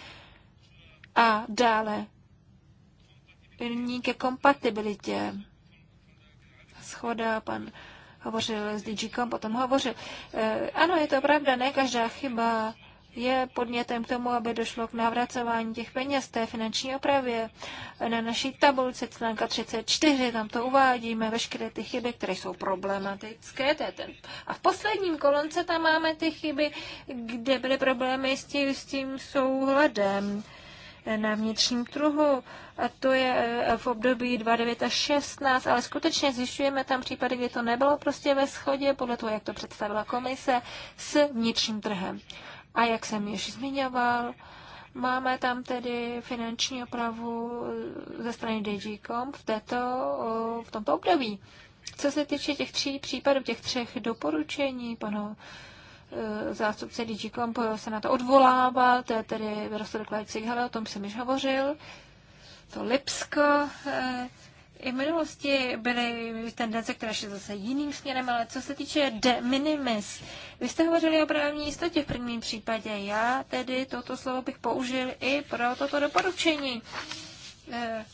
[SPEAKER 1] A dále nyní ke kompatibilitě. Schoda, pan hovořil s DGCOM, potom hovořil. E, ano, je to pravda, ne každá chyba je podnětem k tomu, aby došlo k navracování těch peněz té finanční opravě. Na naší tabulce článka 34 tam to uvádíme, veškeré ty chyby, které jsou problematické. To je ten. A v posledním kolonce tam máme ty chyby, kde byly problémy s tím, s tím souhledem na vnitřním trhu. A to je e, v období 2009 až 16, ale skutečně zjišťujeme tam případy, kdy to nebylo prostě ve schodě, podle toho, jak to představila komise, s vnitřním trhem. A jak jsem již zmiňoval, Máme tam tedy finanční opravu e, ze strany DGCOM v, této, v tomto období. Co se týče těch tří případů, těch třech doporučení panu Eh, zástupce DigiComp se na to odvolával, to je tedy Rostodek Leipzig, o tom jsem již hovořil. To Lipsko, eh, i v minulosti byly tendence, které šly zase jiným směrem, ale co se týče de minimis, vy jste hovořili o právní jistotě v prvním případě. Já tedy toto slovo bych použil i pro toto doporučení. Eh,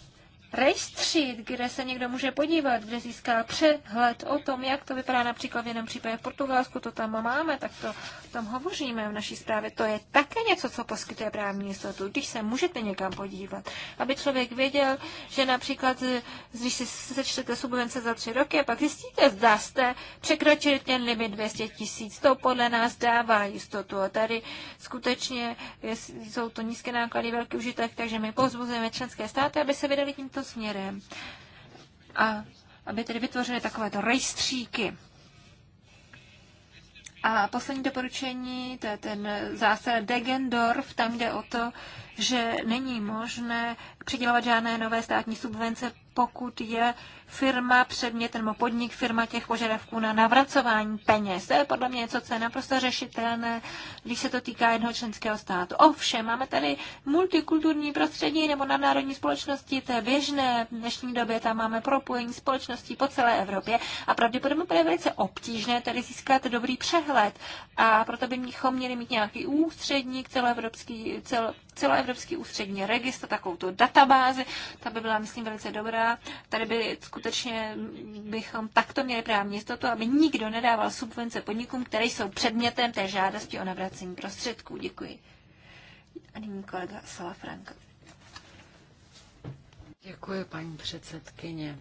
[SPEAKER 1] rejstřík, kde se někdo může podívat, kde získá přehled o tom, jak to vypadá například v jiném případě v Portugalsku, to tam máme, tak to tam hovoříme v naší zprávě. To je také něco, co poskytuje právní jistotu, když se můžete někam podívat. Aby člověk věděl, že například, když si sečtete subvence za tři roky a pak zjistíte, zda jste překročili ten limit 200 tisíc, to podle nás dává jistotu. A tady skutečně jsou to nízké náklady, velký užitek, takže my pozbuzujeme členské státy, aby se vydali tímto tímto směrem a aby tedy vytvořili takovéto rejstříky. A poslední doporučení, to je ten zásad Degendorf, tam jde o to, že není možné přidělovat žádné nové státní subvence, pokud je firma předmět nebo podnik firma těch požadavků na navracování peněz. To je podle mě něco, co je naprosto řešitelné, když se to týká jednoho členského státu. Ovšem, máme tady multikulturní prostředí nebo nadnárodní společnosti, to je běžné v dnešní době, tam máme propojení společností po celé Evropě a pravděpodobně bude velice obtížné tady získat dobrý přehled a proto bychom měli mít nějaký ústředník celoevropský, cel, celoevropský ústřední registr, takovou tu databázi, ta by byla, myslím, velice dobrá. Tady by skutečně bychom takto měli právní jistotu, aby nikdo nedával subvence podnikům, které jsou předmětem té žádosti o navracení prostředků. Děkuji. A nyní kolega Franka.
[SPEAKER 4] Děkuji, paní předsedkyně.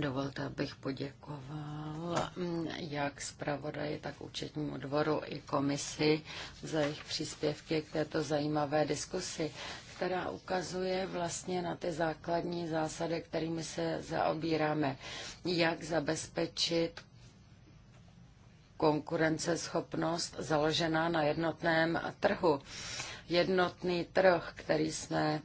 [SPEAKER 4] Dovolte, abych poděkoval jak zpravodaji, tak účetnímu dvoru i komisi za jejich příspěvky k této zajímavé diskusi, která ukazuje vlastně na ty základní zásady, kterými se zaobíráme. Jak zabezpečit konkurenceschopnost založená na jednotném trhu. Jednotný trh, který jsme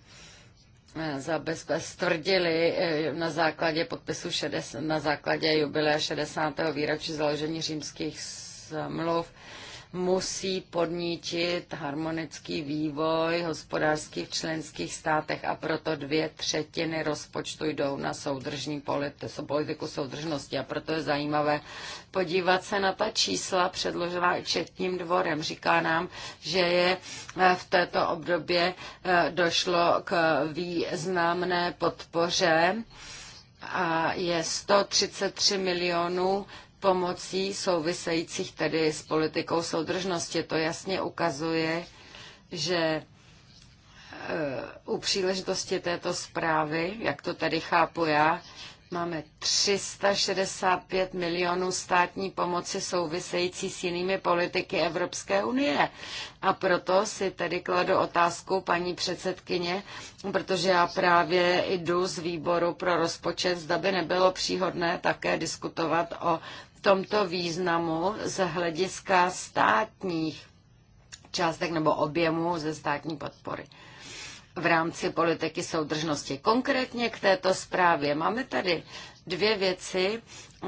[SPEAKER 4] stvrdili eh, na základě podpisu 60, na základě jubilea 60. výročí založení římských smluv musí podnítit harmonický vývoj hospodářských členských státech a proto dvě třetiny rozpočtu jdou na soudržní politiku, politiku soudržnosti. A proto je zajímavé podívat se na ta čísla předložená četním dvorem. Říká nám, že je eh, v této obdobě eh, došlo k významné podpoře a je 133 milionů pomocí souvisejících tedy s politikou soudržnosti. To jasně ukazuje, že e, u příležitosti této zprávy, jak to tady chápu já, máme 365 milionů státní pomoci související s jinými politiky Evropské unie. A proto si tedy kladu otázku paní předsedkyně, protože já právě jdu z výboru pro rozpočet, zda by nebylo příhodné také diskutovat o tomto významu z hlediska státních částek nebo objemu ze státní podpory v rámci politiky soudržnosti. Konkrétně k této zprávě máme tady dvě věci,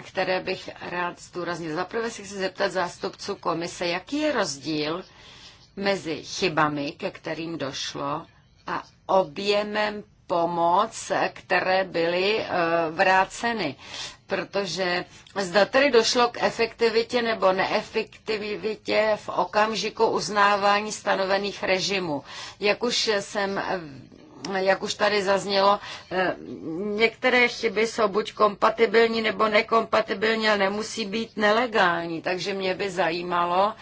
[SPEAKER 4] které bych rád zdůraznil. zaprvé, si chci zeptat zástupců komise, jaký je rozdíl mezi chybami, ke kterým došlo, a objemem pomoc, které byly eh, vráceny protože zda tedy došlo k efektivitě nebo neefektivitě v okamžiku uznávání stanovených režimů. Jak už jsem jak už tady zaznělo, eh, některé chyby jsou buď kompatibilní nebo nekompatibilní, ale nemusí být nelegální. Takže mě by zajímalo,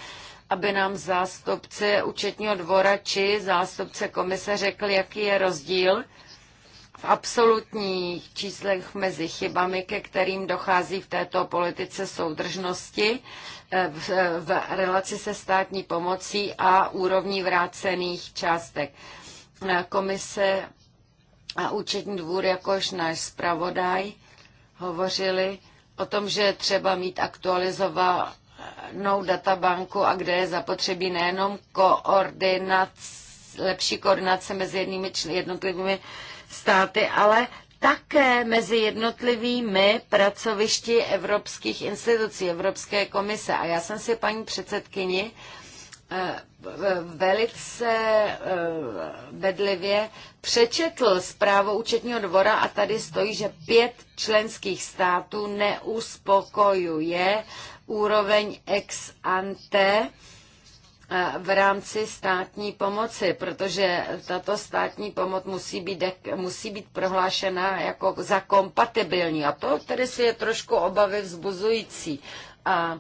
[SPEAKER 4] aby nám zástupce účetního dvora či zástupce komise řekl, jaký je rozdíl absolutních číslech mezi chybami, ke kterým dochází v této politice soudržnosti eh, v, eh, v relaci se státní pomocí a úrovní vrácených částek. Eh, komise a účetní dvůr, jakož náš zpravodaj, hovořili o tom, že třeba mít aktualizovanou databanku a kde je zapotřebí nejenom koordinace, lepší koordinace mezi jednotlivými státy, ale také mezi jednotlivými pracovišti evropských institucí, Evropské komise. A já jsem si paní předsedkyni eh, velice eh, bedlivě přečetl zprávu účetního dvora a tady stojí, že pět členských států neuspokojuje úroveň ex ante v rámci státní pomoci, protože tato státní pomoc musí být, musí být prohlášena jako za kompatibilní. A to tedy si je trošku obavy vzbuzující. A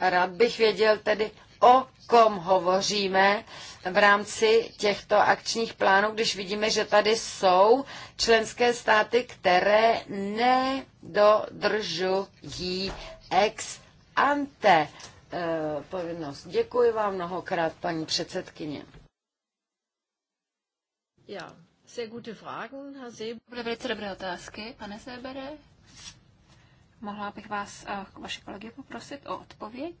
[SPEAKER 4] rád bych věděl tedy, o kom hovoříme v rámci těchto akčních plánů, když vidíme, že tady jsou členské státy, které nedodržují ex ante Eh, povinnost. Děkuji vám mnohokrát, paní předsedkyně.
[SPEAKER 1] Já. sehr gute Fragen, Herr Seber. velice dobré otázky, pane Sebere. Mohla bych vás a eh, vaše kolegy poprosit o odpověď?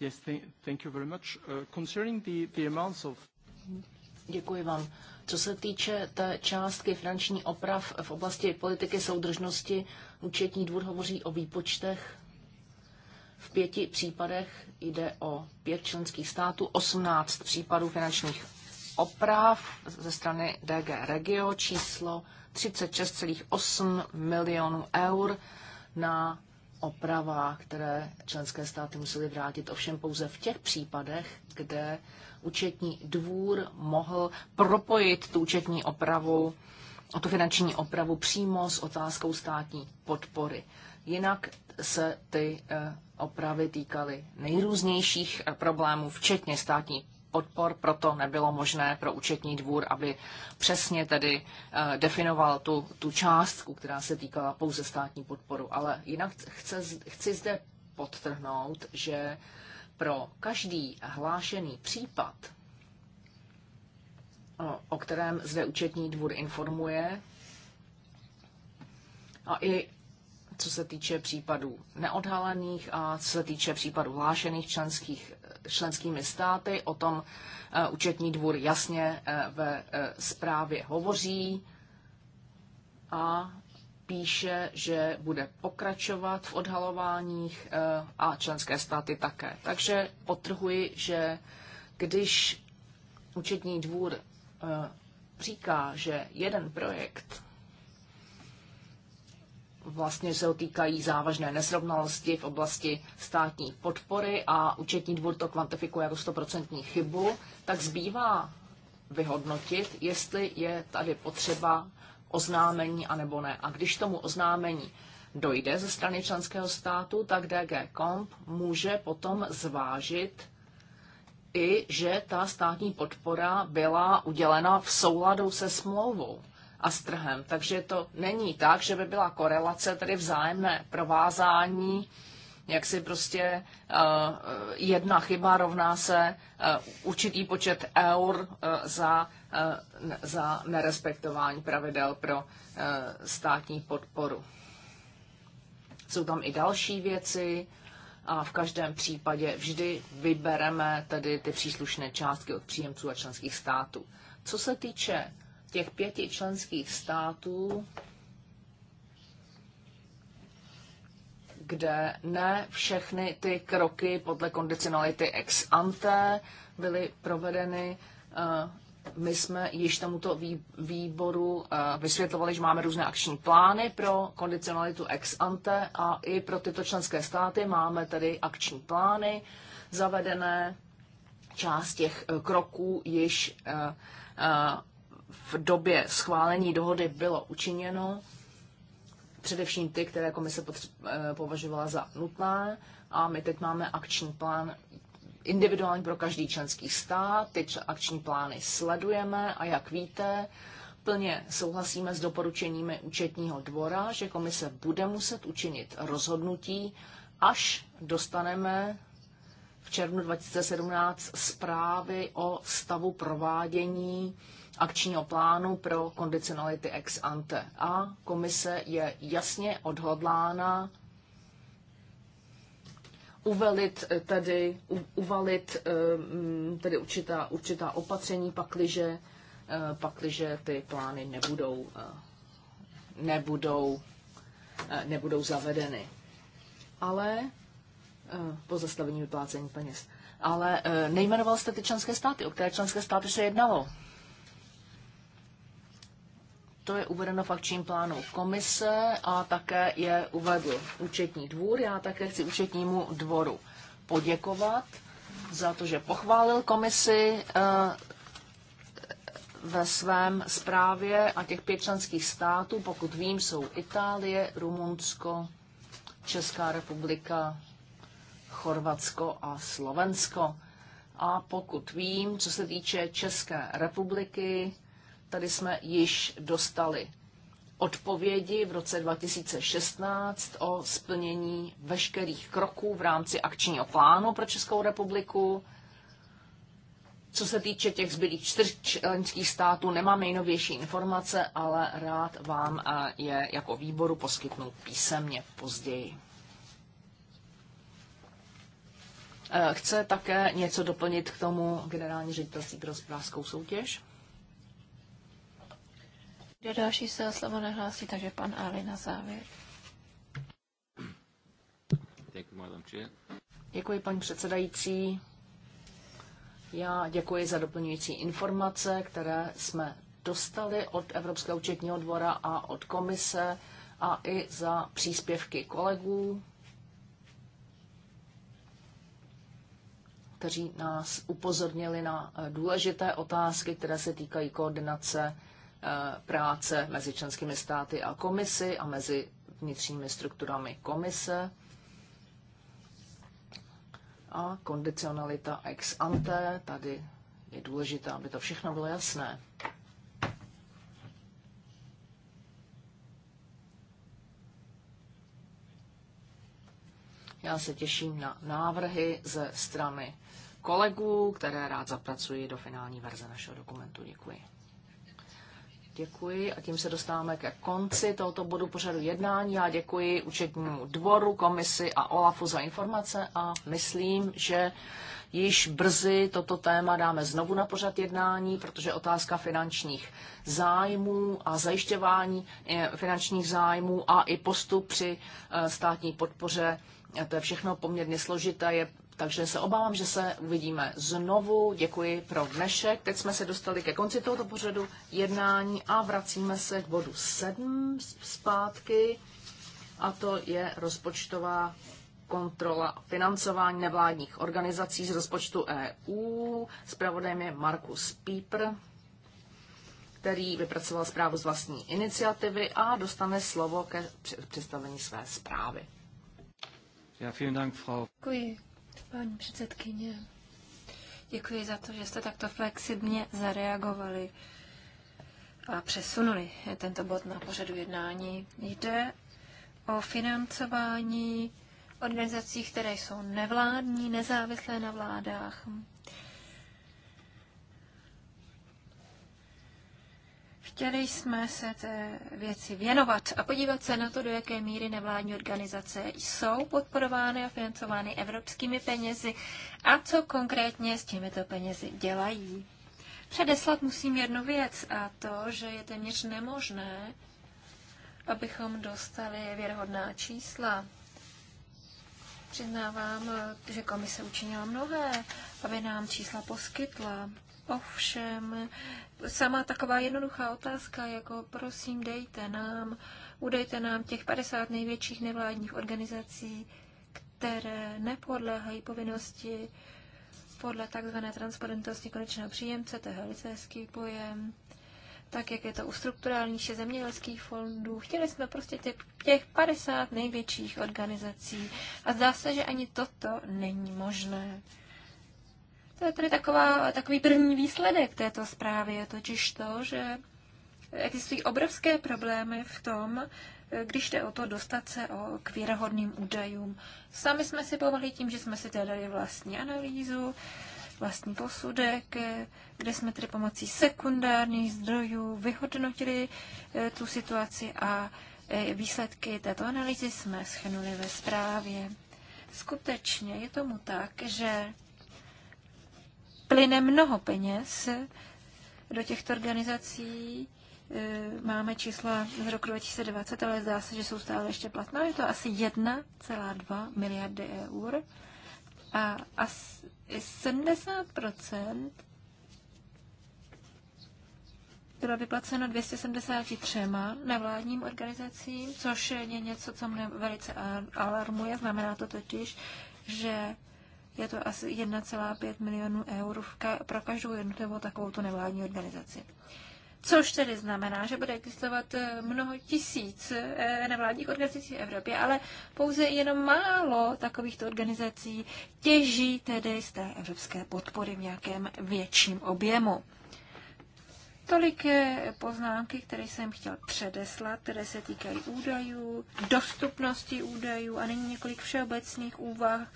[SPEAKER 3] Yes, thank you very much. Uh, concerning the amounts of...
[SPEAKER 2] Děkuji vám. Co se týče té částky finanční oprav v oblasti politiky soudržnosti, účetní dvůr hovoří o výpočtech. V pěti případech jde o pět členských států, 18 případů finančních oprav ze strany DG Regio číslo 36,8 milionů eur na opravách, které členské státy musely vrátit, ovšem pouze v těch případech, kde účetní dvůr mohl propojit tu účetní opravu, tu finanční opravu přímo s otázkou státní podpory. Jinak se ty eh, opravy týkaly nejrůznějších eh, problémů, včetně státní odpor, proto nebylo možné pro účetní dvůr, aby přesně tedy eh, definoval tu, tu částku, která se týkala pouze státní podporu. Ale jinak chce, chci zde podtrhnout, že pro každý hlášený případ, o kterém zde účetní dvůr informuje, a i co se týče případů neodhalených a co se týče případů hlášených členských členskými státy. O tom e, účetní dvůr jasně e, ve e, zprávě hovoří a píše, že bude pokračovat v odhalováních a členské státy také. Takže potrhuji, že když účetní dvůr říká, že jeden projekt vlastně se týkají závažné nesrovnalosti v oblasti státní podpory a účetní dvůr to kvantifikuje jako 100% chybu, tak zbývá vyhodnotit, jestli je tady potřeba oznámení anebo ne. A když tomu oznámení dojde ze strany členského státu, tak DG Comp může potom zvážit i, že ta státní podpora byla udělena v souladu se smlouvou trhem. Takže to není tak, že by byla korelace, tedy vzájemné provázání, jak si prostě uh, jedna chyba rovná se uh, určitý počet eur uh, za, uh, za nerespektování pravidel pro uh, státní podporu. Jsou tam i další věci a v každém případě vždy vybereme tedy ty příslušné částky od příjemců a členských států. Co se týče těch pěti členských států, kde ne všechny ty kroky podle kondicionality ex ante byly provedeny. Eh, my jsme již tomuto výboru eh, vysvětlovali, že máme různé akční plány pro kondicionalitu ex ante a i pro tyto členské státy máme tedy akční plány zavedené. Část těch eh, kroků již v době schválení dohody bylo učiněno, především ty, které komise eh, považovala za nutné. A my teď máme akční plán individuální pro každý členský stát. Ty akční plány sledujeme a jak víte, plně souhlasíme s doporučeními účetního dvora, že komise bude muset učinit rozhodnutí, až dostaneme v červnu 2017 zprávy o stavu provádění akčního plánu pro kondicionality ex ante. A komise je jasně odhodlána uvelit eh, tedy, uvalit eh, mm, tedy určitá, určitá opatření, pakliže, eh, pakliže ty plány nebudou, nebudou, nebudou zavedeny. Ale po zastavení vyplácení peněz. Ale nejmenoval jste ty členské státy, o které členské státy se jednalo. To je uvedeno v akčním plánu komise a také je uvedl účetní dvůr. Já také chci účetnímu dvoru poděkovat za to, že pochválil komisi eh, ve svém zprávě a těch pět členských států, pokud vím, jsou Itálie, Rumunsko, Česká republika, Chorvatsko a Slovensko. A pokud vím, co se týče České republiky, Tady jsme již dostali odpovědi v roce 2016 o splnění veškerých kroků v rámci akčního plánu pro Českou republiku. Co se týče těch zbylých čtyř členských států, nemám nejnovější informace, ale rád vám eh, je jako výboru poskytnu písemně později. Eh, chce také něco doplnit k tomu generální ředitelství pro hospodářskou soutěž?
[SPEAKER 1] Kdo další se o slovo nehlásí, takže pan Ali
[SPEAKER 2] na závěr. Děkuji, paní předsedající. Já děkuji za doplňující informace, které jsme dostali od Evropského účetního dvora a od komise a i za příspěvky kolegů, kteří nás upozornili na důležité otázky, které se týkají koordinace Eh, práce mezi členskými státy a komisy a mezi vnitřními strukturami komise a kondicionalita ex ante. Tady je důležité, aby to všechno bylo jasné. Já se těším na návrhy ze strany kolegů, které rád zapracuji do finální verze našeho dokumentu. Děkuji. Děkuji a tím se dostáváme ke konci tohoto bodu pořadu jednání. Já děkuji účetnímu dvoru, komisi a OLAFu za informace a myslím, že již brzy toto téma dáme znovu na pořad jednání, protože otázka finančních zájmů a zajišťování eh, finančních zájmů a i postup při eh, státní podpoře, to je všechno poměrně složité, je takže se obávám, že se uvidíme znovu. Děkuji pro dnešek. Teď jsme se dostali ke konci tohoto pořadu jednání a vracíme se k bodu 7 zpátky. A to je rozpočtová kontrola financování nevládních organizací z rozpočtu EU. Spravodajem je Markus Pieper, který vypracoval zprávu z vlastní iniciativy a dostane slovo ke představení své zprávy.
[SPEAKER 3] Ja, vielen Dank, Frau.
[SPEAKER 1] Děkuji, Paní předsedkyně, děkuji za to, že jste takto flexibně zareagovali a přesunuli tento bod na pořadu jednání. Jde o financování organizací, které jsou nevládní, nezávislé na vládách, Chtěli jsme se té věci věnovat a podívat se na to, do jaké míry nevládní organizace jsou podporovány a financovány evropskými penězi a co konkrétně s těmito penězi dělají. Předeslat musím jednu věc a to, že je téměř nemožné, abychom dostali věrhodná čísla. Přiznávám, že komise učinila mnohé, aby nám čísla poskytla. Ovšem, sama taková jednoduchá otázka, jako prosím, dejte nám, udejte nám těch 50 největších nevládních organizací, které nepodléhají povinnosti podle takzvané transparentnosti konečného příjemce, to je velice hezký pojem, tak jak je to u strukturálních zemědělských fondů. Chtěli jsme prostě těch 50 největších organizací a zdá se, že ani toto není možné. To je tedy taková, takový první výsledek této zprávy, je totiž to, že existují obrovské problémy v tom, když jde o to dostat se o, k věrohodným údajům. Sami jsme si pomohli tím, že jsme si tedy dali vlastní analýzu, vlastní posudek, kde jsme tedy pomocí sekundárních zdrojů vyhodnotili eh, tu situaci a eh, výsledky této analýzy jsme schrnuli ve zprávě. Skutečně je tomu tak, že plyne mnoho peněz do těchto organizací. E, máme čísla z roku 2020, ale zdá se, že jsou stále ještě platná. Je to asi 1,2 miliardy eur a asi 70 bylo vyplaceno 273 nevládním organizacím, což je něco, co mě velice alarmuje. Znamená to totiž, že je to asi 1,5 milionů eur pro každou jednotlivou tu nevládní organizaci. Což tedy znamená, že bude existovat eh, mnoho tisíc eh, nevládních organizací v Evropě, ale pouze jenom málo takovýchto organizací těží tedy z té evropské podpory v nějakém větším objemu. Tolik eh, poznámky, které jsem chtěl předeslat, které se týkají údajů, dostupnosti údajů a nyní několik všeobecných úvah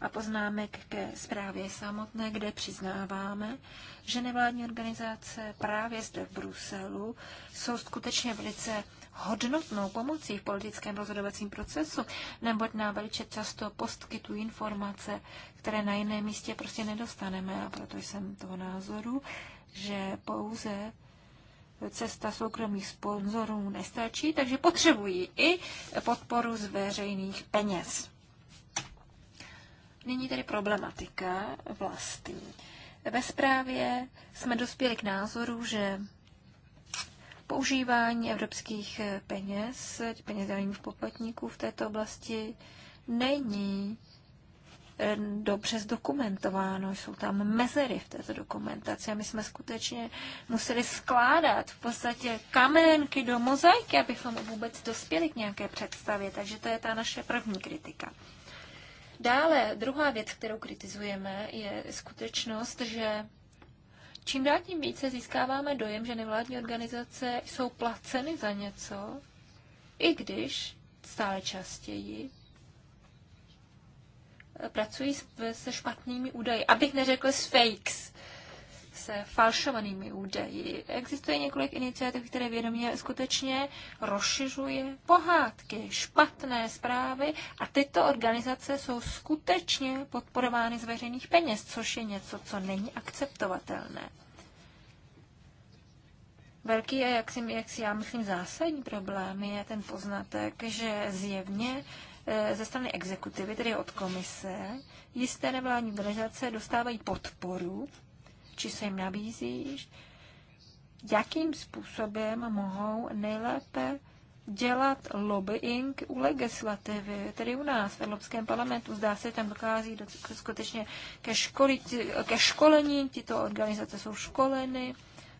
[SPEAKER 1] a poznámek ke zprávě samotné, kde přiznáváme, že nevládní organizace právě zde v Bruselu jsou skutečně velice hodnotnou pomocí v politickém rozhodovacím procesu, neboť nám velice často poskytují informace, které na jiném místě prostě nedostaneme. A proto jsem toho názoru, že pouze cesta soukromých sponzorů nestačí, takže potřebují i podporu z veřejných peněz. Nyní tedy problematika vlastní. Ve zprávě jsme dospěli k názoru, že používání evropských peněz, peněz daných poplatníků v této oblasti není eh, dobře zdokumentováno, jsou tam mezery v této dokumentaci a my jsme skutečně museli skládat v podstatě kamenky do mozaiky, abychom vůbec dospěli k nějaké představě, takže to je ta naše první kritika. Dále druhá věc, kterou kritizujeme, je skutečnost, že čím dál tím více získáváme dojem, že nevládní organizace jsou placeny za něco, i když stále častěji pracují se špatnými údaji. Abych neřekl s fakes se falšovanými údaji. Existuje několik iniciativ, které vědomě skutečně rozšiřuje pohádky, špatné zprávy a tyto organizace jsou skutečně podporovány z veřejných peněz, což je něco, co není akceptovatelné. Velký a jak si, jak si já myslím zásadní problém je ten poznatek, že zjevně eh, ze strany exekutivy, tedy od komise, jisté nevládní organizace dostávají podporu či se jim nabízíš? jakým způsobem mohou nejlépe dělat lobbying u legislativy, tedy u nás v Evropském parlamentu. Zdá se, tam dochází do, skutečně ke, školi, ke školení, tyto organizace jsou školeny,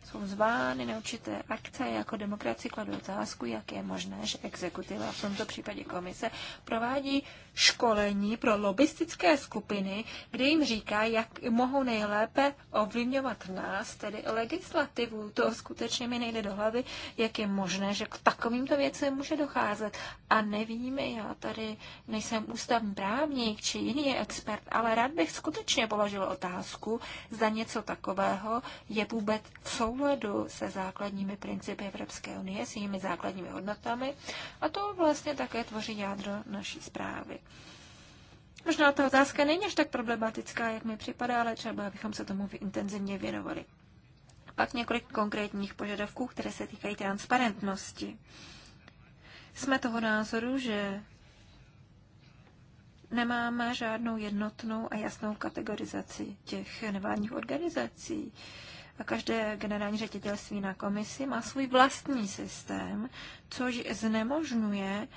[SPEAKER 1] jsou zvány na určité akce. Jako demokracii kladu otázku, jak je možné, že exekutiva, v tomto případě komise, provádí školení pro lobistické skupiny, kde jim říká, jak mohou nejlépe ovlivňovat nás, tedy legislativu. To skutečně mi nejde do hlavy, jak je možné, že k takovýmto věcem může docházet. A nevíme, já tady nejsem ústavní právník či jiný expert, ale rád bych skutečně položil otázku, za něco takového je vůbec v souhledu se základními principy Evropské unie, s jejími základními hodnotami a to vlastně také tvoří jádro naší zprávy. Možná ta otázka není až tak problematická, jak mi připadá, ale třeba bychom se tomu intenzivně věnovali. Pak několik konkrétních požadavků, které se týkají transparentnosti. Jsme toho názoru, že nemáme žádnou jednotnou a jasnou kategorizaci těch nevládních organizací a každé generální ředitelství na komisi má svůj vlastní systém, což znemožňuje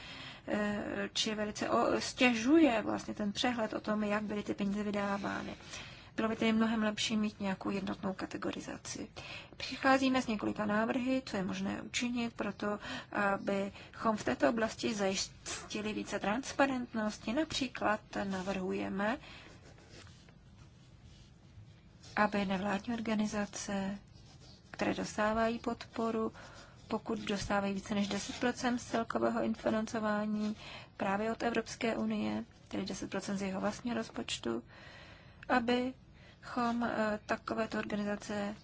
[SPEAKER 1] eh, či velice stěžuje vlastně ten přehled o tom, jak byly ty peníze vydávány. Bylo by tedy mnohem lepší mít nějakou jednotnou kategorizaci. Přicházíme s několika návrhy, co je možné učinit, proto abychom v této oblasti zajistili více transparentnosti. Například navrhujeme, aby nevládní organizace, které dostávají podporu, pokud dostávají více než 10 z celkového infinancování právě od Evropské unie, tedy 10 z jeho vlastního rozpočtu, abychom eh, takovéto organizace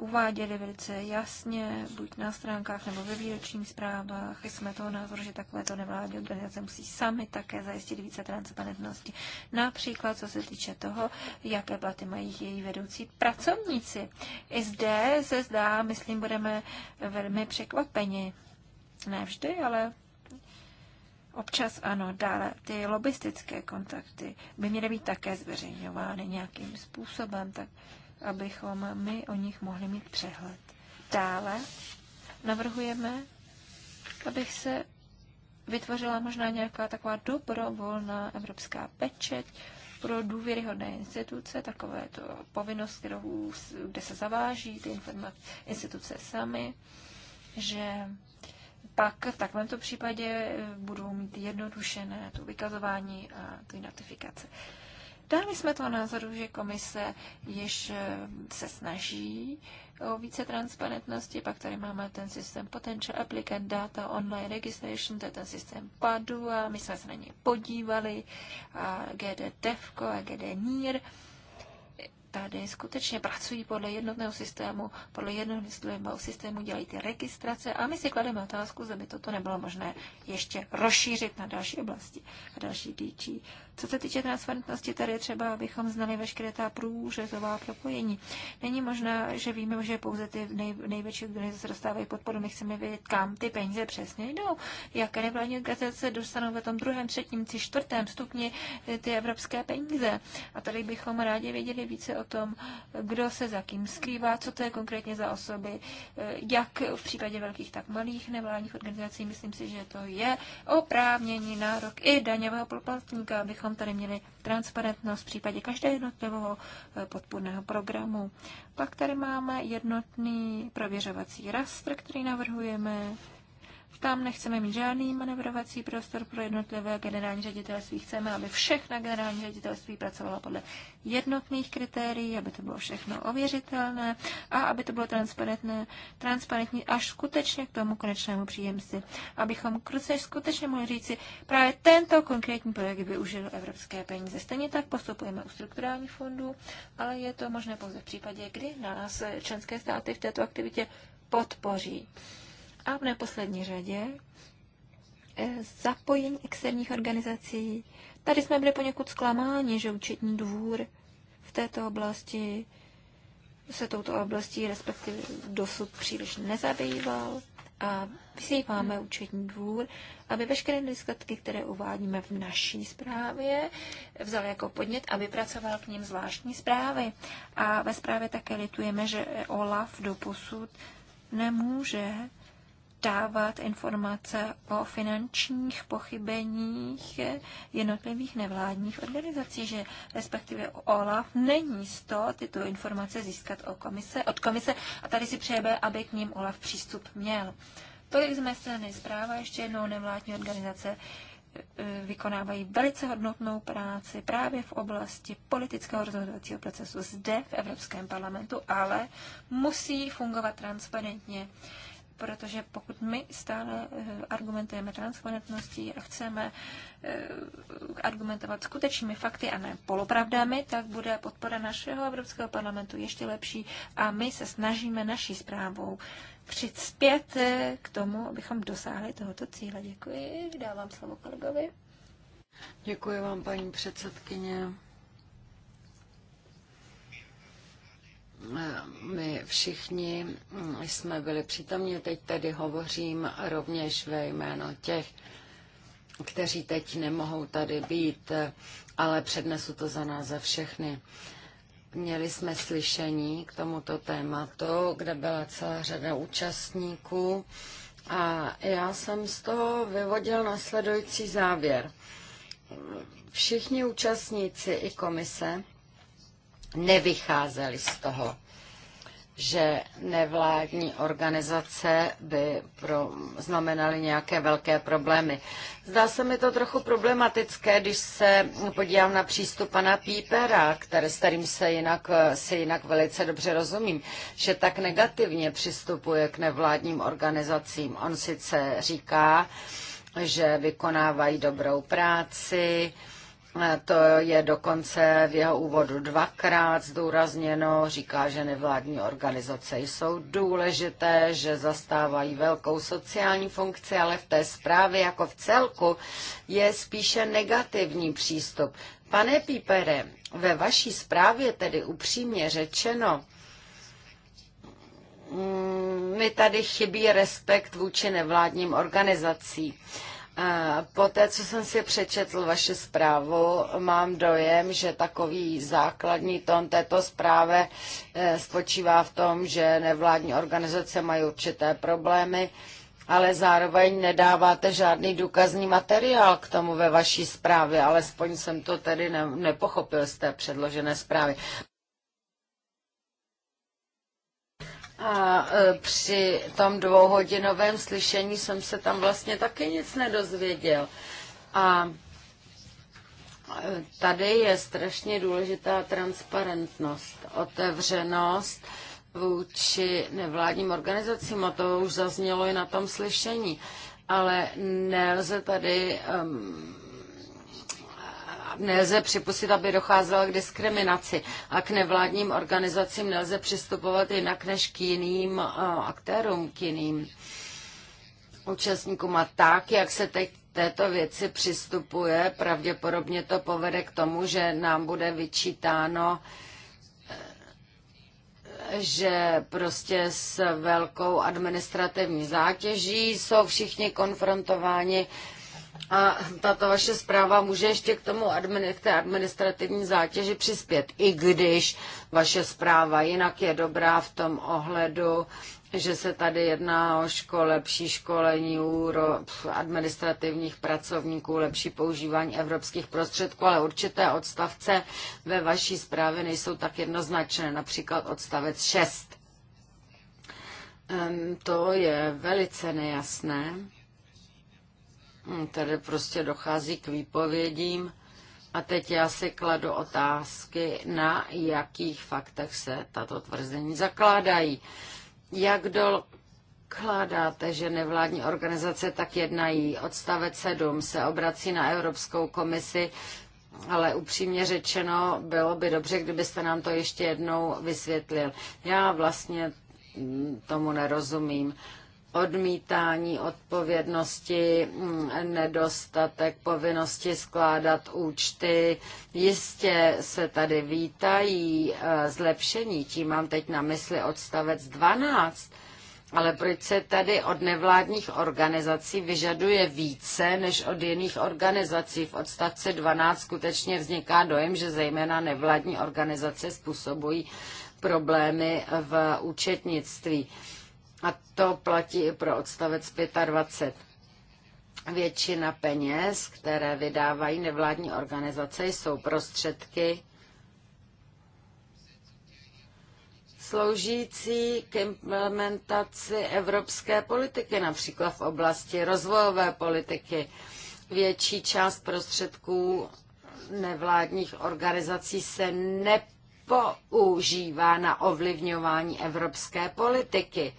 [SPEAKER 1] uváděli velice jasně, buď na stránkách nebo ve výročních zprávách. Jsme toho názoru, že takové to nevládní organizace musí sami také zajistit více transparentnosti. Například, co se týče toho, jaké platy mají její vedoucí pracovníci. I zde se zdá, myslím, budeme velmi překvapeni. Ne vždy, ale Občas ano, dále ty lobistické kontakty by měly být také zveřejňovány nějakým způsobem, tak abychom my o nich mohli mít přehled. Dále navrhujeme, abych se vytvořila možná nějaká taková dobrovolná evropská pečeť pro důvěryhodné instituce, takové to povinnost, kterou, kde se zaváží ty informace, instituce samy, že pak v takovémto případě eh, budou mít jednodušené to vykazování a ty notifikace. Dále jsme toho názoru, že komise již eh, se snaží o více transparentnosti, pak tady máme ten systém Potential Applicant Data Online Registration, to je ten systém PADU a my jsme se na něj podívali, a GD TEFCO a GD NIR tady skutečně pracují podle jednotného systému, podle jednotného systému dělají ty registrace a my si klademe otázku, zda by toto nebylo možné ještě rozšířit na další oblasti a další DG. Co se týče transparentnosti, tady je třeba, abychom znali veškeré ta průřezová propojení. Není možné, že víme, že pouze ty nej, největší organizace dostávají podporu. My chceme vědět, kam ty peníze přesně jdou. Jaké nevládní organizace dostanou ve tom druhém, třetím či čtvrtém stupni eh, ty evropské peníze. A tady bychom rádi věděli více o tom, kdo se za kým skrývá, co to je konkrétně za osoby, eh, jak v případě velkých, tak malých nevládních organizací. Myslím si, že to je oprávnění nárok i daňového poplatníka, abychom abychom tady měli transparentnost v případě každého jednotlivého eh, podpůrného programu. Pak tady máme jednotný prověřovací rastr, který navrhujeme. Tam nechceme mít žádný manevrovací prostor pro jednotlivé generální ředitelství. Chceme, aby všechna generální ředitelství pracovala podle jednotných kritérií, aby to bylo všechno ověřitelné a aby to bylo transparentné, transparentní až skutečně k tomu konečnému příjemci. Abychom skutečně mohli říci, právě tento konkrétní projekt využil evropské peníze. Stejně tak postupujeme u strukturálních fondů, ale je to možné pouze v případě, kdy nás členské státy v této aktivitě podpoří. A v neposlední řadě eh, zapojení externích organizací. Tady jsme byli poněkud zklamáni, že účetní dvůr v této oblasti se touto oblastí respektive dosud příliš nezabýval a vyzýváme účetní dvůr, aby veškeré nedostatky, které uvádíme v naší zprávě, vzal jako podnět a vypracoval k ním zvláštní zprávy. A ve zprávě také litujeme, že OLAF doposud nemůže dávat informace o finančních pochybeních jednotlivých nevládních organizací, že respektive OLAF není z to tyto informace získat o komise, od komise a tady si přejeme, aby k ním OLAF přístup měl. Tolik z mé strany zpráva, ještě jednou nevládní organizace eh, vykonávají velice hodnotnou práci právě v oblasti politického rozhodovacího procesu zde v Evropském parlamentu, ale musí fungovat transparentně protože pokud my stále eh, argumentujeme transparentností a chceme eh, argumentovat skutečnými fakty a ne polopravdami, tak bude podpora našeho Evropského parlamentu ještě lepší a my se snažíme naší zprávou přispět eh, k tomu, abychom dosáhli tohoto cíle. Děkuji. Dávám slovo kolegovi. Děkuji vám, paní předsedkyně.
[SPEAKER 4] My všichni jsme byli přítomni, teď tedy hovořím rovněž ve jméno těch, kteří teď nemohou tady být, ale přednesu to za nás za všechny. Měli jsme slyšení k tomuto tématu, kde byla celá řada účastníků a já jsem z toho vyvodil nasledující závěr. Všichni účastníci i komise nevycházeli z toho, že nevládní organizace by pro, znamenaly nějaké velké problémy. Zdá se mi to trochu problematické, když se podívám na přístup pana Pípera, který, s kterým se jinak, se jinak velice dobře rozumím, že tak negativně přistupuje k nevládním organizacím. On sice říká, že vykonávají dobrou práci, to je dokonce v jeho úvodu dvakrát zdůrazněno. Říká, že nevládní organizace jsou důležité, že zastávají velkou sociální funkci, ale v té zprávě jako v celku je spíše negativní přístup. Pane Pípere, ve vaší zprávě tedy upřímně řečeno, mm, mi tady chybí respekt vůči nevládním organizacím. Po té, co jsem si přečetl vaši zprávu, mám dojem, že takový základní tón této zprávy eh, spočívá v tom, že nevládní organizace mají určité problémy, ale zároveň nedáváte žádný důkazní materiál k tomu ve vaší zprávě, alespoň jsem to tedy nepochopil z té předložené zprávy. A e, při tom dvouhodinovém slyšení jsem se tam vlastně taky nic nedozvěděl. A e, tady je strašně důležitá transparentnost, otevřenost vůči nevládním organizacím, a to už zaznělo i na tom slyšení. Ale nelze tady um, Nelze připustit, aby docházelo k diskriminaci a k nevládním organizacím nelze přistupovat jinak než k jiným eh, aktérům, k jiným účastníkům. A tak, jak se teď této věci přistupuje, pravděpodobně to povede k tomu, že nám bude vyčítáno, eh, že prostě s velkou administrativní zátěží jsou všichni konfrontováni uh, a tato vaše zpráva může ještě k tomu k té administrativní zátěži přispět, i když vaše zpráva jinak je dobrá v tom ohledu, že se tady jedná o škole, lepší školení úro, administrativních pracovníků, lepší používání evropských prostředků, ale určité odstavce ve vaší zprávě nejsou tak jednoznačné, například odstavec 6. To je velice nejasné. Hm, tady prostě dochází k výpovědím. A teď já si kladu otázky, na jakých faktech se tato tvrzení zakládají. Jak dokládáte, že nevládní organizace tak jednají? Odstavec 7 se obrací na Evropskou komisi, ale upřímně řečeno, bylo by dobře, kdybyste nám to ještě jednou vysvětlil. Já vlastně hm, tomu nerozumím odmítání odpovědnosti, mm, nedostatek povinnosti skládat účty. Jistě se tady vítají eh, zlepšení, tím mám teď na mysli odstavec 12, ale proč se tady od nevládních organizací vyžaduje více než od jiných organizací? V odstavce 12 skutečně vzniká dojem, že zejména nevládní organizace způsobují problémy v účetnictví. A to platí i pro odstavec 25. Většina peněz, které vydávají nevládní organizace, jsou prostředky sloužící k implementaci evropské politiky, například v oblasti rozvojové politiky. Větší část prostředků nevládních organizací se nepoužívá na ovlivňování evropské politiky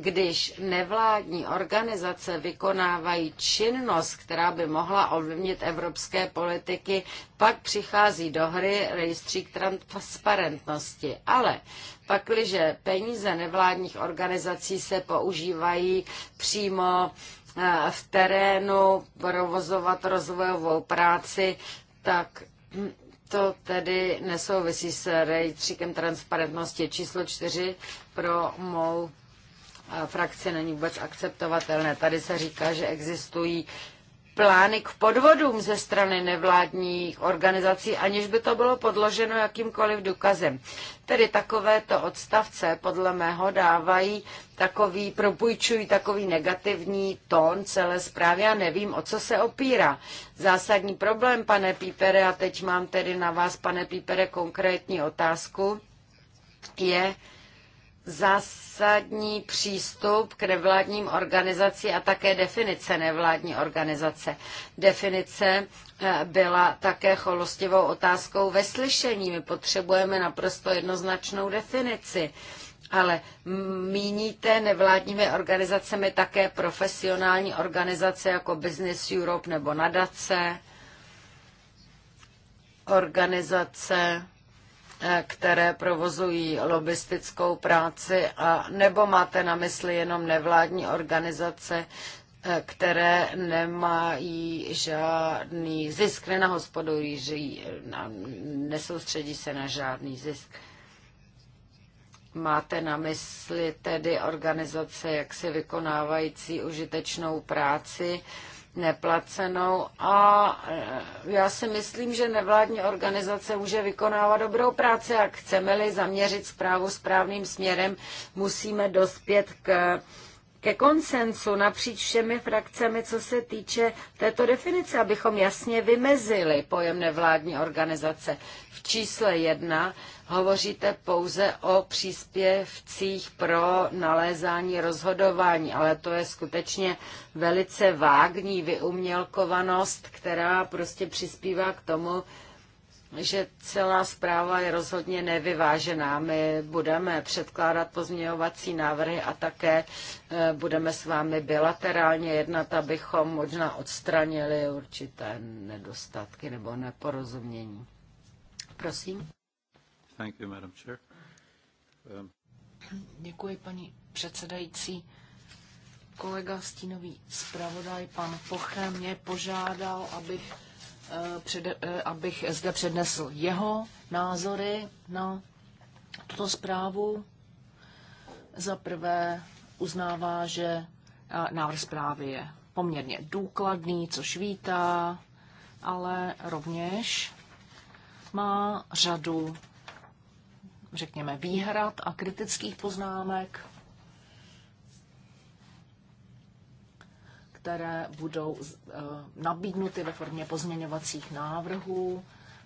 [SPEAKER 4] když nevládní organizace vykonávají činnost, která by mohla ovlivnit evropské politiky, pak přichází do hry rejstřík transparentnosti. Ale pakliže peníze nevládních organizací se používají přímo eh, v terénu provozovat rozvojovou práci, tak to tedy nesouvisí s rejstříkem transparentnosti číslo čtyři pro mou frakci není vůbec akceptovatelné. Tady se říká, že existují plány k podvodům ze strany nevládních organizací, aniž by to bylo podloženo jakýmkoliv důkazem. Tedy takovéto odstavce podle mého dávají takový, propůjčují takový negativní tón celé zprávy a nevím, o co se opírá. Zásadní problém, pane Pípere, a teď mám tedy na vás, pane Pípere, konkrétní otázku, je, zásadní přístup k nevládním organizaci a také definice nevládní organizace. Definice eh, byla také cholostivou otázkou ve slyšení. My potřebujeme naprosto jednoznačnou definici. Ale míníte nevládními organizacemi také profesionální organizace jako Business Europe nebo nadace, organizace, které provozují lobistickou práci, a nebo máte na mysli jenom nevládní organizace, eh, které nemají žádný zisk, nenahospodují, eh, nesoustředí se na žádný zisk. Máte na mysli tedy organizace, jak se vykonávající užitečnou práci, neplacenou a eh, já si myslím, že nevládní organizace může vykonávat dobrou práci a chceme-li zaměřit zprávu správným směrem, musíme dospět k ke konsensu napříč všemi frakcemi, co se týče této definice, abychom jasně vymezili pojem nevládní organizace. V čísle jedna hovoříte pouze o příspěvcích pro nalézání rozhodování, ale to je skutečně velice vágní vyumělkovanost, která prostě přispívá k tomu, že celá zpráva je rozhodně nevyvážená. My budeme předkládat pozměňovací návrhy a také e, budeme s vámi bilaterálně jednat, abychom možná odstranili určité nedostatky nebo neporozumění. Prosím.
[SPEAKER 3] Thank you, Madam Chair. Um...
[SPEAKER 2] Děkuji, paní předsedající. Kolega stínový zpravodaj, pan Poche, mě požádal, abych Eh, před, eh, abych zde přednesl jeho názory na tuto zprávu. Za prvé uznává, že eh, návrh zprávy je poměrně důkladný, což vítá, ale rovněž má řadu, řekněme, výhrad a kritických poznámek které budou eh, nabídnuty ve formě pozměňovacích návrhů,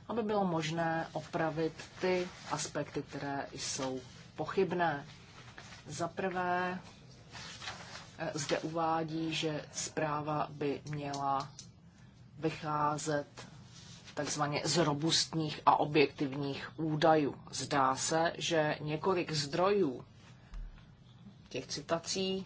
[SPEAKER 2] aby bylo možné opravit ty aspekty, které jsou pochybné. Za prvé eh, zde uvádí, že zpráva by měla vycházet takzvaně z robustních a objektivních údajů. Zdá se, že několik zdrojů těch citací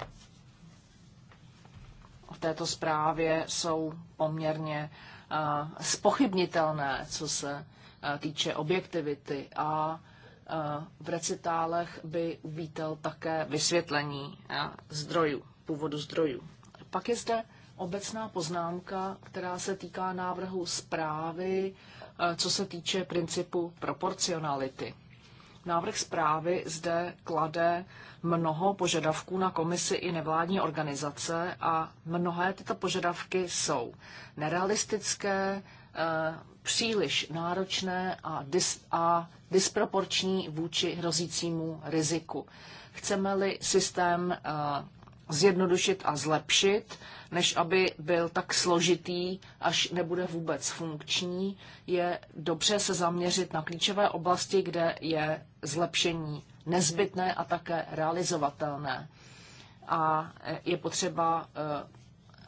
[SPEAKER 2] v této zprávě jsou poměrně eh, spochybnitelné, co se eh, týče objektivity a eh, v recitálech by uvítal také vysvětlení zdrojů, původu zdrojů. Pak je zde obecná poznámka, která se týká návrhu zprávy, co se týče principu proporcionality. Návrh zprávy zde klade mnoho požadavků na komisi i nevládní organizace a mnohé tyto požadavky jsou nerealistické, eh, příliš náročné a, dis- a disproporční vůči hrozícímu riziku. Chceme-li systém eh, zjednodušit a zlepšit, než aby byl tak složitý, až nebude vůbec funkční, je dobře se zaměřit na klíčové oblasti, kde je zlepšení nezbytné a také realizovatelné. A je potřeba eh,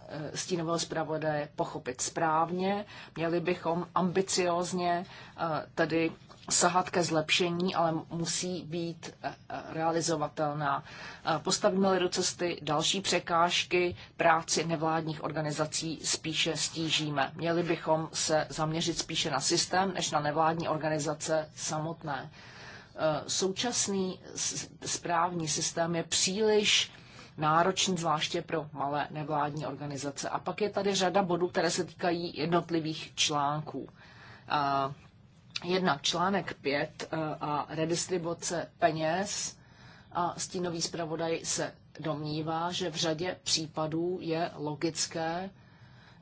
[SPEAKER 2] Eh, stínového zpravodaje pochopit správně. Měli bychom ambiciozně eh, tedy sahat ke zlepšení, ale musí být eh, realizovatelná. Postavíme-li do cesty další překážky, práci nevládních organizací spíše stížíme. Měli bychom se zaměřit spíše na systém, než na nevládní organizace samotné. Současný správní systém je příliš náročný, zvláště pro malé nevládní organizace. A pak je tady řada bodů, které se týkají jednotlivých článků. Jednak článek 5 e, a redistribuce peněz a stínový zpravodaj se domnívá, že v řadě případů je logické,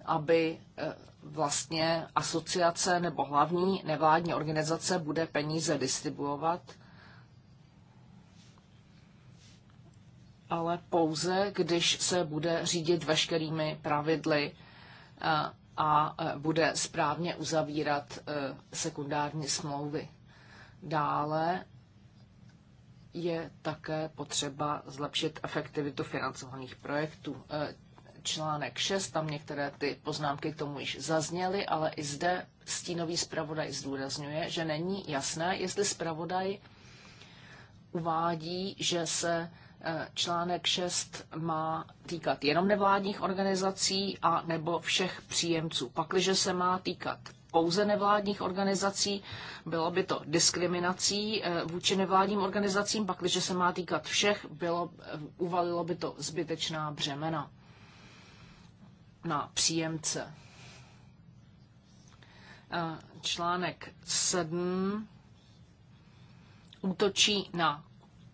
[SPEAKER 2] aby e, vlastně asociace nebo hlavní nevládní organizace bude peníze distribuovat – ale pouze, když se bude řídit veškerými pravidly eh, a eh, bude správně uzavírat eh, sekundární smlouvy. Dále je také potřeba zlepšit efektivitu financovaných projektů. Článek 6, tam některé ty poznámky k tomu již zazněly, ale i zde stínový zpravodaj zdůrazňuje, že není jasné, jestli zpravodaj uvádí, že se článek 6 má týkat jenom nevládních organizací a nebo všech příjemců. Pakliže se má týkat pouze nevládních organizací, bylo by to diskriminací eh, vůči nevládním organizacím, pakliže se má týkat všech, bylo, eh, uvalilo by to zbytečná břemena na příjemce. Eh, článek 7 útočí na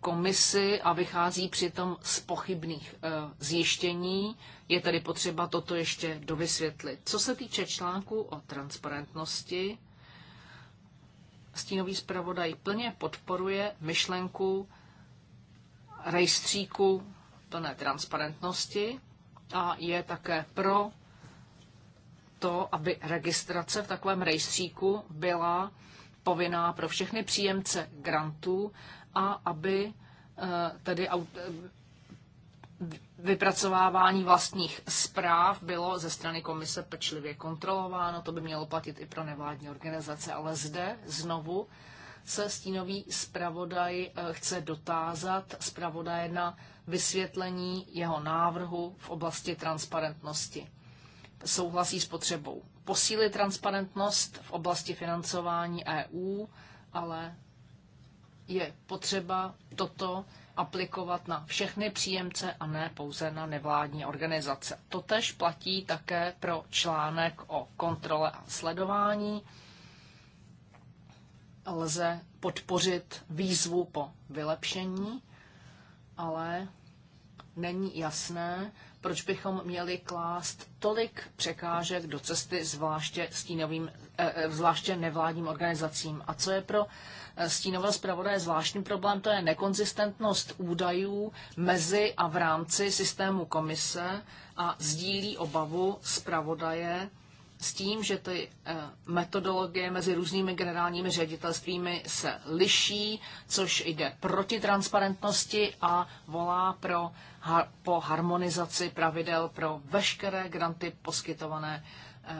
[SPEAKER 2] komisi a vychází přitom z pochybných eh, zjištění. Je tedy potřeba toto ještě dovysvětlit. Co se týče článku o transparentnosti, stínový zpravodaj plně podporuje myšlenku rejstříku plné transparentnosti a je také pro to, aby registrace v takovém rejstříku byla povinná pro všechny příjemce grantů a aby eh, tedy vypracovávání vlastních zpráv bylo ze strany komise pečlivě kontrolováno. To by mělo platit i pro nevládní organizace, ale zde znovu se stínový zpravodaj eh, chce dotázat zpravodaje na vysvětlení jeho návrhu v oblasti transparentnosti. Souhlasí s potřebou posílit transparentnost v oblasti financování EU, ale je potřeba toto aplikovat na všechny příjemce a ne pouze na nevládní organizace. Totež platí také pro článek o kontrole a sledování. Lze podpořit výzvu po vylepšení, ale není jasné, proč bychom měli klást tolik překážek do cesty, zvláště, stínovým, eh, eh, zvláště nevládním organizacím. A co je pro eh, stínové zpravodaje zvláštní problém, to je nekonzistentnost údajů mezi a v rámci systému komise a sdílí obavu zpravodaje, s tím, že ty eh, metodologie mezi různými generálními ředitelstvími se liší, což jde proti transparentnosti a volá pro, po harmonizaci pravidel pro veškeré granty poskytované eh,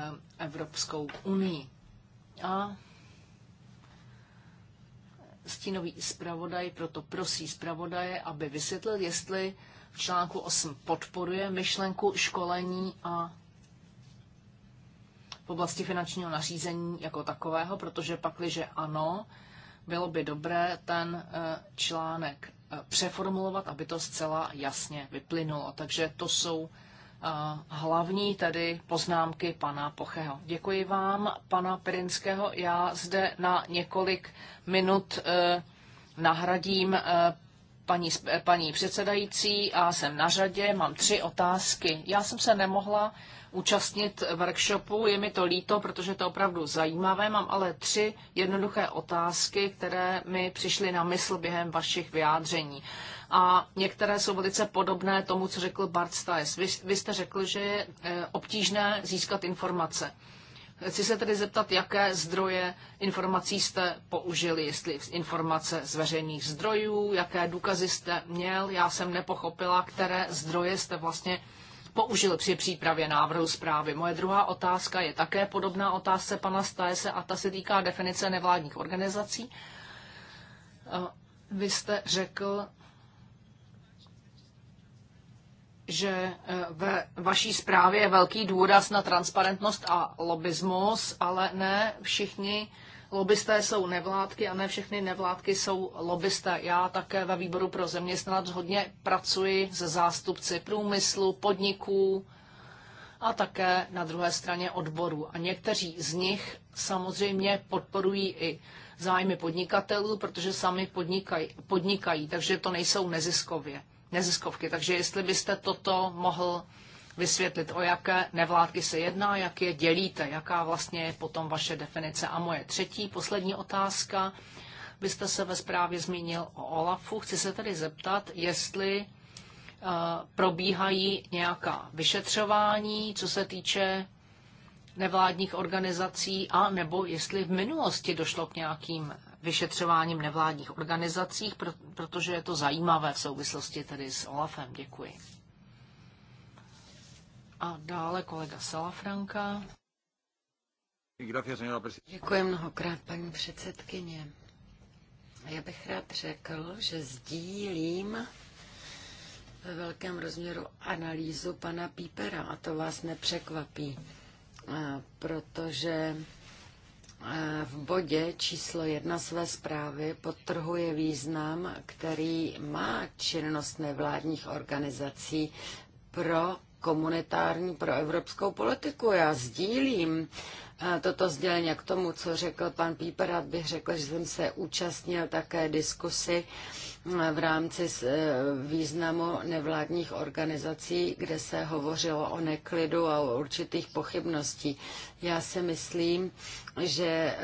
[SPEAKER 2] Evropskou unii. A stínový zpravodaj proto prosí zpravodaje, aby vysvětlil, jestli v článku 8 podporuje myšlenku školení a oblasti finančního nařízení jako takového, protože pakliže ano, bylo by dobré ten e, článek e, přeformulovat, aby to zcela jasně vyplynulo. Takže to jsou e, hlavní tedy poznámky pana Pocheho. Děkuji vám, pana Pirinského. Já zde na několik minut nahradím paní, paní předsedající a jsem na řadě. Mám tři otázky. Já jsem se nemohla účastnit workshopu. Je mi to líto, protože to je opravdu zajímavé. Mám ale tři jednoduché otázky, které mi přišly na mysl během vašich vyjádření. A některé jsou velice podobné tomu, co řekl Bart Stajs. Vy, vy jste řekl, že je eh, obtížné získat informace. Chci se tedy zeptat, jaké zdroje informací jste použili, jestli informace z veřejných zdrojů, jaké důkazy jste měl. Já jsem nepochopila, které zdroje jste vlastně použil při přípravě návrhu zprávy. Moje druhá otázka je také podobná otázce pana Stajese a ta se týká definice nevládních organizací. Vy jste řekl, že e, ve vaší zprávě je velký důraz na transparentnost a lobismus, ale ne všichni lobbysté jsou nevládky a ne všechny nevládky jsou lobbysté. Já také ve výboru pro zaměstnanost hodně pracuji se zástupci průmyslu, podniků a také na druhé straně odborů. A někteří z nich samozřejmě podporují i zájmy podnikatelů, protože sami podnikaj, podnikají, takže to nejsou neziskově, neziskovky. Takže jestli byste toto mohl vysvětlit, o jaké nevládky se jedná, jak je dělíte, jaká vlastně je potom vaše definice. A moje třetí, poslední otázka. Vy jste se ve zprávě zmínil o OLAFu. Chci se tedy zeptat, jestli eh, probíhají nějaká vyšetřování, co se týče nevládních organizací, a nebo jestli v minulosti došlo k nějakým vyšetřováním nevládních organizacích, protože je to zajímavé v souvislosti tedy s OLAFem. Děkuji. A dále kolega Salafranka. Děkuji mnohokrát, paní předsedkyně.
[SPEAKER 4] Já bych rád řekl, že sdílím ve velkém rozměru analýzu pana Pípera a to vás nepřekvapí, protože v bodě číslo jedna své zprávy podtrhuje význam, který má činnost nevládních organizací pro komunitární pro evropskou politiku. Já sdílím eh, toto sdělení k tomu, co řekl pan Píper, bych řekl, že jsem se účastnil také diskusy uh, v rámci eh, významu nevládních organizací, kde se hovořilo o neklidu a o určitých pochybností. Já si myslím, že eh,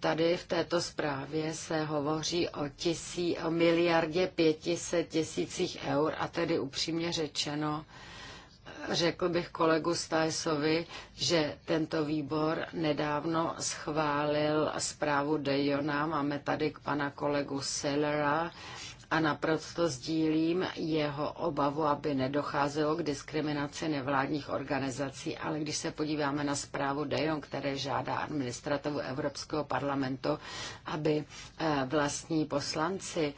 [SPEAKER 4] tady v této zprávě se hovoří o, tisí, o miliardě pětiset tisících eur a tedy upřímně řečeno, řekl bych kolegu Stajsovi, že tento výbor nedávno schválil zprávu Dejona. Máme tady k pana kolegu Sellera a naprosto sdílím jeho obavu, aby nedocházelo k diskriminaci nevládních organizací, ale když se podíváme na zprávu Dejon, které žádá administrativu Evropského parlamentu, aby eh, vlastní poslanci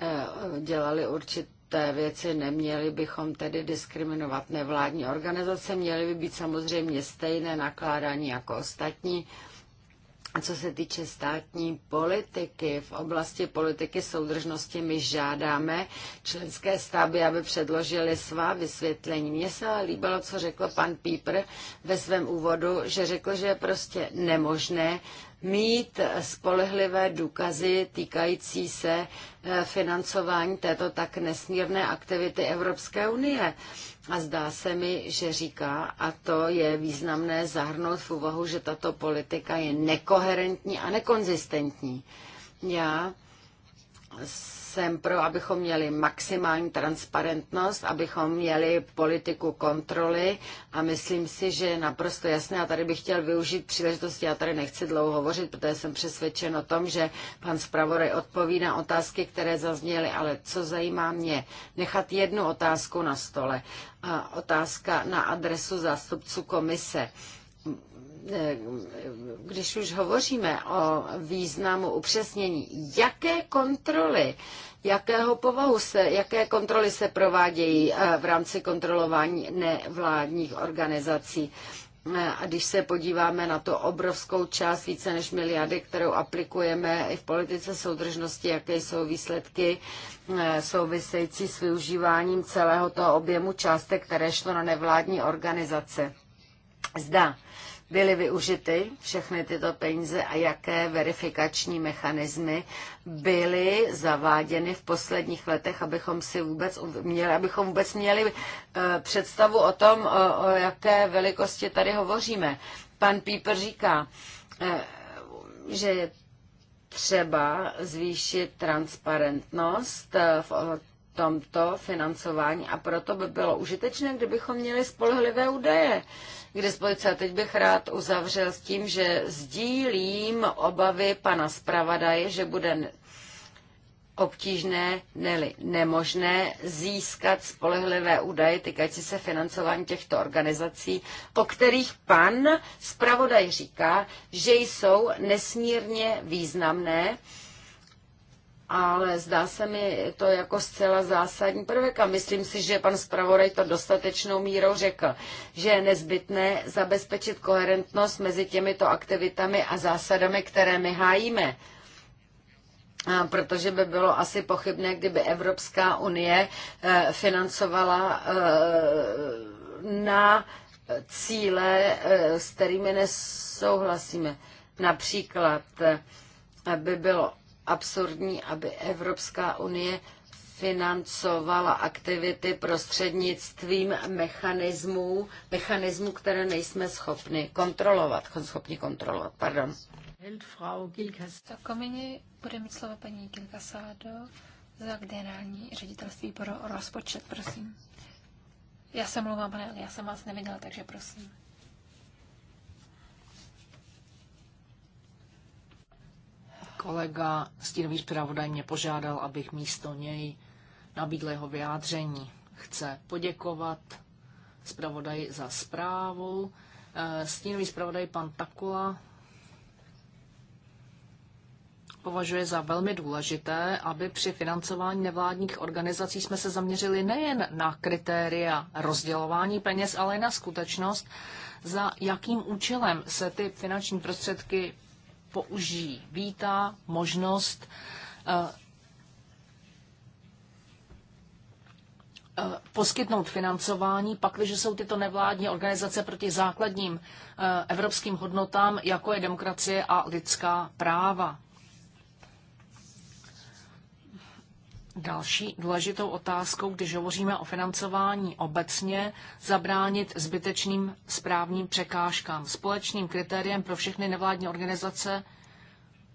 [SPEAKER 4] eh, dělali určit, té věci. Neměli bychom tedy diskriminovat nevládní organizace, měly by být samozřejmě stejné nakládání jako ostatní. A co se týče státní politiky, v oblasti politiky soudržnosti my žádáme členské stáby, aby předložili svá vysvětlení. Mně se ale líbilo, co řekl pan Pípr ve svém úvodu, že řekl, že je prostě nemožné mít spolehlivé důkazy týkající se eh, financování této tak nesmírné aktivity Evropské unie. A zdá se mi, že říká, a to je významné zahrnout v úvahu, že tato politika je nekoherentní a nekonzistentní. Já jsem pro, abychom měli maximální transparentnost, abychom měli politiku kontroly a myslím si, že je naprosto jasné, a tady bych chtěl využít příležitosti, já tady nechci dlouho hovořit, protože jsem přesvědčen o tom, že pan zpravodaj odpoví na otázky, které zazněly, ale co zajímá mě, nechat jednu otázku na stole. A otázka na adresu zástupců komise. Eh, když už hovoříme o významu upřesnění, jaké kontroly, jakého povahu se, jaké kontroly se provádějí eh, v rámci kontrolování nevládních organizací? Eh, a když se podíváme na to obrovskou část, více než miliardy, kterou aplikujeme i v politice soudržnosti, jaké jsou výsledky související s využíváním celého toho objemu částek, které šlo na nevládní organizace. Zda byly využity všechny tyto peníze a jaké verifikační mechanismy byly zaváděny v posledních letech, abychom si vůbec měli, abychom vůbec měli eh, představu o tom, o jaké velikosti tady hovoříme. Pan Píper říká, eh, že je třeba zvýšit transparentnost eh, v tomto financování a proto by bylo užitečné, kdybychom měli spolehlivé údaje k dispozici. A teď bych rád uzavřel s tím, že sdílím obavy pana zpravodaje, že bude obtížné, ne nemožné získat spolehlivé údaje týkající se financování těchto organizací, o kterých pan zpravodaj říká, že jsou nesmírně významné ale zdá se mi to jako zcela zásadní prvek a myslím si, že pan zpravodaj to dostatečnou mírou řekl, že je nezbytné zabezpečit koherentnost mezi těmito aktivitami a zásadami, které my hájíme protože by bylo asi pochybné, kdyby Evropská unie eh, financovala eh, na cíle, eh, s kterými nesouhlasíme. Například by bylo absurdní, aby Evropská unie financovala aktivity prostřednictvím mechanismů, mechanismů, které nejsme schopni kontrolovat, schopni kontrolovat, pardon.
[SPEAKER 1] Tak nyní bude mít slovo paní Gilkasádo za generální ředitelství pro rozpočet, prosím. Já se mluvám, pane, já jsem vás neviděla, takže prosím.
[SPEAKER 2] Kolega stínový zpravodaj mě požádal, abych místo něj nabídl jeho vyjádření. Chce poděkovat zpravodaj za zprávu. Eh, stínový zpravodaj pan Takula považuje za velmi důležité, aby při financování nevládních organizací jsme se zaměřili nejen na kritéria rozdělování peněz, ale i na skutečnost, za jakým účelem se ty finanční prostředky použijí. Vítá možnost eh, eh, poskytnout financování, pakliže jsou tyto nevládní organizace proti základním eh, evropským hodnotám, jako je demokracie a lidská práva. Další důležitou otázkou, když hovoříme o financování obecně, zabránit zbytečným správním překážkám. Společným kritériem pro všechny nevládní organizace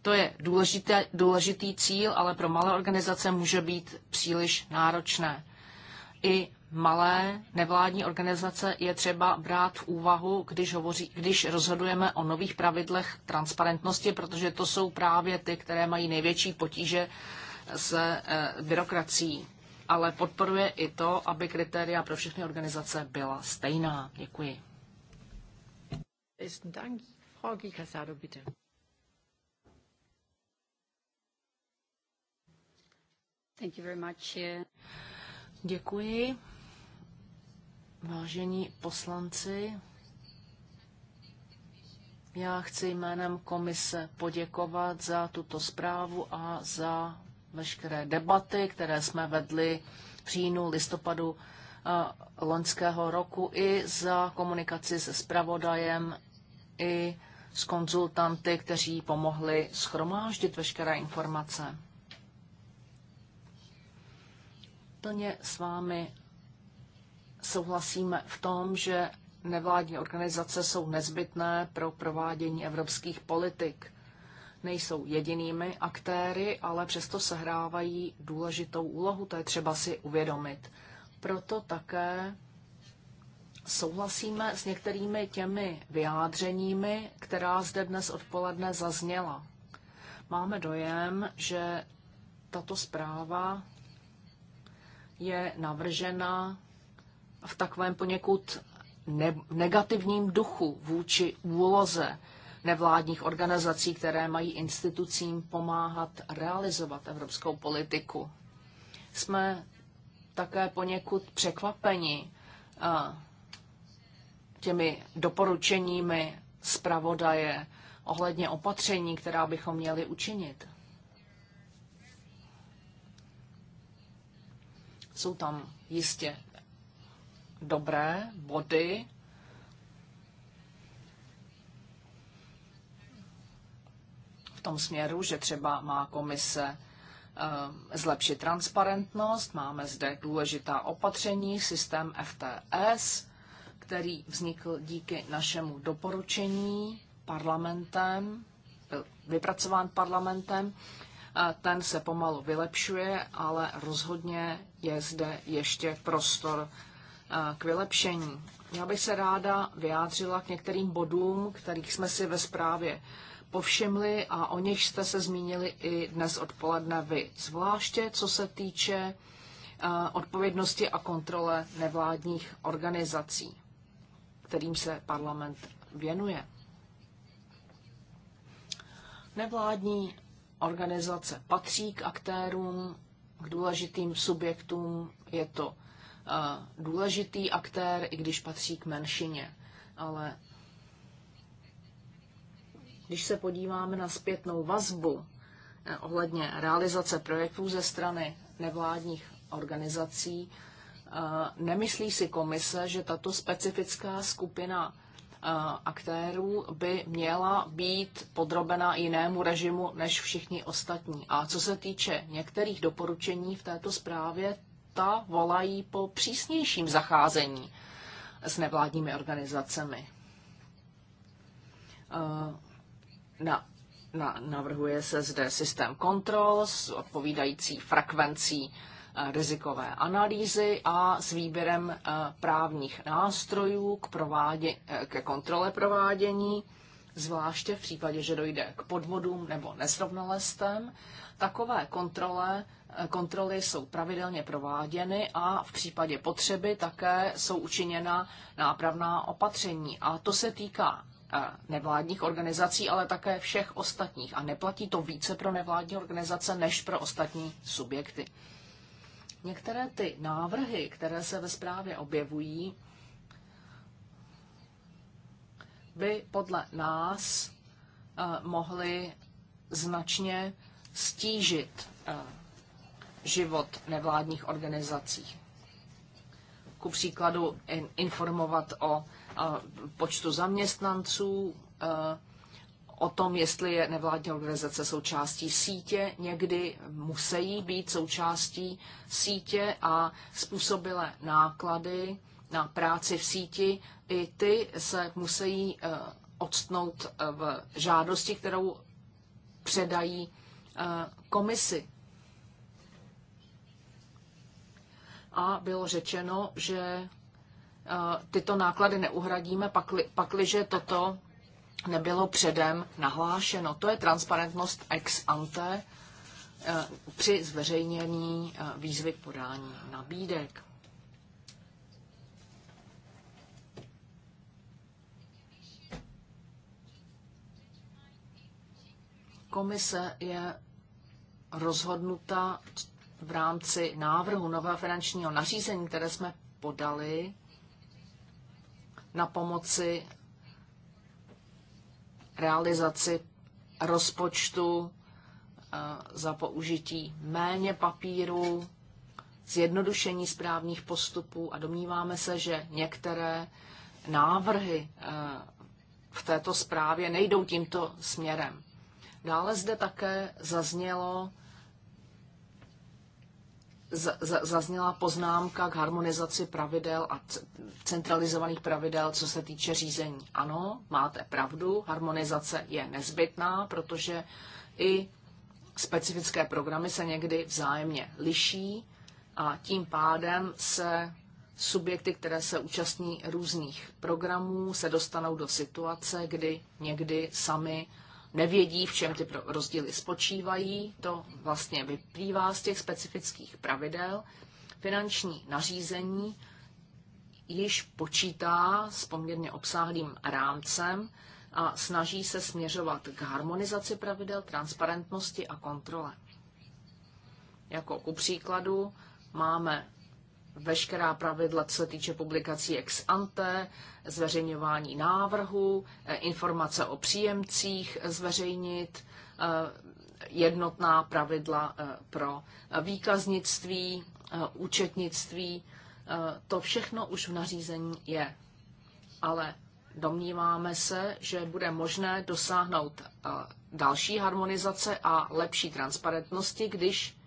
[SPEAKER 2] to je důležité, důležitý cíl, ale pro malé organizace může být příliš náročné. I malé nevládní organizace je třeba brát v úvahu, když, hovoří, když rozhodujeme o nových pravidlech transparentnosti, protože to jsou právě ty, které mají největší potíže se eh, byrokracií, ale podporuje i to, aby kritéria pro všechny organizace byla stejná. Děkuji. Děkuji. Vážení poslanci, já chci jménem komise poděkovat za tuto zprávu a za veškeré debaty, které jsme vedli v říjnu, listopadu eh, loňského roku i za komunikaci se spravodajem, i s konzultanty, kteří pomohli schromáždit veškeré informace. Plně s vámi souhlasíme v tom, že nevládní organizace jsou nezbytné pro provádění evropských politik nejsou jedinými aktéry, ale přesto sehrávají důležitou úlohu, to je třeba si uvědomit. Proto také souhlasíme s některými těmi vyjádřeními, která zde dnes odpoledne zazněla. Máme dojem, že tato zpráva je navržena v takovém poněkud negativním duchu vůči úloze nevládních organizací, které mají institucím pomáhat realizovat evropskou politiku. Jsme také poněkud překvapeni eh, těmi doporučeními zpravodaje ohledně opatření, která bychom měli učinit. Jsou tam jistě dobré body, tom směru, že třeba má komise eh, zlepšit transparentnost, máme zde důležitá opatření, systém FTS, který vznikl díky našemu doporučení parlamentem, byl vypracován parlamentem. Eh, ten se pomalu vylepšuje, ale rozhodně je zde ještě prostor eh, k vylepšení. Já bych se ráda vyjádřila k některým bodům, kterých jsme si ve zprávě povšimli a o něž jste se zmínili i dnes odpoledne vy, zvláště co se týče eh, odpovědnosti a kontrole nevládních organizací, kterým se parlament věnuje. Nevládní organizace patří k aktérům, k důležitým subjektům. Je to eh, důležitý aktér, i když patří k menšině. Ale když se podíváme na zpětnou vazbu eh, ohledně realizace projektů ze strany nevládních organizací, eh, nemyslí si komise, že tato specifická skupina eh, aktérů by měla být podrobena jinému režimu než všichni ostatní. A co se týče některých doporučení v této zprávě, ta volají po přísnějším zacházení s nevládními organizacemi. Na, na, navrhuje se zde systém kontrol s odpovídající frekvencí eh, rizikové analýzy a s výběrem eh, právních nástrojů k provádě, eh, ke kontrole provádění, zvláště v případě, že dojde k podvodům nebo nesrovnalostem. Takové kontrole, kontroly jsou pravidelně prováděny a v případě potřeby také jsou učiněna nápravná opatření. A to se týká nevládních organizací, ale také všech ostatních. A neplatí to více pro nevládní organizace než pro ostatní subjekty. Některé ty návrhy, které se ve zprávě objevují, by podle nás eh, mohly značně stížit eh, život nevládních organizací. Ku příkladu informovat o počtu zaměstnanců, eh, o tom, jestli je nevládní organizace součástí sítě, někdy musí být součástí sítě a způsobile náklady na práci v síti, i ty se musí eh, odstnout eh, v žádosti, kterou předají komisi. A bylo řečeno, že Eh, tyto náklady neuhradíme, pakli, pakliže toto nebylo předem nahlášeno. To je transparentnost ex ante eh, při zveřejnění eh, výzvy k podání nabídek. Komise je rozhodnuta v rámci návrhu nového finančního nařízení, které jsme podali, na pomoci realizaci rozpočtu eh, za použití méně papíru, zjednodušení správních postupů a domníváme se, že některé návrhy eh, v této zprávě nejdou tímto směrem. Dále zde také zaznělo zazněla poznámka k harmonizaci pravidel a centralizovaných pravidel, co se týče řízení. Ano, máte pravdu, harmonizace je nezbytná, protože i specifické programy se někdy vzájemně liší a tím pádem se subjekty, které se účastní různých programů, se dostanou do situace, kdy někdy sami nevědí, v čem ty rozdíly spočívají. To vlastně vyplývá z těch specifických pravidel. Finanční nařízení již počítá s poměrně obsáhlým rámcem a snaží se směřovat k harmonizaci pravidel, transparentnosti a kontrole. Jako ku příkladu máme veškerá pravidla, co se týče publikací ex ante, zveřejňování návrhu, eh, informace o příjemcích zveřejnit, eh, jednotná pravidla eh, pro výkaznictví, účetnictví. To všechno už v nařízení je. Ale domníváme se, že bude možné dosáhnout další harmonizace a lepší transparentnosti, když,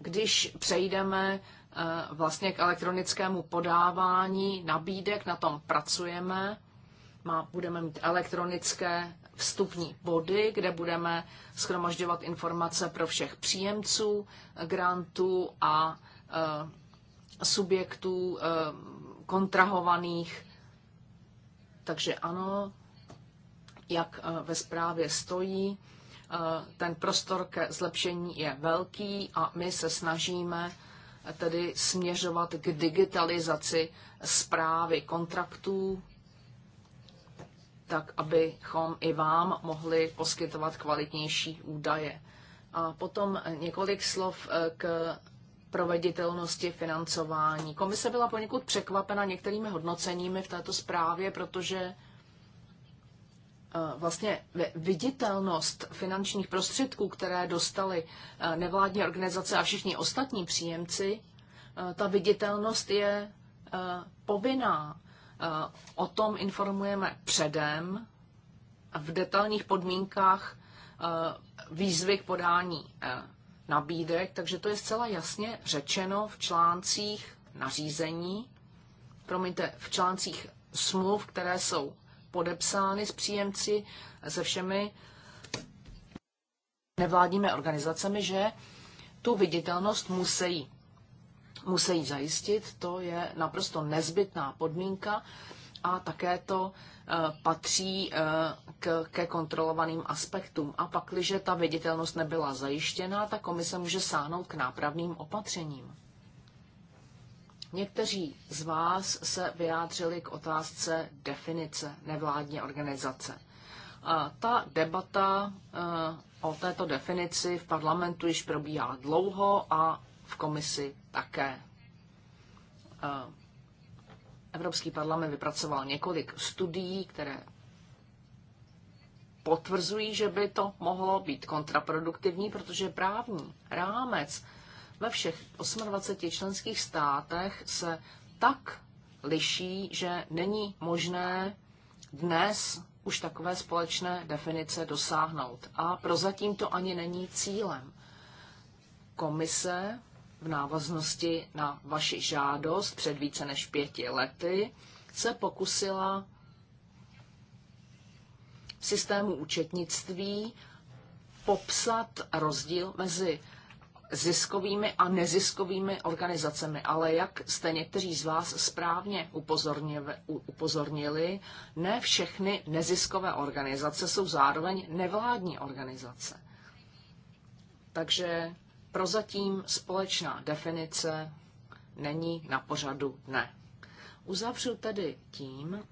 [SPEAKER 2] když přejdeme Eh, vlastně k elektronickému podávání nabídek, na tom pracujeme. Má, budeme mít elektronické vstupní body, kde budeme schromažďovat informace pro všech příjemců eh, grantů a e, subjektů e, kontrahovaných. Takže ano, jak ve zprávě stojí, ten prostor ke zlepšení je velký a my se snažíme tedy směřovat k digitalizaci zprávy kontraktů, tak abychom i vám mohli poskytovat kvalitnější údaje. A potom několik slov eh, k proveditelnosti financování. Komise byla poněkud překvapena některými hodnoceními v této zprávě, protože Eh, vlastně viditelnost finančních prostředků, které dostali eh, nevládní organizace a všichni ostatní příjemci, eh, ta viditelnost je povinná. O tom informujeme předem v detailních podmínkách výzvy k podání nabídek, takže to je zcela jasně řečeno v článcích nařízení, promiňte, v článcích smluv, které jsou podepsány s příjemci, se všemi nevládními organizacemi, že tu viditelnost musí, musí zajistit. To je naprosto nezbytná podmínka a také to eh, patří eh, k, ke kontrolovaným aspektům. A pak, když ta viditelnost nebyla zajištěna, ta komise může sáhnout k nápravným opatřením. Někteří z vás se vyjádřili k otázce definice nevládní organizace. A ta debata eh, o této definici v parlamentu již probíhá dlouho a v komisi také. Eh, Evropský parlament vypracoval několik studií, které potvrzují, že by to mohlo být kontraproduktivní, protože právní rámec ve všech 28 členských státech se tak liší, že není možné dnes už takové společné definice dosáhnout. A prozatím to ani není cílem. Komise v návaznosti na vaši žádost před více než pěti lety se pokusila v systému účetnictví popsat rozdíl mezi ziskovými a neziskovými organizacemi, ale jak jste někteří z vás správně upozornili, ne všechny neziskové organizace jsou zároveň nevládní organizace. Takže prozatím společná definice není na pořadu dne. Uzavřu tedy tím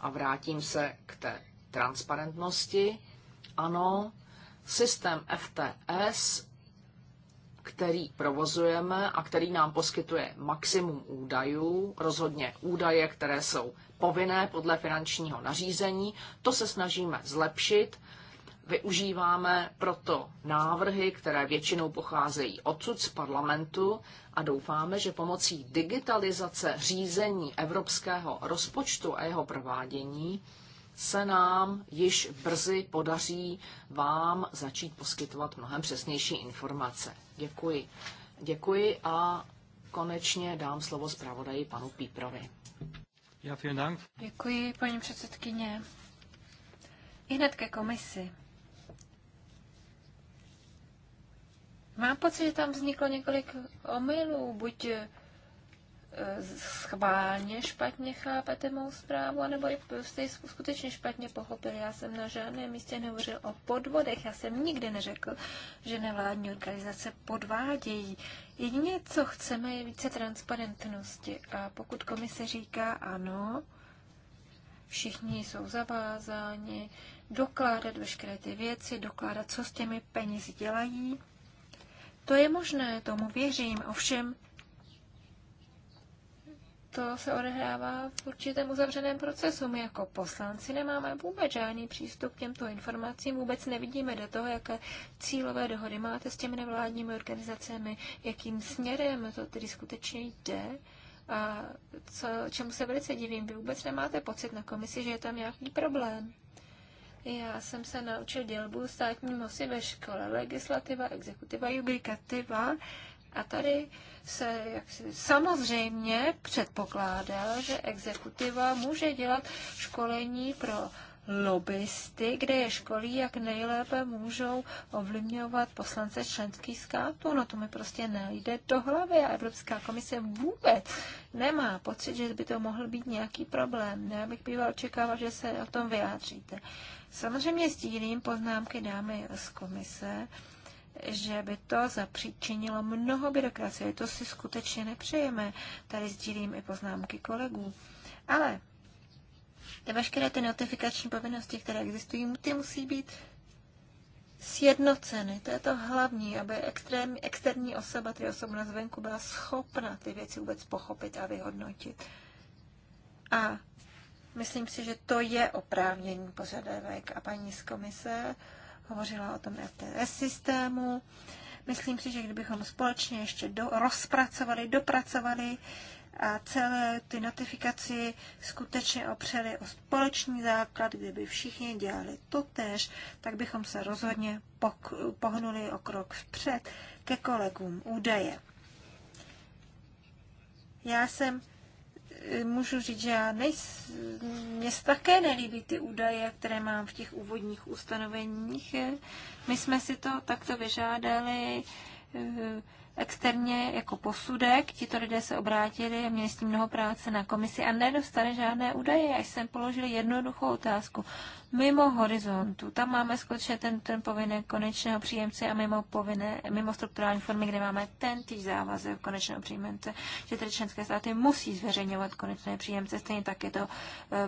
[SPEAKER 2] a vrátím se k té transparentnosti. Ano, systém FTS který provozujeme a který nám poskytuje maximum údajů, rozhodně údaje, které jsou povinné podle finančního nařízení. To se snažíme zlepšit. Využíváme proto návrhy, které většinou pocházejí odsud z parlamentu a doufáme, že pomocí digitalizace řízení evropského rozpočtu a jeho provádění se nám již brzy podaří vám začít poskytovat mnohem přesnější informace. Děkuji. Děkuji a konečně dám slovo zpravodaji panu Píprovi. Já Dank. Děkuji,
[SPEAKER 1] paní předsedkyně. I hned ke komisi. Mám pocit, že tam vzniklo několik omylů, buď schválně špatně chápete mou zprávu, anebo jste prostě ji skutečně špatně pochopili. Já jsem na žádném místě nehovořil o podvodech. Já jsem nikdy neřekl, že nevládní organizace podvádějí. Jedině, co chceme, je více transparentnosti. A pokud komise říká ano, všichni jsou zavázáni dokládat veškeré ty věci, dokládat, co s těmi penězi dělají, to je možné, tomu věřím, ovšem to se odehrává v určitém uzavřeném procesu. My jako poslanci nemáme vůbec žádný přístup k těmto informacím, vůbec nevidíme do toho, jaké cílové dohody máte s těmi nevládními organizacemi, jakým směrem to tedy skutečně jde. A co, čemu se velice divím, vy vůbec nemáte pocit na komisi, že je tam nějaký problém. Já jsem se naučil dělbu státní moci ve škole, legislativa, exekutiva, judikativa. A tady se jaksi samozřejmě předpokládá, že exekutiva může dělat školení pro lobbysty, kde je školí, jak nejlépe můžou ovlivňovat poslance členských států. No to mi prostě nejde do hlavy a Evropská komise vůbec nemá pocit, že by to mohl být nějaký problém. No, já bych býval očekával, že se o tom vyjádříte. Samozřejmě sdílím poznámky dámy z komise, že by to zapříčinilo mnoho byrokracie. To si skutečně nepřejeme. Tady sdílím i poznámky kolegů. Ale ty veškeré ty notifikační povinnosti, které existují, ty musí být sjednoceny. To je to hlavní, aby extrém, externí osoba, tedy osoba na zvenku, byla schopna ty věci vůbec pochopit a vyhodnotit. A myslím si, že to je oprávnění požadavek. A paní z komise hovořila o tom RTS systému. Myslím si, že kdybychom společně ještě do, rozpracovali, dopracovali a celé ty notifikaci skutečně opřeli o společný základ, kdyby všichni dělali to tež, tak bychom se rozhodně pok- pohnuli o krok vpřed ke kolegům údaje. Já jsem můžu říct, že já nejs, mě také nelíbí ty údaje, které mám v těch úvodních ustanoveních. My jsme si to takto vyžádali eh, externě jako posudek. Tito lidé se obrátili a měli s tím mnoho práce na komisi a nedostali žádné údaje. Já jsem položil jednoduchou otázku mimo horizontu. Tam máme skutečně ten, ten povinné konečného příjemce a mimo, povinné, mimo strukturální formy, kde máme ten týž závazek konečného příjemce, že tedy členské státy musí zveřejňovat konečné příjemce. Stejně tak je to eh,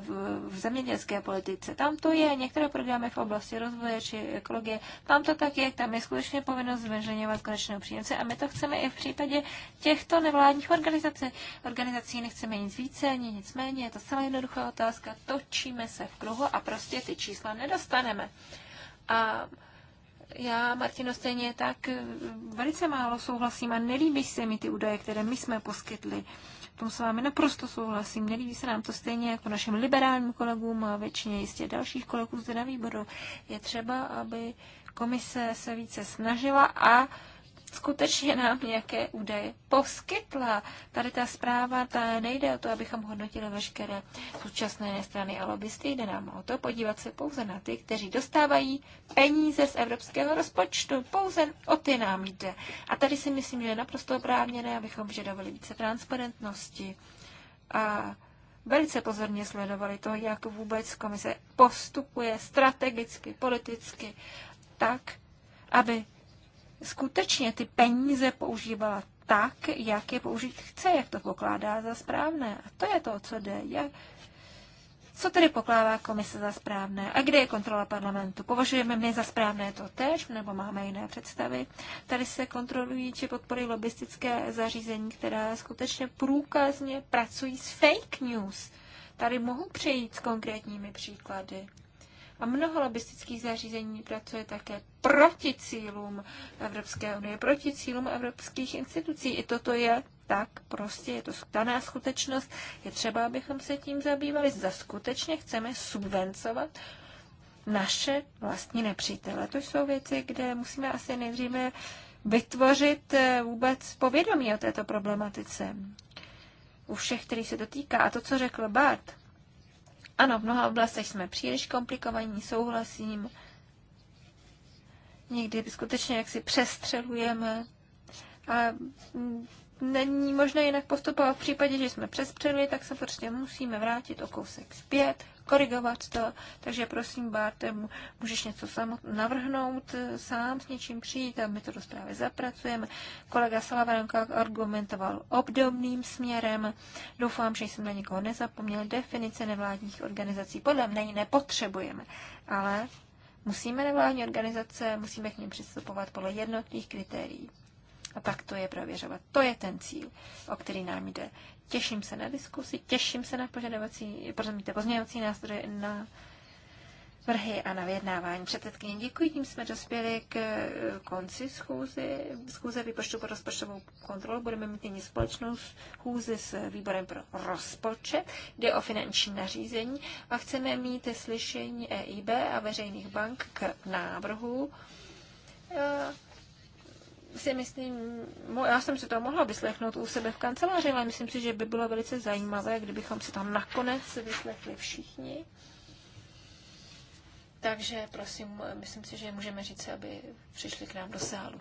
[SPEAKER 1] v, v zemědělské politice. Tam to je, některé programy v oblasti rozvoje či ekologie, tam to tak je, tam je skutečně povinnost zveřejňovat konečného příjemce a my to chceme i v případě těchto nevládních organizací. Organizací nechceme nic více, ani nic méně, je to celá jednoduchá otázka, točíme se v kruhu a prostě ty ty čísla nedostaneme. A já, Martino, stejně tak eh, velice málo souhlasím a nelíbí se mi ty údaje, které my jsme poskytli. V tom s vámi naprosto souhlasím. Nelíbí se nám to stejně jako našim liberálním kolegům a většině jistě dalších kolegů zde na výboru. Je třeba, aby komise se více snažila a skutečně nám nějaké údaje poskytla. Tady ta zpráva, ta nejde o to, abychom hodnotili veškeré současné strany a lobbysty, jde nám o to podívat se pouze na ty, kteří dostávají peníze z evropského rozpočtu. Pouze o ty nám jde. A tady si myslím, že je naprosto oprávněné, abychom vyžadovali více transparentnosti. A velice pozorně sledovali to, jak vůbec komise postupuje strategicky, politicky, tak, aby skutečně ty peníze používala tak, jak je použít chce, jak to pokládá za správné. A to je to, co jde. Jak, co tedy pokládá komise za správné? A kde je kontrola parlamentu? Považujeme my za správné to tež, nebo máme jiné představy? Tady se kontrolují či podporují lobbystické zařízení, která skutečně průkazně pracují s fake news. Tady mohu přejít s konkrétními příklady. A mnoho lobistických zařízení pracuje také proti cílům Evropské unie, proti cílům evropských institucí. I toto je tak prostě, je to daná skutečnost. Je třeba, abychom se tím zabývali. Zda skutečně chceme subvencovat naše vlastní nepřítele. To jsou věci, kde musíme asi nejdříve vytvořit eh, vůbec povědomí o této problematice u všech, který se dotýká. A to, co řekl Bart, ano, v mnoha oblastech jsme příliš komplikovaní, souhlasím. Někdy skutečně jak si přestřelujeme. A mm, není možné jinak postupovat. V případě, že jsme přespřeli, tak se prostě musíme vrátit o kousek zpět, korigovat to. Takže prosím, Bárte, můžeš něco samot navrhnout, eh, sám s něčím přijít a my to do zprávy zapracujeme. Kolega Salavenka argumentoval obdobným směrem. Doufám, že jsem na někoho nezapomněl. Definice nevládních organizací podle mě nepotřebujeme, ale musíme nevládní organizace, musíme k ním přistupovat podle jednotných kritérií a pak to je prověřovat. To je ten cíl, o který nám jde. Těším se na diskusi, těším se na požadovací, pozměňovací nástroje, na vrhy a na vyjednávání. Předsedkyně, děkuji, tím jsme dospěli k eh, konci schůzy, schůze výpočtu pro rozpočtovou kontrolu. Budeme mít nyní společnou schůzi s výborem pro rozpočet, jde o finanční nařízení a chceme mít slyšení EIB a veřejných bank k návrhu eh, si myslím, já jsem si to mohla vyslechnout u sebe v kanceláři, ale myslím si, že by bylo velice zajímavé, kdybychom se tam nakonec vyslechli všichni. Takže prosím, myslím si, že můžeme říct, aby
[SPEAKER 3] přišli k nám do sálu.